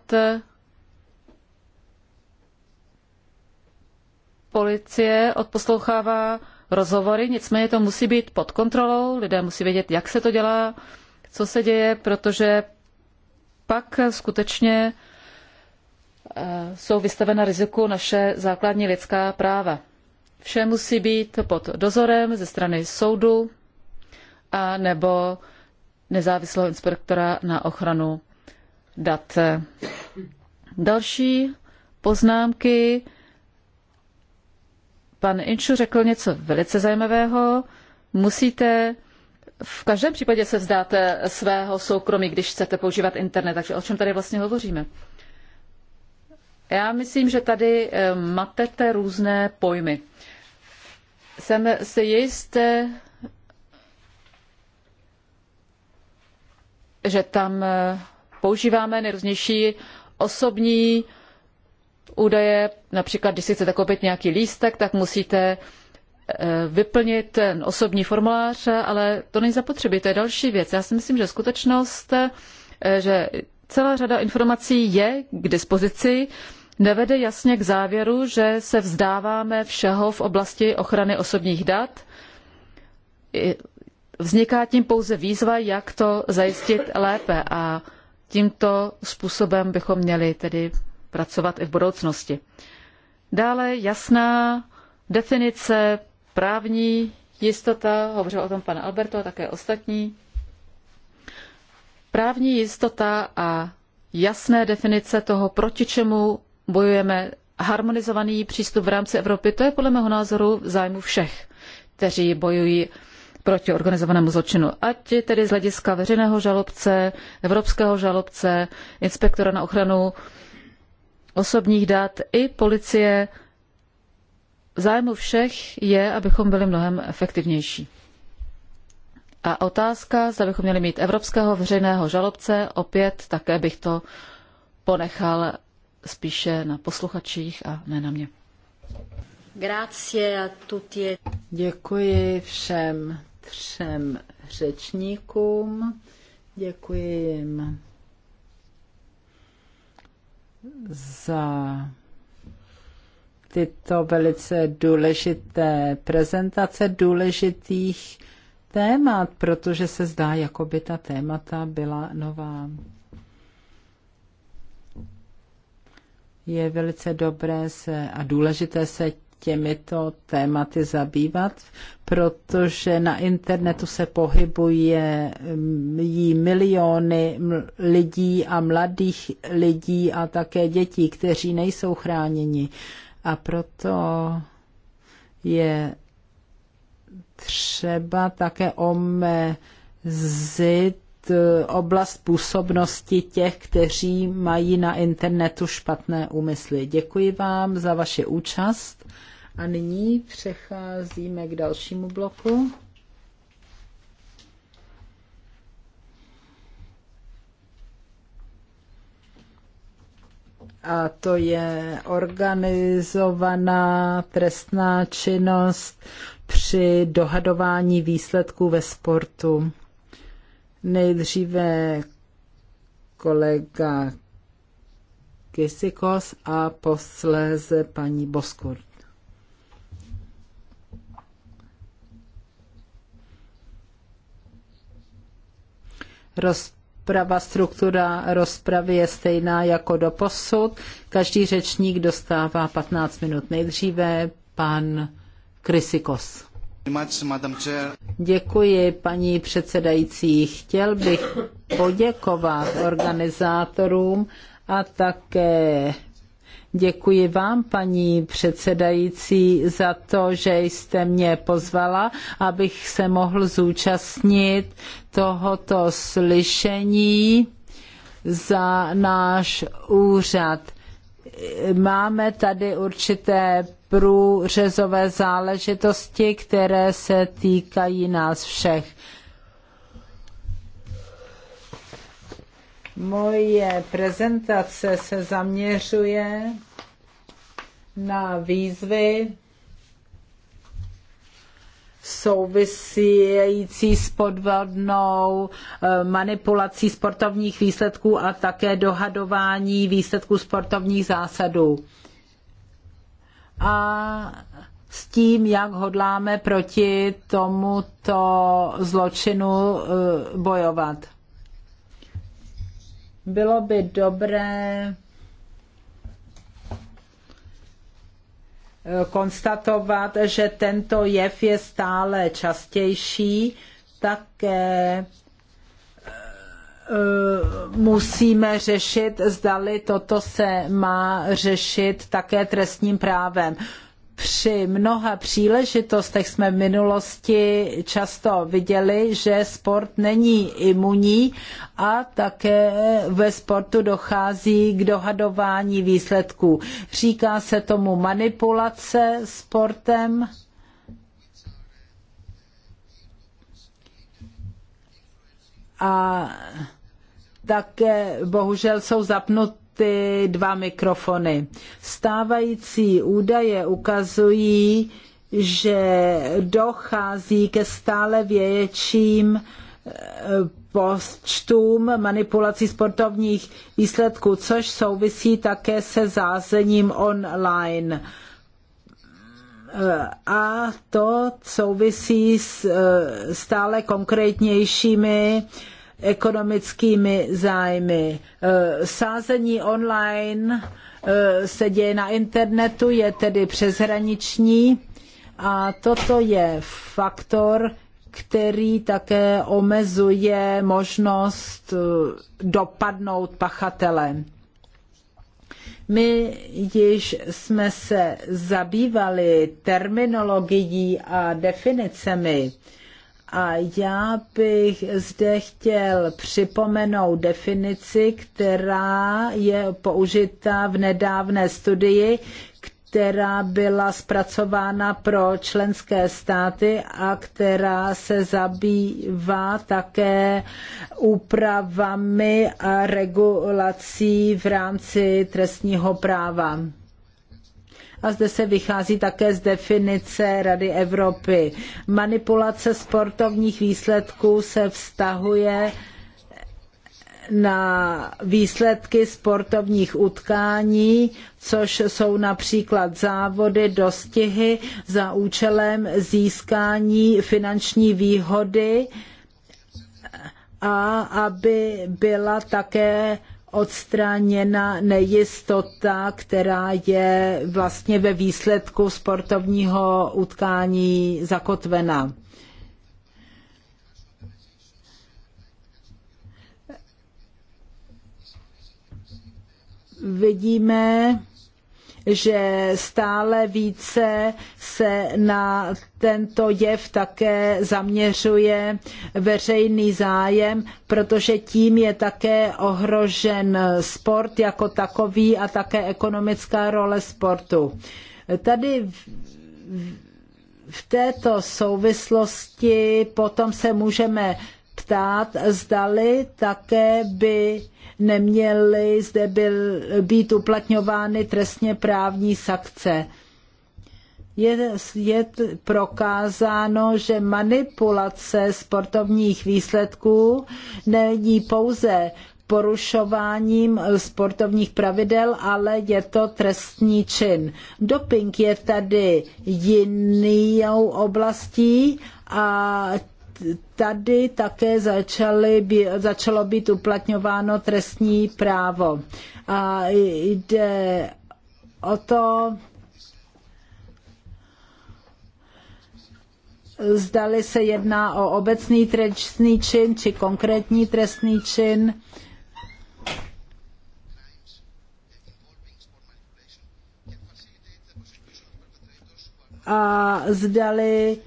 policie odposlouchává rozhovory, nicméně to musí být pod kontrolou, lidé musí vědět, jak se to dělá, co se děje, protože pak skutečně eh, jsou vystavena riziku naše základní lidská práva. Vše musí být pod dozorem ze strany soudu a nebo nezávislého inspektora na ochranu dat. Další poznámky Pan Inču řekl něco velice zajímavého. Musíte v každém případě se vzdát eh, svého soukromí, když chcete používat internet. Takže o čem tady vlastně hovoříme? Já myslím, že tady eh, matete různé pojmy. Jsem si jistý, eh, že tam používáme nejrůznější osobní údaje. Například, když si chcete koupit nějaký lístek, tak musíte eh, vyplnit ten osobní formulář, ale to není zapotřebí, to je další věc. Já si myslím, že skutečnost, eh, že celá řada informací je k dispozici, nevede jasně k závěru, že se vzdáváme všeho v oblasti ochrany osobních dat. Vzniká tím pouze výzva, jak to zajistit lépe a tímto způsobem bychom měli tedy pracovat i v budoucnosti. Dále jasná definice, právní jistota, hovořil o tom pan Alberto a také ostatní. Právní jistota a jasné definice toho, proti čemu bojujeme, harmonizovaný přístup v rámci Evropy, to je podle mého názoru zájmu všech, kteří bojují proti organizovanému zločinu. Ať tedy z hlediska veřejného žalobce, evropského žalobce, inspektora na ochranu osobních dat i policie. V zájmu všech je, abychom byli mnohem efektivnější. A otázka, zda bychom měli mít evropského veřejného žalobce, opět také bych to ponechal spíše na posluchačích a ne na mě. Děkuji všem třem řečníkům.
Děkuji jim za tyto velice důležité prezentace důležitých témat, protože se zdá, jako by ta témata byla nová. Je velice dobré se a důležité se těmito tématy zabývat, protože na internetu se pohybuje mm, jí miliony lidí a mladých lidí a také dětí, kteří nejsou chráněni. A proto je třeba také omezit e, oblast působnosti těch, kteří mají na internetu špatné úmysly. Děkuji vám za vaši účast a nyní přecházíme k dalšímu bloku. a to je organizovaná trestná činnost při dohadování výsledků ve sportu. Nejdříve kolega Kisikos a posléze paní Boskurt. Rozprava, struktura rozpravy je stejná jako do posud. Každý řečník dostává 15 minut. Nejdříve pan Krysikos. Děkuji, paní předsedající. Chtěl bych poděkovat organizátorům a také Děkuji vám, paní předsedající, za to, že jste mě pozvala, abych se mohl zúčastnit tohoto slyšení za náš úřad. Máme tady určité průřezové záležitosti, které se týkají nás všech. Moje prezentace se zaměřuje na výzvy související s podvodnou eh, manipulací sportovních výsledků a také dohadování výsledků sportovních zásadů. A s tím, jak hodláme proti tomuto zločinu eh, bojovat. Bylo by dobré eh, konstatovat, že tento jev je stále častější, také eh, musíme řešit, zdali toto se má řešit také trestním právem. Při mnoha příležitostech jsme v minulosti často viděli, že sport není imunní a také ve sportu dochází k dohadování výsledků. Říká se tomu manipulace sportem. A také bohužel jsou zapnut ty dva mikrofony. Stávající údaje ukazují, že dochází ke stále větším eh, počtům manipulací sportovních výsledků, což souvisí také se zázením online. Eh, a to souvisí s eh, stále konkrétnějšími ekonomickými zájmy. E, sázení online e, se děje na internetu, je tedy přeshraniční a toto je faktor, který také omezuje možnost e, dopadnout pachatele. My již jsme se zabývali terminologií a definicemi. A já bych zde chtěl připomenout definici, která je použita v nedávné studii, která byla zpracována pro členské státy a která se zabývá také úpravami a regulací v rámci trestního práva a zde se vychází také z definice Rady Evropy. Manipulace sportovních výsledků se vztahuje na výsledky sportovních utkání, což jsou například závody, dostihy za účelem získání finanční výhody a aby byla také odstraněna nejistota, která je vlastně ve výsledku sportovního utkání zakotvena. Vidíme, že stále více se na tento jev také zaměřuje veřejný zájem, protože tím je také ohrožen sport jako takový a také ekonomická role sportu. Tady v této souvislosti potom se můžeme ptát, zdali také by neměly zde byl, být uplatňovány trestně právní sankce. Je, je prokázáno, že manipulace sportovních výsledků není pouze porušováním sportovních pravidel, ale je to trestní čin. Doping je tady jinou oblastí a tady také začaly, začalo být uplatňováno trestní právo. A jde o to, zdali se jedná o obecný trestný čin či konkrétní trestný čin. A zdali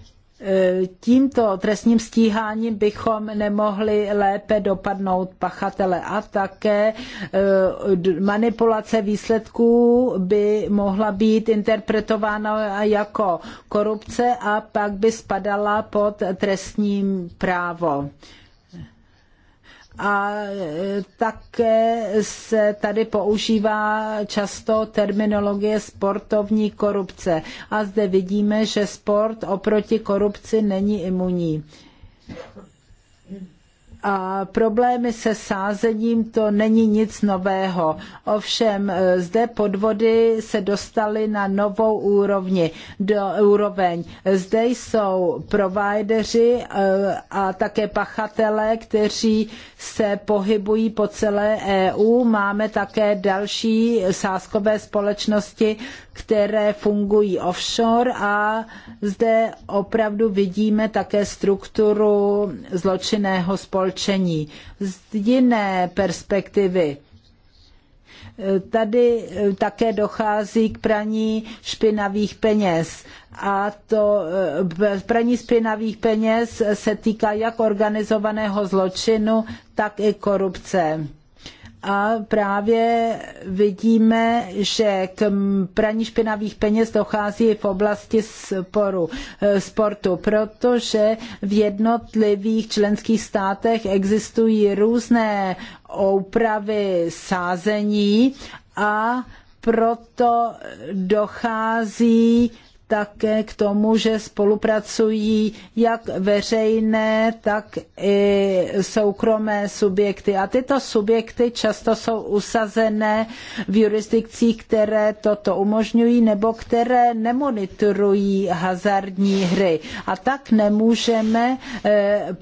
tímto trestním stíháním bychom nemohli lépe dopadnout pachatele a také eh, manipulace výsledků by mohla být interpretována jako korupce a pak by spadala pod trestní právo a e, také se tady používá často terminologie sportovní korupce. A zde vidíme, že sport oproti korupci není imunní a problémy se sázením to není nic nového. Ovšem e, zde podvody se dostaly na novou úrovni, do, úroveň. Zde jsou provideři e, a také pachatelé, kteří se pohybují po celé EU. Máme také další sázkové společnosti, které fungují offshore a zde opravdu vidíme také strukturu zločinného spolčení z jiné perspektivy. Tady také dochází k praní špinavých peněz a to praní špinavých peněz se týká jak organizovaného zločinu, tak i korupce a právě vidíme, že k praní špinavých peněz dochází v oblasti sporu, e, sportu, protože v jednotlivých členských státech existují různé úpravy sázení a proto dochází také k tomu, že spolupracují jak veřejné, tak i soukromé subjekty. A tyto subjekty často jsou usazené v jurisdikcích, které toto umožňují nebo které nemonitorují hazardní hry. A tak nemůžeme eh,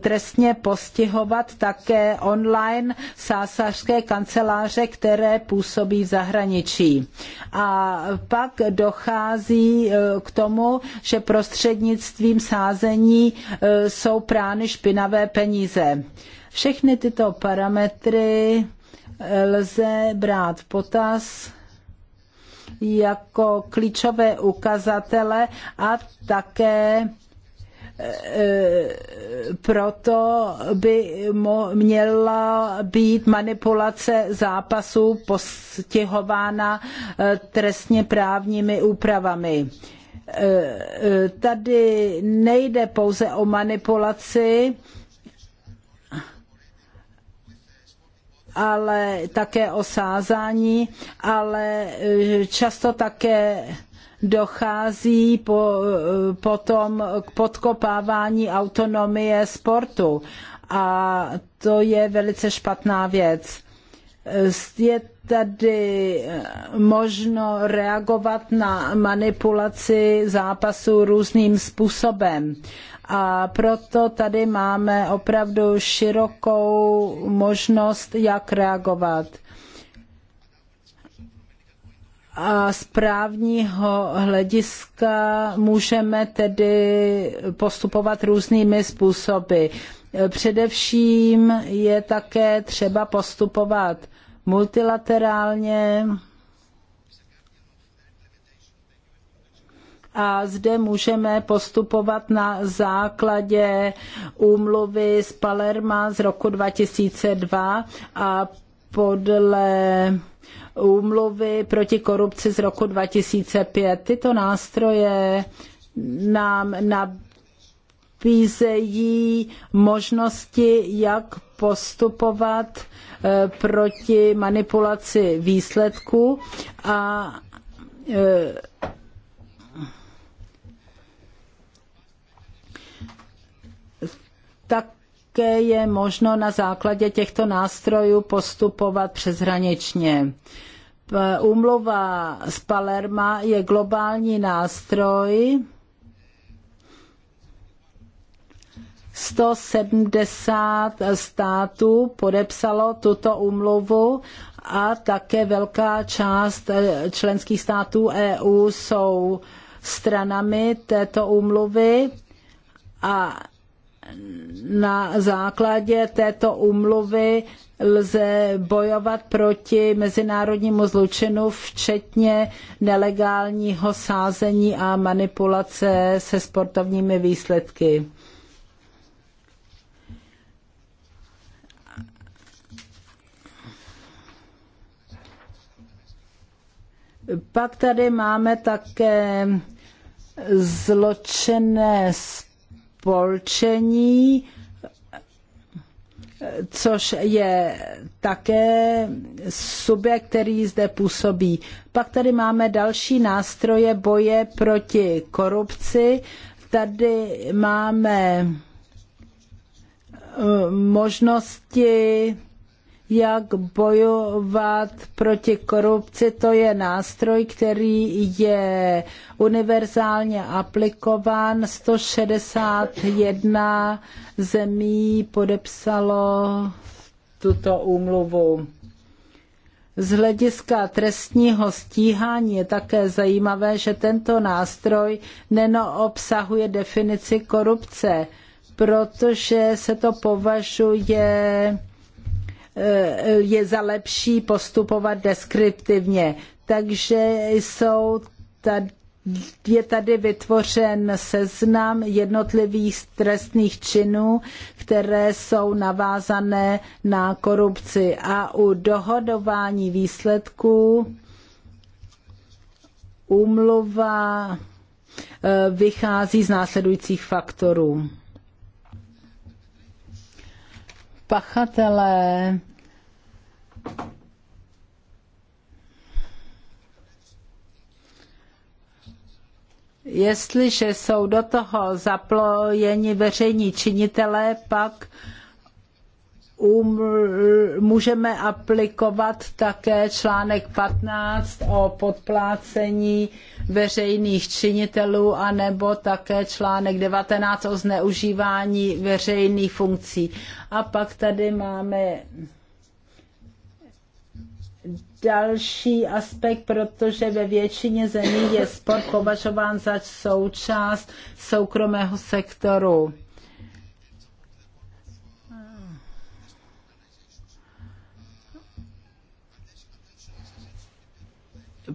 trestně postihovat také online sásařské kanceláře, které působí v zahraničí. A pak dochází Eh, k tomu, že prostřednictvím sázení eh, jsou prány špinavé peníze. Všechny tyto parametry eh, lze brát v potaz jako klíčové ukazatele a také proto by měla být manipulace zápasů postihována eh, trestně právními úpravami. Eh, eh, tady nejde pouze o manipulaci, ale také o sázání, ale často také dochází po, potom k podkopávání autonomie sportu. A to je velice špatná věc. Je tady možno reagovat na manipulaci zápasů různým způsobem. A proto tady máme opravdu širokou možnost, jak reagovat a z právního hlediska můžeme tedy postupovat různými způsoby. Především je také třeba postupovat multilaterálně a zde můžeme postupovat na základě úmluvy z Palerma z roku 2002 a podle úmluvy proti korupci z roku 2005. Tyto nástroje nám nabízejí možnosti, jak postupovat eh, proti manipulaci výsledků a eh, tak také je možno na základě těchto nástrojů postupovat přeshraničně. Úmluva z Palerma je globální nástroj 170 států podepsalo tuto úmluvu a také velká část členských států EU jsou stranami této úmluvy a na základě této umluvy lze bojovat proti mezinárodnímu zločinu, včetně nelegálního sázení a manipulace se sportovními výsledky. Pak tady máme také zločinné společnosti polčení, což je také subjekt, který zde působí. Pak tady máme další nástroje boje proti korupci. Tady máme eh, možnosti jak bojovat proti korupci. To je nástroj, který je univerzálně aplikován. 161 zemí podepsalo tuto úmluvu. Z hlediska trestního stíhání je také zajímavé, že tento nástroj nenoobsahuje definici korupce, protože se to považuje je za lepší postupovat deskriptivně. Takže jsou tady je tady vytvořen seznam jednotlivých trestných činů, které jsou navázané na korupci. A u dohodování výsledků úmluva eh, vychází z následujících faktorů. pachatelé Jestliže jsou do toho zaplojeni veřejní činitelé, pak Um, můžeme aplikovat také článek 15 o podplácení veřejných činitelů a nebo také článek 19 o zneužívání veřejných funkcí. A pak tady máme další aspekt, protože ve většině zemí je sport považován za součást soukromého sektoru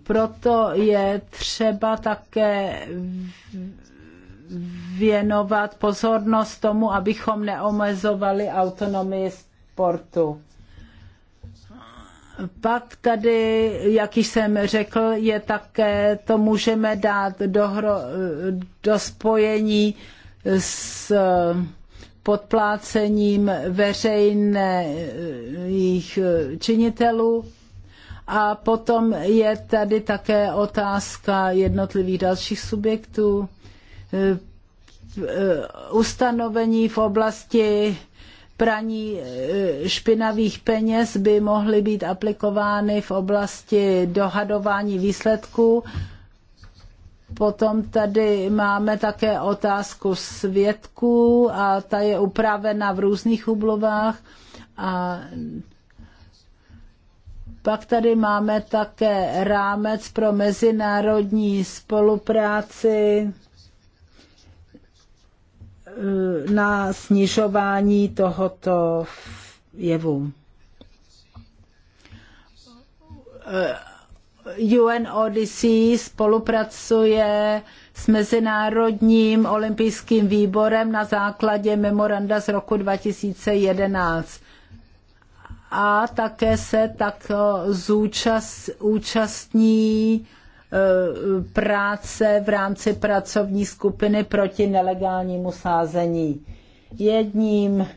Proto je třeba také věnovat pozornost tomu, abychom neomezovali autonomii sportu. Pak tady, jak již jsem řekl, je také, to můžeme dát do, hro, do spojení s podplácením veřejných činitelů a potom je tady také otázka jednotlivých dalších subjektů, eh, ustanovení v oblasti praní eh, špinavých peněz by mohly být aplikovány v oblasti dohadování výsledků. Potom tady máme také otázku svědků a ta je upravena v různých úmluvách a pak tady máme také rámec pro mezinárodní spolupráci eh, na snižování tohoto jevu. Eh, UNODC spolupracuje s Mezinárodním olympijským výborem na základě memoranda z roku 2011 a také se tak eh, zúčast, účastní eh, práce v rámci pracovní skupiny proti nelegálnímu sázení. Jedním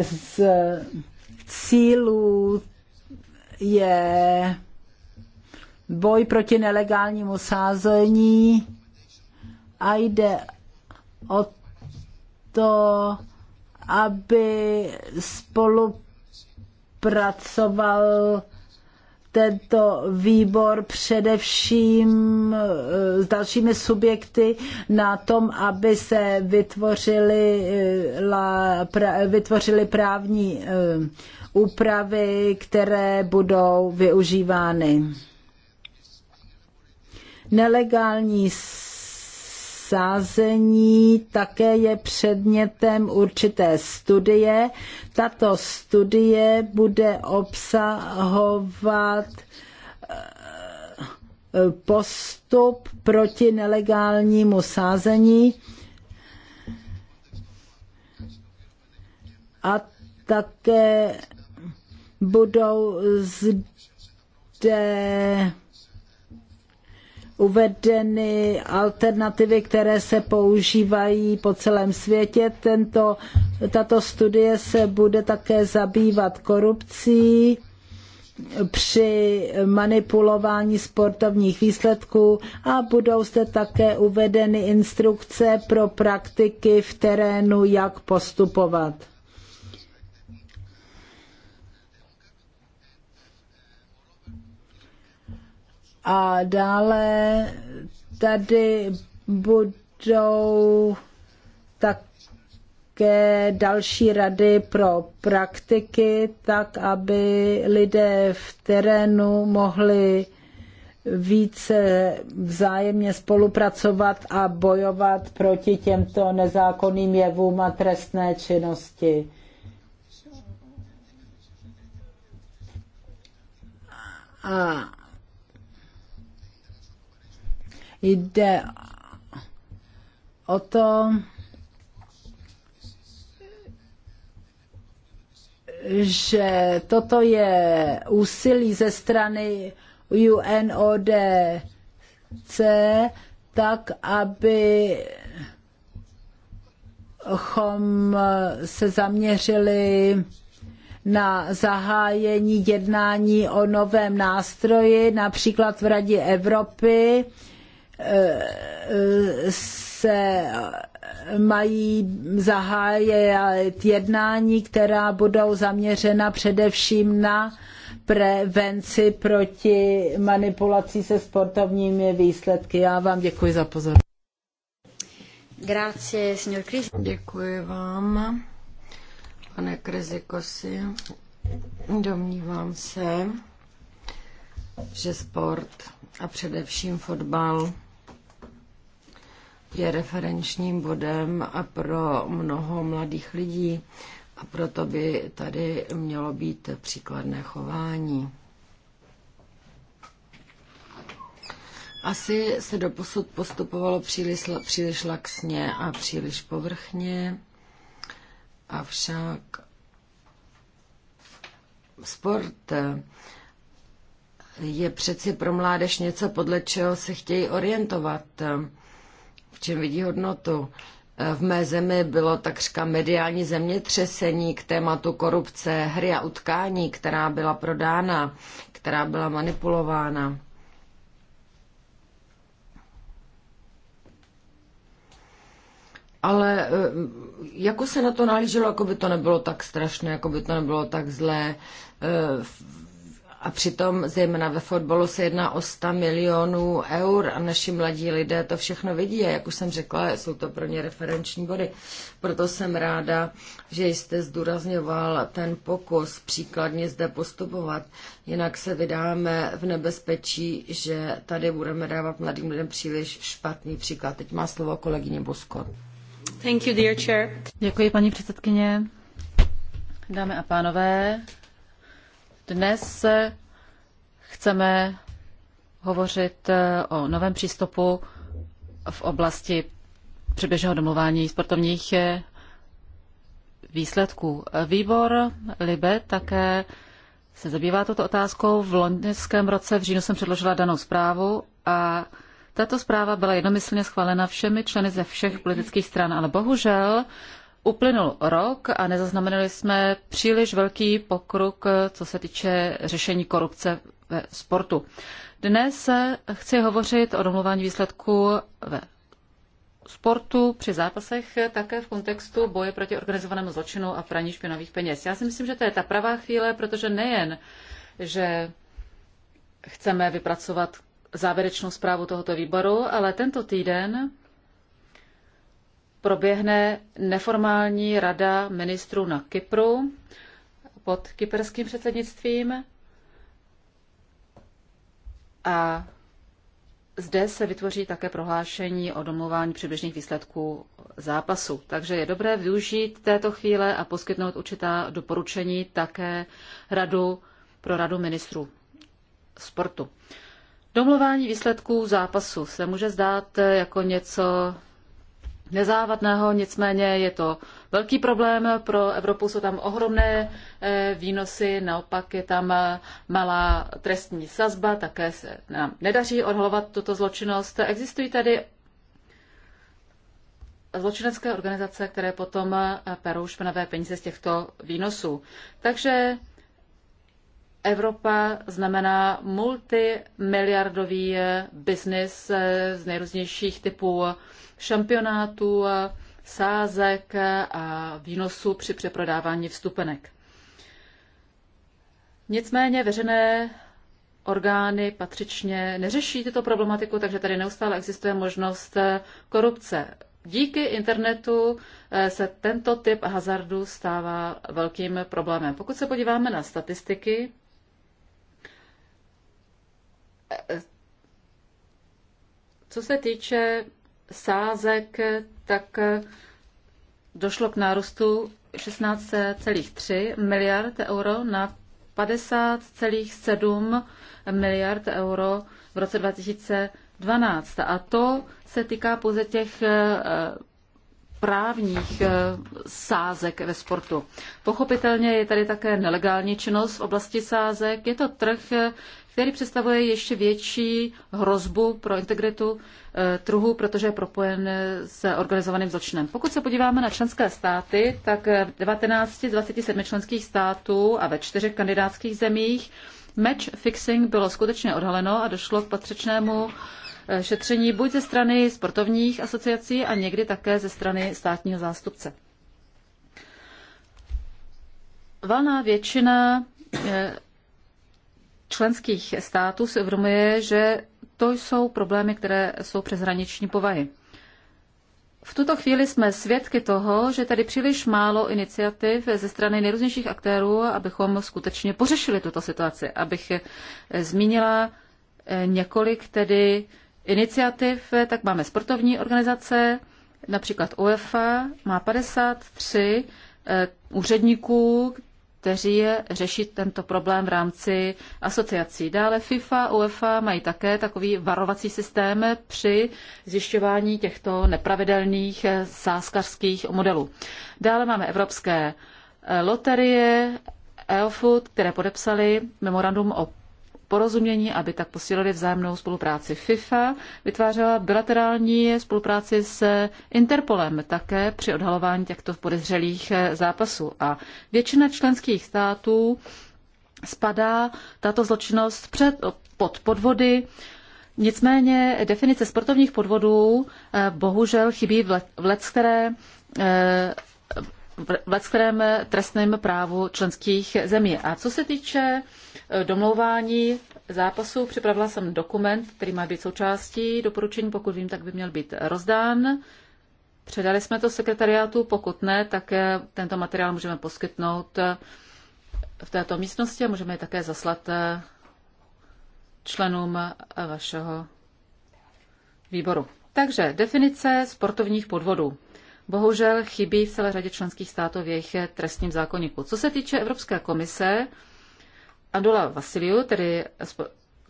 z cílů je boj proti nelegálnímu sázení a jde o to, aby spolu pracoval tento výbor především eh, s dalšími subjekty na tom, aby se eh, pra, vytvořily právní eh, úpravy, které budou využívány. Nelegální sázení také je předmětem určité studie. Tato studie bude obsahovat eh, postup proti nelegálnímu sázení a také budou zde uvedeny alternativy, které se používají po celém světě. Tento, tato studie se bude také zabývat korupcí při manipulování sportovních výsledků a budou zde také uvedeny instrukce pro praktiky v terénu, jak postupovat. A dále tady budou také další rady pro praktiky, tak aby lidé v terénu mohli více vzájemně spolupracovat a bojovat proti těmto nezákonným jevům a trestné činnosti. A Jde o to, že toto je úsilí ze strany UNODC, tak aby chom se zaměřili na zahájení jednání o novém nástroji, například v Radě Evropy, se mají zahájit jednání, která budou zaměřena především na prevenci proti manipulaci se sportovními výsledky. Já vám děkuji za pozornost.
Grazie,
signor Chris. Děkuji vám, pane Krizikosi. Domnívám se, že sport a především fotbal je referenčním bodem a pro mnoho mladých lidí a proto by tady mělo být příkladné chování. Asi se doposud postupovalo příliš, příliš laxně a příliš povrchně, avšak sport je přeci pro mládež něco, podle čeho se chtějí orientovat v čem vidí hodnotu. E, v mé zemi bylo takřka mediální zemětřesení k tématu korupce, hry a utkání, která byla prodána, která byla manipulována. Ale e, jako se na to nalíželo, jako by to nebylo tak strašné, jako by to nebylo tak zlé. E, a přitom zejména ve fotbalu se jedná o 100 milionů eur a naši mladí lidé to všechno vidí. A jak už jsem řekla, jsou to pro ně referenční body. Proto jsem ráda, že jste zdůrazňoval ten pokus příkladně zde postupovat. Jinak se vydáme v nebezpečí, že tady budeme dávat mladým lidem příliš špatný příklad. Teď má slovo kolegyně Bosko.
Thank you, dear chair. Děkuji, paní předsedkyně. Dámy a pánové, dnes chceme hovořit eh, o novém přístupu v oblasti předběžného domluvání sportovních eh, výsledků. Výbor Libe také se zabývá tuto otázkou. V loňském roce v říjnu jsem předložila danou zprávu a tato zpráva byla jednomyslně schválena všemi členy ze všech politických stran, ale bohužel Uplynul rok a nezaznamenali jsme příliš velký pokrok, co se týče řešení korupce ve sportu. Dnes chci hovořit o domluvání výsledků ve sportu při zápasech také v kontextu boje proti organizovanému zločinu a praní špinavých peněz. Já si myslím, že to je ta pravá chvíle, protože nejen, že chceme vypracovat závěrečnou zprávu tohoto výboru, ale tento týden proběhne neformální rada ministrů na Kypru pod kyperským předsednictvím a zde se vytvoří také prohlášení o domluvání přibližných výsledků zápasu. Takže je dobré využít této chvíle a poskytnout určitá doporučení také radu pro radu ministrů sportu. Domluvání výsledků zápasu se může zdát jako něco nezávadného, nicméně je to velký problém pro Evropu, jsou tam ohromné eh, výnosy, naopak je tam eh, malá trestní sazba, také se nám nedaří odhalovat tuto zločinnost. Existují tady zločinecké organizace, které potom eh, perou špinavé peníze z těchto výnosů. Takže Evropa znamená multimiliardový eh, biznis eh, z nejrůznějších typů šampionátů, eh, sázek a výnosů při přeprodávání vstupenek. Nicméně veřejné orgány patřičně neřeší tyto problematiku, takže tady neustále existuje možnost korupce. Díky internetu se tento typ hazardu stává velkým problémem. Pokud se podíváme na statistiky, co se týče sázek, tak došlo k nárůstu 16,3 miliard euro na 50,7 miliard euro v roce 2012. A to se týká pouze těch eh, právních eh, sázek ve sportu. Pochopitelně je tady také nelegální činnost v oblasti sázek. Je to trh, který představuje ještě větší hrozbu pro integritu eh, trhu, protože je propojen s organizovaným zločinem. Pokud se podíváme na členské státy, tak v 19 z 27 členských států a ve čtyřech kandidátských zemích match fixing bylo skutečně odhaleno a došlo k patřičnému eh, šetření buď ze strany sportovních asociací a někdy také ze strany státního zástupce. Valná většina eh, členských států si uvědomuje, že to jsou problémy, které jsou přeshraniční povahy. V tuto chvíli jsme svědky toho, že tady příliš málo iniciativ ze strany nejrůznějších aktérů, abychom skutečně pořešili tuto situaci. Abych eh, zmínila eh, několik tedy iniciativ, eh, tak máme sportovní organizace, například UEFA má 53 úředníků, kteří řeší tento problém v rámci asociací. Dále FIFA, UEFA mají také takový varovací systém při zjišťování těchto nepravidelných eh, sáskařských modelů. Dále máme evropské eh, loterie, EOFUT, které podepsali memorandum o porozumění, aby tak posílili vzájemnou spolupráci. FIFA vytvářela bilaterální spolupráci s Interpolem také při odhalování těchto podezřelých eh, zápasů. A většina členských států spadá tato zločinnost před, pod podvody, Nicméně definice sportovních podvodů eh, bohužel chybí v, let, v které eh, vleckém trestném právu členských zemí. A co se týče eh, domlouvání zápasů, připravila jsem dokument, který má být součástí doporučení, pokud vím, tak by měl být rozdán. Předali jsme to sekretariátu, pokud ne, tak eh, tento materiál můžeme poskytnout eh, v této místnosti a můžeme je také zaslat členům vašeho výboru. Takže definice sportovních podvodů bohužel chybí v celé řadě členských států v jejich trestním zákonníku. Co se týče Evropské komise, Andula Vasiliu, tedy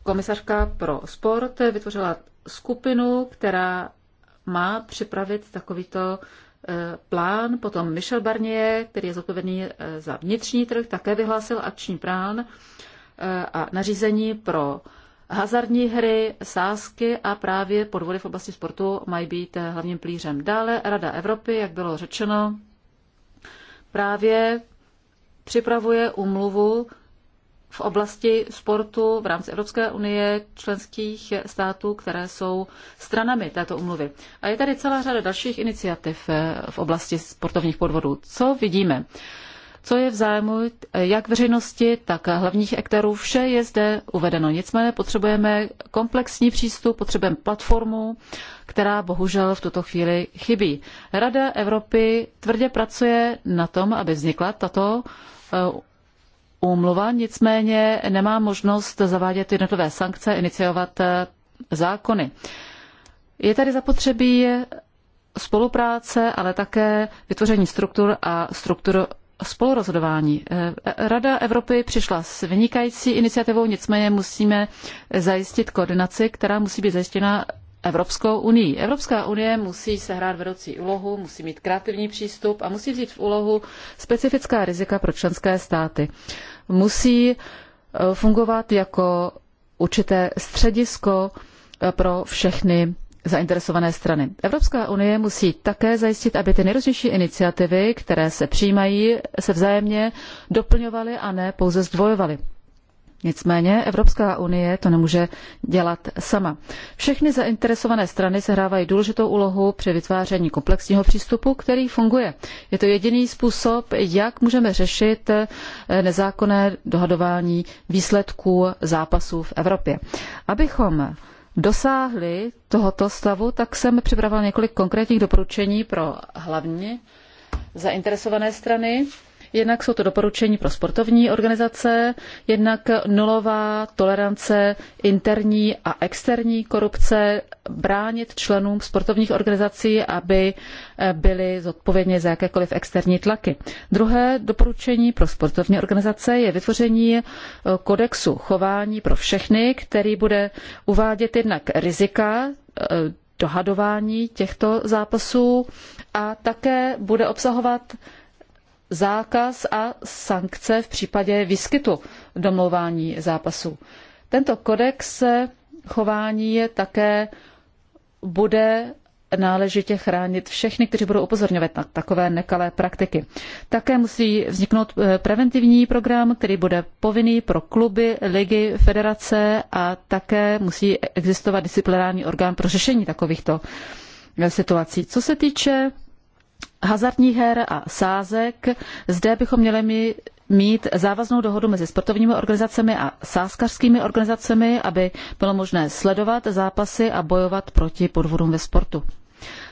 komisařka pro sport, vytvořila skupinu, která má připravit takovýto eh, plán. Potom Michel Barnier, který je zodpovědný eh, za vnitřní trh, také vyhlásil akční plán eh, a nařízení pro hazardní hry, sázky a právě podvody v oblasti sportu mají být eh, hlavním plířem. Dále Rada Evropy, jak bylo řečeno, právě připravuje úmluvu v oblasti sportu v rámci Evropské unie členských států, které jsou stranami této umluvy. A je tady celá řada dalších iniciativ eh, v oblasti sportovních podvodů. Co vidíme? co je v zájmu eh, jak veřejnosti, tak hlavních aktérů. Vše je zde uvedeno. Nicméně potřebujeme komplexní přístup, potřebujeme platformu, která bohužel v tuto chvíli chybí. Rada Evropy tvrdě pracuje na tom, aby vznikla tato eh, úmluva, nicméně nemá možnost zavádět jednotlivé sankce, iniciovat eh, zákony. Je tady zapotřebí spolupráce, ale také vytvoření struktur a struktur spolurozhodování. Eh, Rada Evropy přišla s vynikající iniciativou, nicméně musíme zajistit koordinaci, která musí být zajištěna Evropskou unii. Evropská unie musí sehrát vedoucí úlohu, musí mít kreativní přístup a musí vzít v úlohu specifická rizika pro členské státy. Musí eh, fungovat jako určité středisko eh, pro všechny zainteresované strany. Evropská unie musí také zajistit, aby ty nejrůznější iniciativy, které se přijímají, se vzájemně doplňovaly a ne pouze zdvojovaly. Nicméně Evropská unie to nemůže dělat sama. Všechny zainteresované strany sehrávají důležitou úlohu při vytváření komplexního přístupu, který funguje. Je to jediný způsob, jak můžeme řešit eh, nezákonné dohadování výsledků zápasů v Evropě. Abychom dosáhli tohoto stavu, tak jsem připravila několik konkrétních doporučení pro hlavně zainteresované strany. Jednak jsou to doporučení pro sportovní organizace, jednak nulová tolerance interní a externí korupce, bránit členům sportovních organizací, aby eh, byli zodpovědní za jakékoliv externí tlaky. Druhé doporučení pro sportovní organizace je vytvoření eh, kodexu chování pro všechny, který bude uvádět jednak rizika eh, dohadování těchto zápasů a také bude obsahovat zákaz a sankce v případě výskytu domlouvání zápasů. Tento kodex chování je také bude náležitě chránit všechny, kteří budou upozorňovat na takové nekalé praktiky. Také musí vzniknout eh, preventivní program, který bude povinný pro kluby, ligy, federace a také musí existovat disciplinární orgán pro řešení takovýchto eh, situací. Co se týče hazardních her a sázek. Zde bychom měli mít závaznou dohodu mezi sportovními organizacemi a sázkařskými organizacemi, aby bylo možné sledovat zápasy a bojovat proti podvodům ve sportu.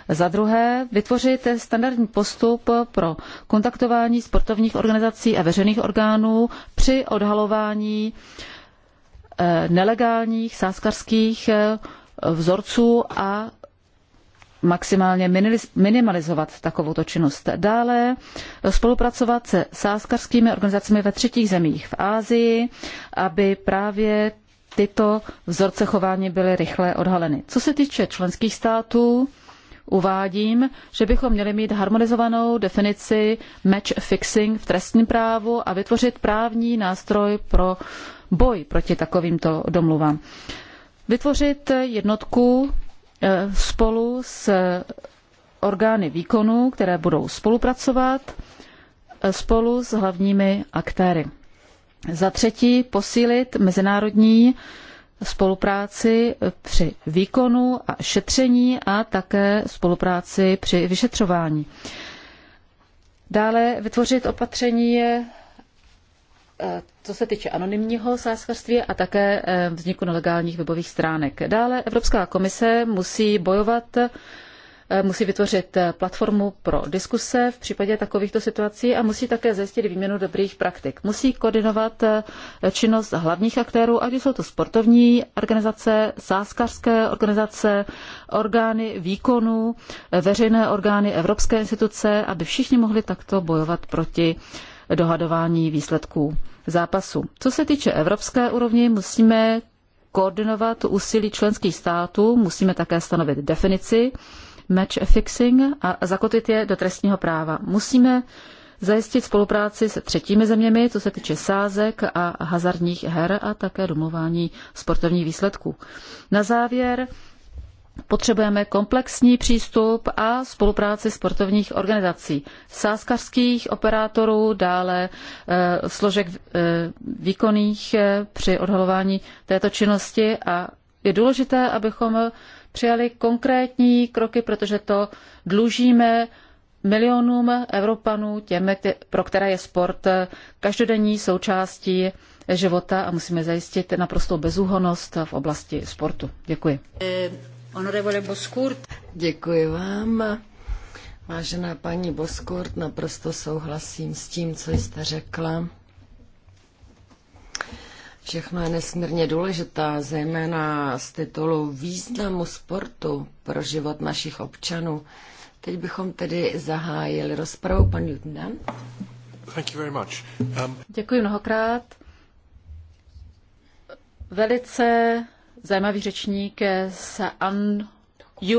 Za druhé, vytvořit standardní postup pro kontaktování sportovních organizací a veřejných orgánů při odhalování eh, nelegálních sázkařských eh, vzorců a maximálně minimalizovat takovouto činnost. Dále spolupracovat se sáskarskými organizacemi ve třetích zemích v Ázii, aby právě tyto vzorce chování byly rychle odhaleny. Co se týče členských států, uvádím, že bychom měli mít harmonizovanou definici match fixing v trestním právu a vytvořit právní nástroj pro boj proti takovýmto domluvám. Vytvořit jednotku Eh, spolu s orgány výkonu, které budou spolupracovat eh, spolu s hlavními aktéry. Za třetí, posílit mezinárodní spolupráci při výkonu a šetření a také spolupráci při vyšetřování. Dále vytvořit opatření Eh, co se týče anonymního sázkařství a také eh, vzniku nelegálních webových stránek. Dále Evropská komise musí bojovat eh, musí vytvořit platformu pro diskuse v případě takovýchto situací a musí také zajistit výměnu dobrých praktik. Musí koordinovat činnost hlavních aktérů, ať jsou to sportovní organizace, sázkařské organizace, orgány výkonu, veřejné orgány, evropské instituce, aby všichni mohli takto bojovat proti dohadování výsledků zápasu. Co se týče evropské úrovně, musíme koordinovat úsilí členských států, musíme také stanovit definici match fixing a zakotit je do trestního práva. Musíme zajistit spolupráci s třetími zeměmi, co se týče sázek a hazardních her a také domluvání sportovních výsledků. Na závěr Potřebujeme komplexní přístup a spolupráci sportovních organizací, sázkařských operátorů, dále e, složek e, výkonných e, při odhalování této činnosti a je důležité, abychom přijali konkrétní kroky, protože to dlužíme milionům Evropanů, těm, pro které je sport každodenní součástí života a musíme zajistit naprostou bezúhonost v oblasti sportu. Děkuji.
E Honorable Boskurt. Děkuji vám. Vážená paní Boskurt, naprosto souhlasím s tím, co jste řekla. Všechno je nesmírně důležitá, zejména z titulu významu sportu pro život našich občanů. Teď bychom tedy zahájili
rozpravu. Pan Newton
Thank you very much. Um...
Děkuji mnohokrát. Velice zajímavý řečník z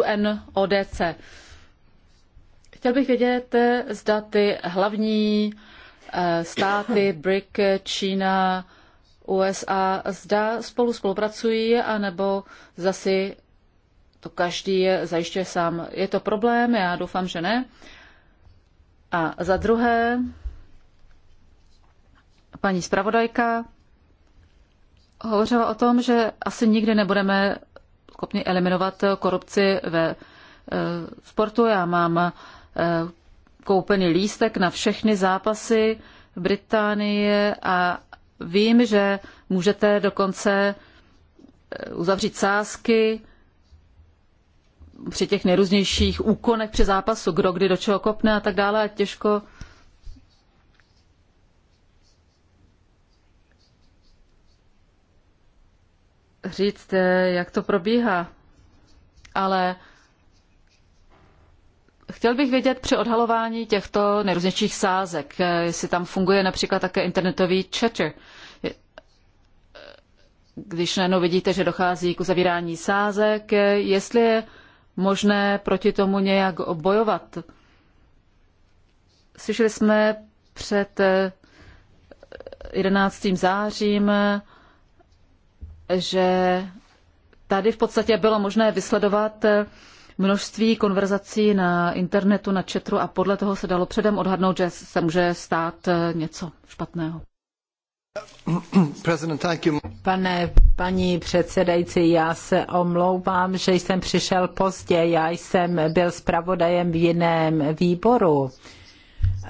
UNODC. Chtěl bych vědět, zda ty hlavní eh, státy BRIC, Čína, USA, zda spolu spolupracují, anebo zase to každý zajišťuje sám. Je to problém? Já doufám, že ne. A za druhé, paní zpravodajka hovořila o tom, že asi nikdy nebudeme schopni eliminovat korupci ve e, sportu. Já mám e, koupený lístek na všechny zápasy v Británii a vím, že můžete dokonce e, uzavřít sázky při těch nejrůznějších úkonech při zápasu, kdo kdy do čeho kopne a tak dále. A těžko říct, eh, jak to probíhá, ale chtěl bych vědět při odhalování těchto nejrůznějších sázek, eh, jestli tam funguje například také internetový chatter. Když najednou vidíte, že dochází k uzavírání sázek, eh, jestli je možné proti tomu nějak bojovat. Slyšeli jsme před 11. zářím že tady v podstatě bylo možné vysledovat množství konverzací na internetu, na četru a podle toho se dalo předem odhadnout, že se může stát eh, něco špatného. Pane, paní předsedající, já se omlouvám,
že jsem přišel pozdě. Já jsem byl zpravodajem v jiném výboru.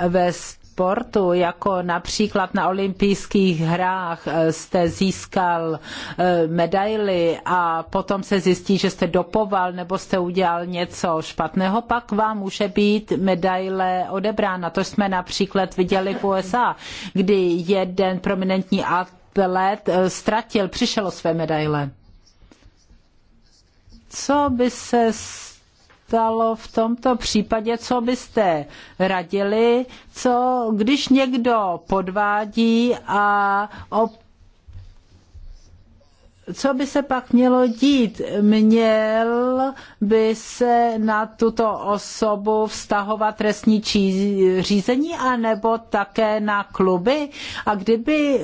Ve sportu, jako například na olympijských hrách eh, jste získal eh, medaili a potom se zjistí, že jste dopoval nebo jste udělal něco špatného, pak vám může být medaile odebrána. To jsme například viděli v USA, kdy jeden prominentní atlet eh, ztratil, přišel o své medaile. Co by se stalo v tomto případě, co byste radili, co když někdo podvádí a op co by se pak mělo dít? Měl by se na tuto osobu vztahovat trestní čí, řízení anebo také na kluby? A kdyby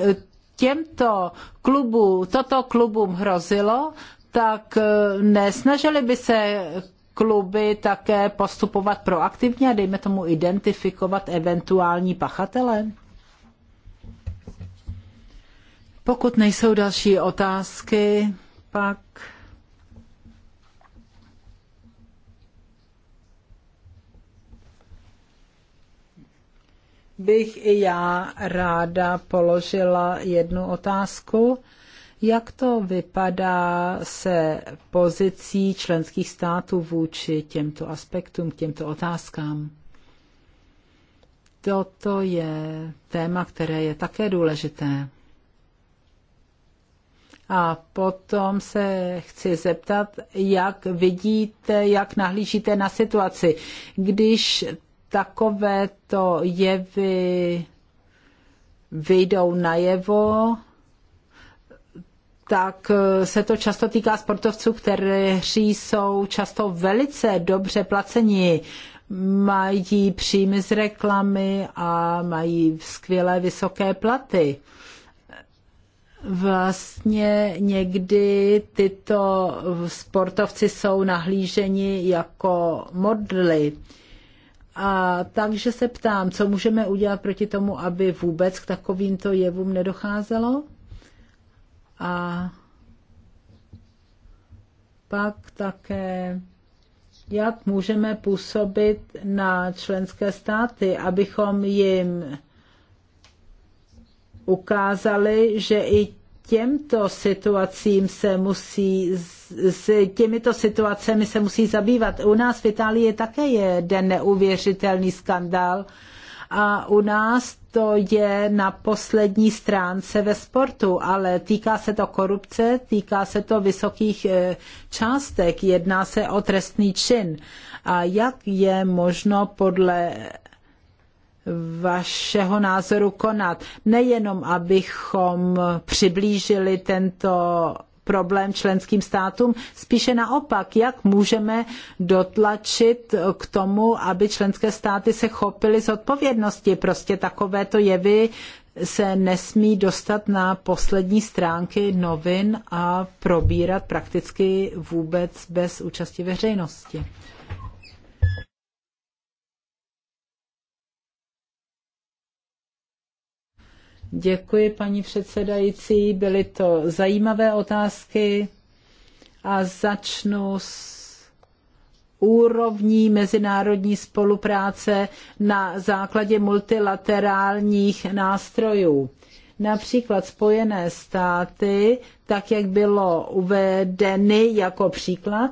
těmto klubu, toto klubům hrozilo, tak eh, nesnažili by se kluby také postupovat proaktivně a dejme tomu identifikovat eventuální pachatele? Pokud nejsou další otázky, pak bych i já ráda položila jednu otázku jak to vypadá se pozicí členských států vůči těmto aspektům, k těmto otázkám? Toto je téma, které je také důležité. A potom se chci zeptat, jak vidíte, jak nahlížíte na situaci, když takovéto jevy vyjdou najevo, tak eh, se to často týká sportovců, kteří jsou často velice dobře placeni, mají příjmy z reklamy a mají skvělé vysoké platy. Vlastně někdy tyto sportovci jsou nahlíženi jako modly. A takže se ptám, co můžeme udělat proti tomu, aby vůbec k takovýmto jevům nedocházelo? A pak také, jak můžeme působit na členské státy, abychom jim ukázali, že i těmto situacím se musí, s těmito situacemi se musí zabývat. U nás v Itálii také je den neuvěřitelný skandál, a u nás to je na poslední stránce ve sportu, ale týká se to korupce, týká se to vysokých e, částek, jedná se o trestný čin. A jak je možno podle vašeho názoru konat? Nejenom, abychom přiblížili tento problém členským státům, spíše naopak, jak můžeme dotlačit k tomu, aby členské státy se chopily z odpovědnosti. Prostě takovéto jevy se nesmí dostat na poslední stránky novin a probírat prakticky vůbec bez účasti veřejnosti. Děkuji, paní předsedající. Byly to zajímavé otázky a začnu s úrovní mezinárodní spolupráce na základě multilaterálních nástrojů. Například Spojené státy, tak jak bylo uvedeny jako příklad,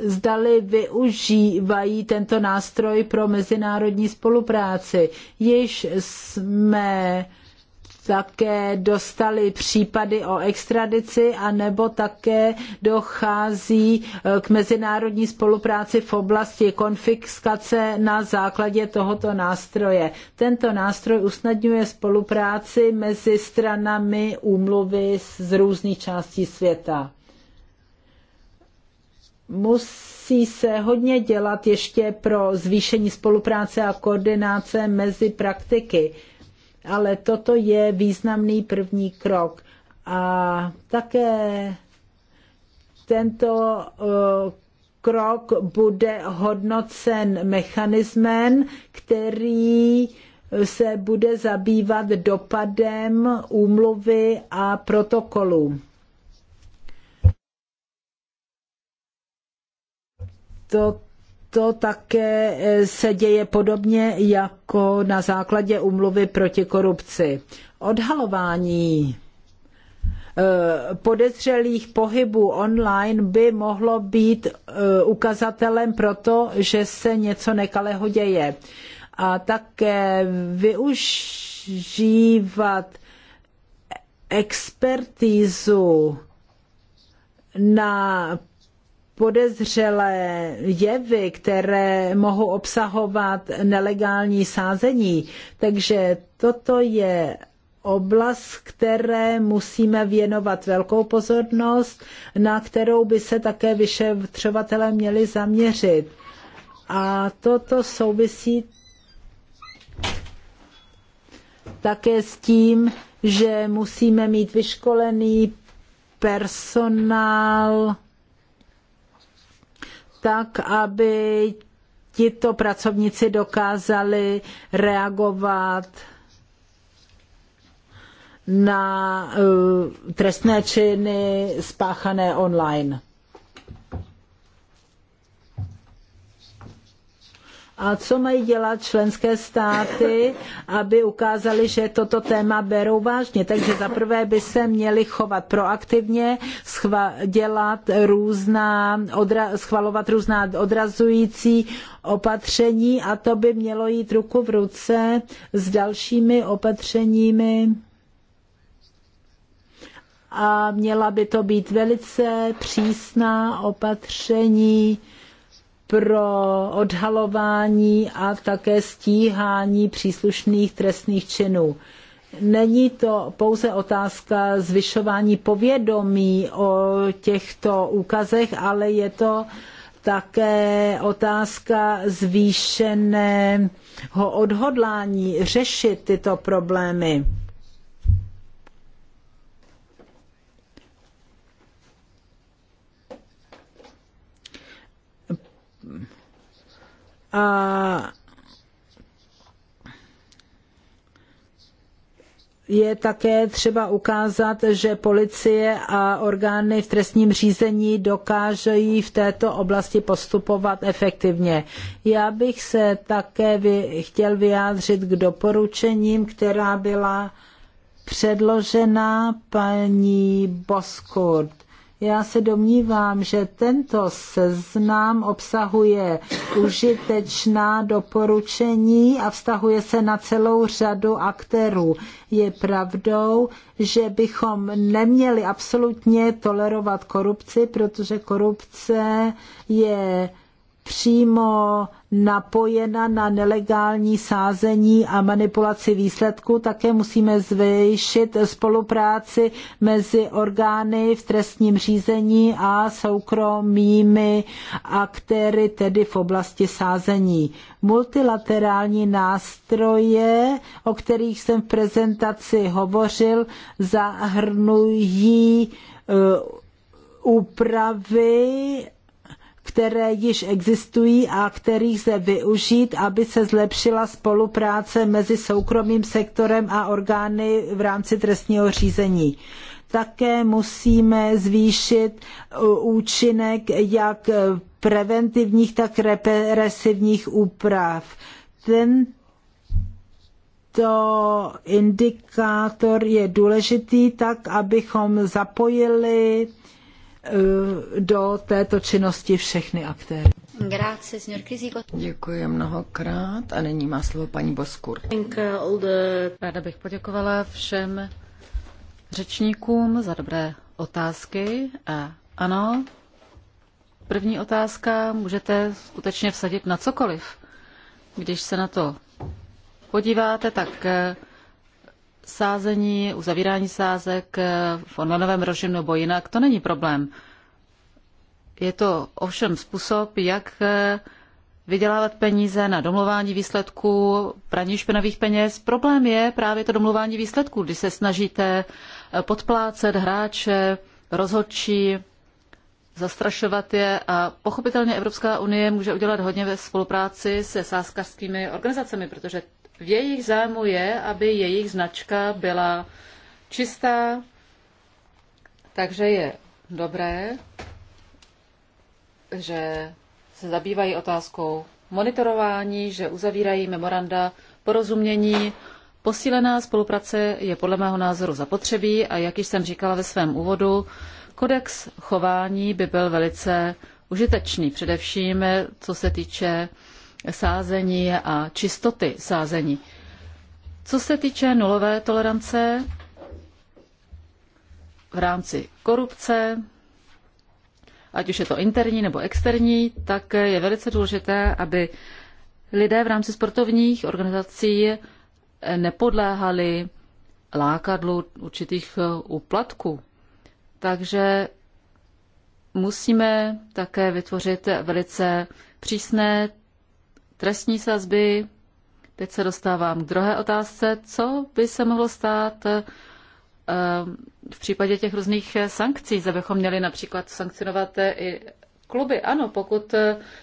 zdali využívají tento nástroj pro mezinárodní spolupráci. Již jsme také dostali případy o extradici a nebo také dochází eh, k mezinárodní spolupráci v oblasti konfiskace na základě tohoto nástroje. Tento nástroj usnadňuje spolupráci mezi stranami úmluvy z různých částí světa musí se hodně dělat ještě pro zvýšení spolupráce a koordinace mezi praktiky. Ale toto je významný první krok. A také tento eh, krok bude hodnocen mechanismem, který se bude zabývat dopadem úmluvy a protokolu. to, to také eh, se děje podobně jako na základě umluvy proti korupci. Odhalování eh, podezřelých pohybů online by mohlo být eh, ukazatelem pro to, že se něco nekalého děje. A také využívat expertízu na podezřelé jevy, které mohou obsahovat nelegální sázení. Takže toto je oblast, které musíme věnovat velkou pozornost, na kterou by se také vyšetřovatelé měli zaměřit. A toto souvisí také s tím, že musíme mít vyškolený personál, tak aby tito pracovníci dokázali reagovat na eh, trestné činy spáchané online. A co mají dělat členské státy, aby ukázali, že toto téma berou vážně? Takže za prvé by se měli chovat proaktivně, dělat různá, odra, schvalovat různá odrazující opatření a to by mělo jít ruku v ruce s dalšími opatřeními a měla by to být velice přísná opatření pro odhalování a také stíhání příslušných trestných činů. Není to pouze otázka zvyšování povědomí o těchto úkazech, ale je to také otázka zvýšeného odhodlání řešit tyto problémy. A je také třeba ukázat, že policie a orgány v trestním řízení dokážejí v této oblasti postupovat efektivně. Já bych se také chtěl vyjádřit k doporučením, která byla předložena paní Boskurt já se domnívám, že tento seznam obsahuje užitečná doporučení a vztahuje se na celou řadu aktérů. Je pravdou, že bychom neměli absolutně tolerovat korupci, protože korupce je přímo napojena na nelegální sázení a manipulaci výsledků. Také musíme zvýšit spolupráci mezi orgány v trestním řízení a soukromými aktéry, tedy v oblasti sázení. Multilaterální nástroje, o kterých jsem v prezentaci hovořil, zahrnují eh, úpravy které již existují a kterých se využít, aby se zlepšila spolupráce mezi soukromým sektorem a orgány v rámci trestního řízení také musíme zvýšit uh, účinek jak preventivních, tak represivních úprav. Tento indikátor je důležitý tak, abychom zapojili Eh, do této činnosti všechny aktéry. Děkuji mnohokrát a nyní má slovo paní Boskur.
Eh, Ráda bych poděkovala všem řečníkům za dobré otázky. A ano, první otázka můžete skutečně vsadit na cokoliv. Když se na to podíváte, tak eh, sázení, uzavírání sázek v onlineovém režimu nebo jinak, to není problém. Je to ovšem způsob, jak eh, vydělávat peníze na domluvání výsledků, praní špinavých peněz. Problém je právě to domluvání výsledků, když se snažíte eh, podplácet hráče, rozhodčí, zastrašovat je a pochopitelně Evropská unie může udělat hodně ve spolupráci se sáskařskými organizacemi, protože v jejich zájmu je, aby jejich značka byla čistá, takže je dobré, že se zabývají otázkou monitorování, že uzavírají memoranda porozumění. Posílená spolupráce je podle mého názoru zapotřebí a jak již jsem říkala ve svém úvodu, kodex chování by byl velice užitečný, především co se týče sázení a čistoty sázení. Co se týče nulové tolerance v rámci korupce, ať už je to interní nebo externí, tak je velice důležité, aby lidé v rámci sportovních organizací nepodléhali lákadlu určitých úplatků. Takže musíme také vytvořit velice přísné trestní sazby. Teď se dostávám k druhé otázce. Co by se mohlo stát eh, v případě těch různých eh, sankcí? že bychom měli například sankcionovat eh, i kluby. Ano, pokud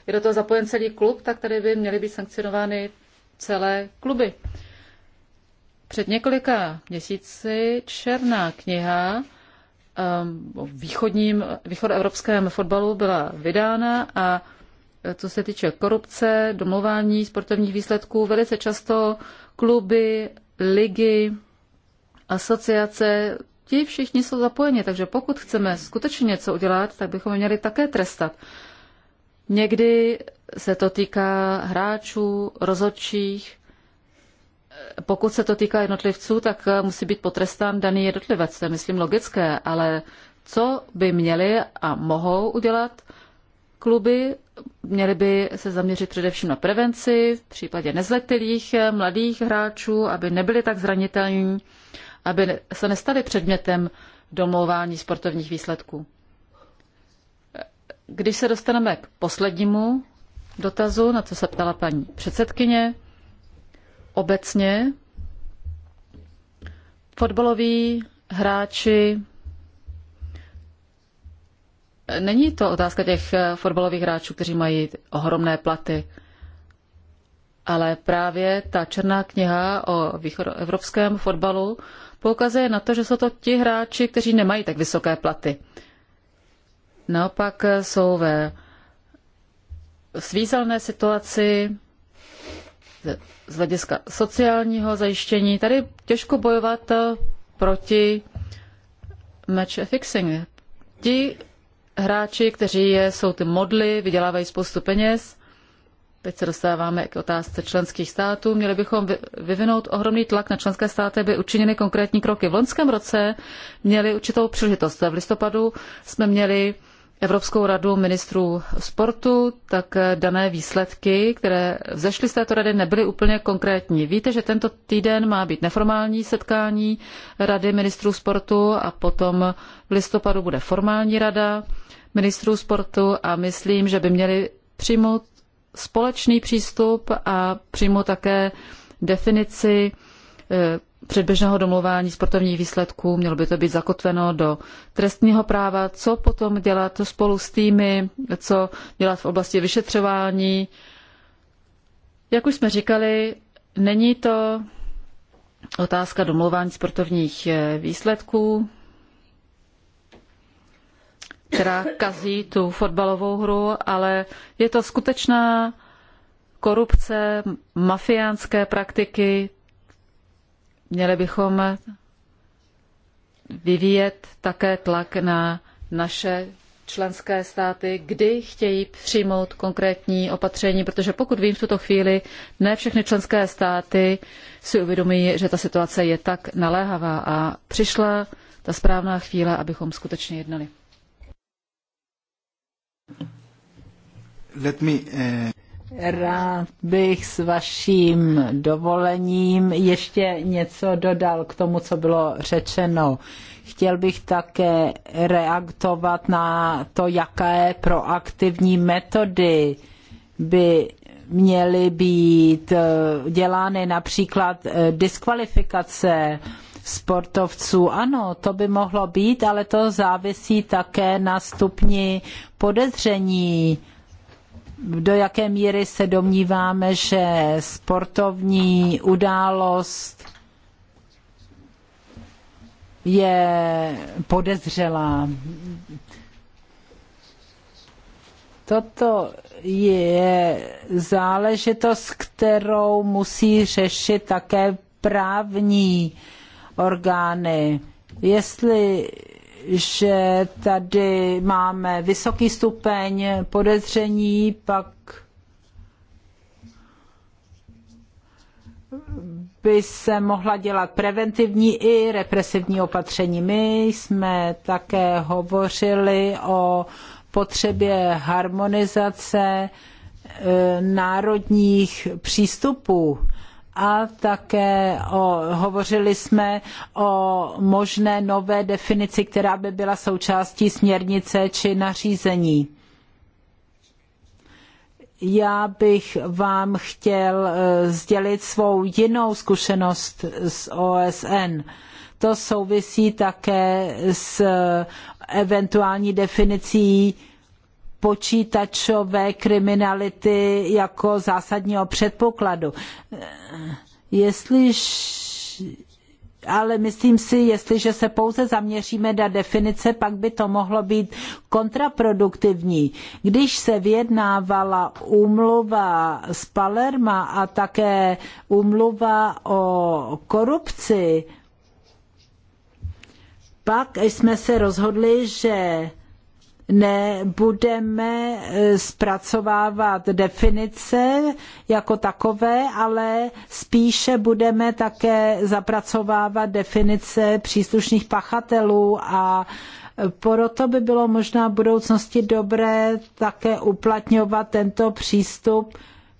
je do toho zapojen celý klub, tak tady by měly být sankcionovány celé kluby. Před několika měsíci černá kniha o východním, východoevropském fotbalu byla vydána a co se týče korupce, domluvání sportovních výsledků, velice často kluby, ligy, asociace, ti všichni jsou zapojeni, takže pokud chceme skutečně něco udělat, tak bychom měli také trestat. Někdy se to týká hráčů, rozhodčích. Pokud se to týká jednotlivců, tak musí být potrestán daný jednotlivec. To je, myslím, logické, ale co by měli a mohou udělat Kluby měly by se zaměřit především na prevenci v případě nezletilých eh, mladých hráčů, aby nebyli tak zranitelní, aby se nestali předmětem domlouvání sportovních výsledků. Eh, když se dostaneme k poslednímu dotazu, na co se ptala paní předsedkyně, obecně fotbaloví hráči není to otázka těch eh, fotbalových hráčů, kteří mají ohromné platy, ale právě ta černá kniha o východoevropském fotbalu poukazuje na to, že jsou to ti hráči, kteří nemají tak vysoké platy. Naopak eh, jsou ve svízelné situaci z hlediska sociálního zajištění. Tady těžko bojovat eh, proti match fixing. Ti hráči, kteří jsou ty modly, vydělávají spoustu peněz. Teď se dostáváme k otázce členských států. Měli bychom vyvinout ohromný tlak na členské státy, aby učinily konkrétní kroky. V loňském roce měli určitou příležitost. V listopadu jsme měli Evropskou radu ministrů sportu, tak dané výsledky, které vzešly z této rady, nebyly úplně konkrétní. Víte, že tento týden má být neformální setkání rady ministrů sportu a potom v listopadu bude formální rada ministrů sportu a myslím, že by měli přijmout společný přístup a přijmout také definici Eh, předběžného domluvání sportovních výsledků, mělo by to být zakotveno do trestního práva, co potom dělat spolu s týmy, co dělat v oblasti vyšetřování. Jak už jsme říkali, není to otázka domluvání sportovních eh, výsledků, která kazí tu fotbalovou hru, ale je to skutečná korupce, mafiánské praktiky, Měli bychom vyvíjet také tlak na naše členské státy, kdy chtějí přijmout konkrétní opatření, protože pokud vím v tuto chvíli, ne všechny členské státy si uvědomí, že ta situace je tak naléhavá a přišla ta správná chvíle, abychom skutečně jednali.
Let me, uh...
Rád bych s vaším dovolením ještě něco dodal k tomu, co bylo řečeno. Chtěl bych také reagovat na to, jaké proaktivní metody by měly být eh, dělány, například eh, diskvalifikace sportovců. Ano, to by mohlo být, ale to závisí také na stupni podezření do jaké míry se domníváme, že sportovní událost je podezřelá. Toto je záležitost, kterou musí řešit také právní orgány. Jestli že tady máme vysoký stupeň podezření, pak by se mohla dělat preventivní i represivní opatření. My jsme také hovořili o potřebě harmonizace e, národních přístupů a také o, hovořili jsme o možné nové definici, která by byla součástí směrnice či nařízení. Já bych vám chtěl e, sdělit svou jinou zkušenost z OSN. To souvisí také s e, eventuální definicí uh, počítačové kriminality jako zásadního předpokladu. Jestliž ale myslím si, jestliže se pouze zaměříme na definice, pak by to mohlo být kontraproduktivní. Když se vyjednávala úmluva z Palerma a také úmluva o korupci, pak jsme se rozhodli, že nebudeme eh, zpracovávat definice jako takové, ale spíše budeme také zapracovávat definice příslušných pachatelů a eh, proto by bylo možná v budoucnosti dobré také uplatňovat tento přístup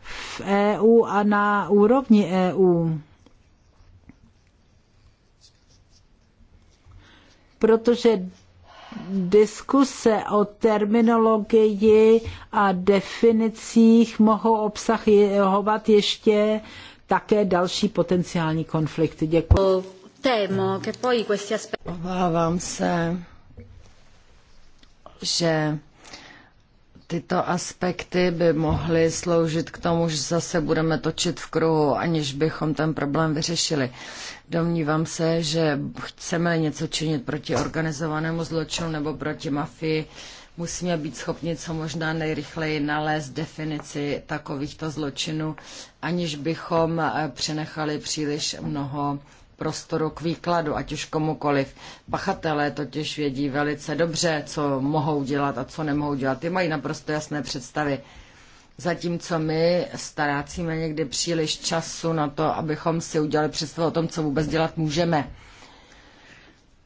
v EU a na úrovni EU. Protože diskuse o terminologii a definicích mohou obsahovat ještě také další potenciální konflikty. Děkuji. Temo, che poi questi aspetti... Obávám se,
že tyto aspekty by mohly sloužit k tomu, že zase budeme točit v kruhu, aniž bychom ten problém vyřešili. Uh, Domnívám se, že chceme něco činit proti organizovanému zločinu nebo proti mafii, musíme být schopni co možná nejrychleji nalézt definici takovýchto zločinů, aniž bychom eh, přenechali příliš mnoho prostoru k výkladu, ať už komukoliv. Pachatelé totiž vědí velice dobře, co mohou dělat a co nemohou dělat. Ty mají naprosto jasné představy. Zatímco my ztrácíme někdy příliš času na to, abychom si udělali představu o tom, co vůbec dělat můžeme.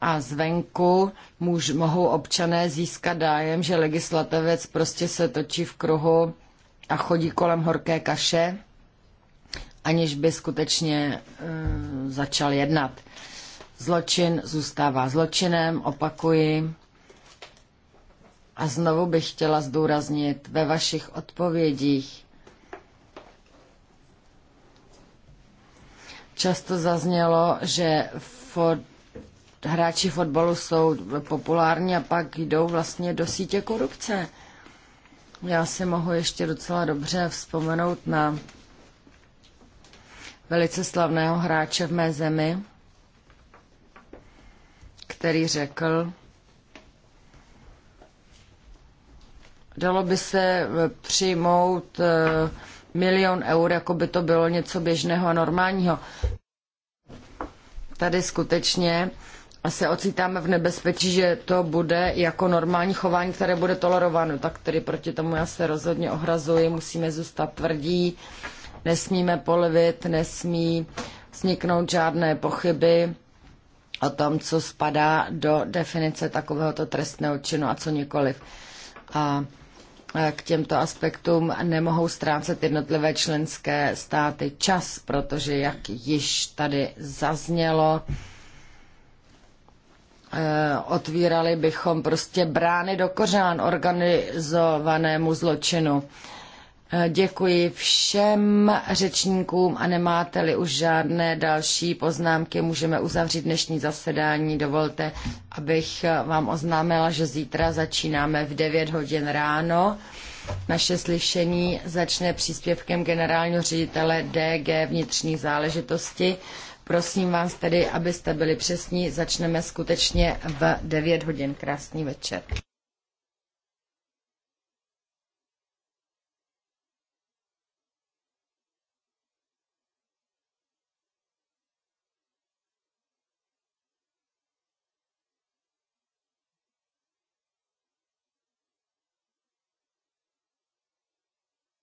A zvenku můž, mohou občané získat dájem, že legislativec prostě se točí v kruhu a chodí kolem horké kaše, aniž by skutečně e, začal jednat. Zločin zůstává zločinem, opakuji, a znovu bych chtěla zdůraznit ve vašich odpovědích. Často zaznělo, že fot, hráči fotbalu jsou populární a pak jdou vlastně do sítě korupce. Já si mohu ještě docela dobře vzpomenout na velice slavného hráče v mé zemi, který řekl, Dalo by se eh, přijmout eh, milion eur, jako by to bylo něco běžného a normálního. Tady skutečně se ocitáme v nebezpečí, že to bude jako normální chování, které bude tolerováno. Tak tedy proti tomu já se rozhodně ohrazuji, musíme zůstat tvrdí, nesmíme polivit, nesmí vzniknout žádné pochyby o tom, co spadá do definice takovéhoto trestného činu a co nikoliv. A k těmto aspektům nemohou ztrácet jednotlivé členské státy čas, protože, jak již tady zaznělo, eh, otvírali bychom prostě brány do kořán organizovanému zločinu. Eh, děkuji všem řečníkům a nemáte-li už žádné další poznámky, můžeme uzavřít dnešní zasedání. Dovolte, abych eh, vám oznámila, že zítra začínáme v 9 hodin ráno. Naše slyšení začne příspěvkem generálního ředitele DG vnitřní záležitosti. Prosím vás tedy, abyste byli přesní, začneme skutečně v 9 hodin. Krásný večer.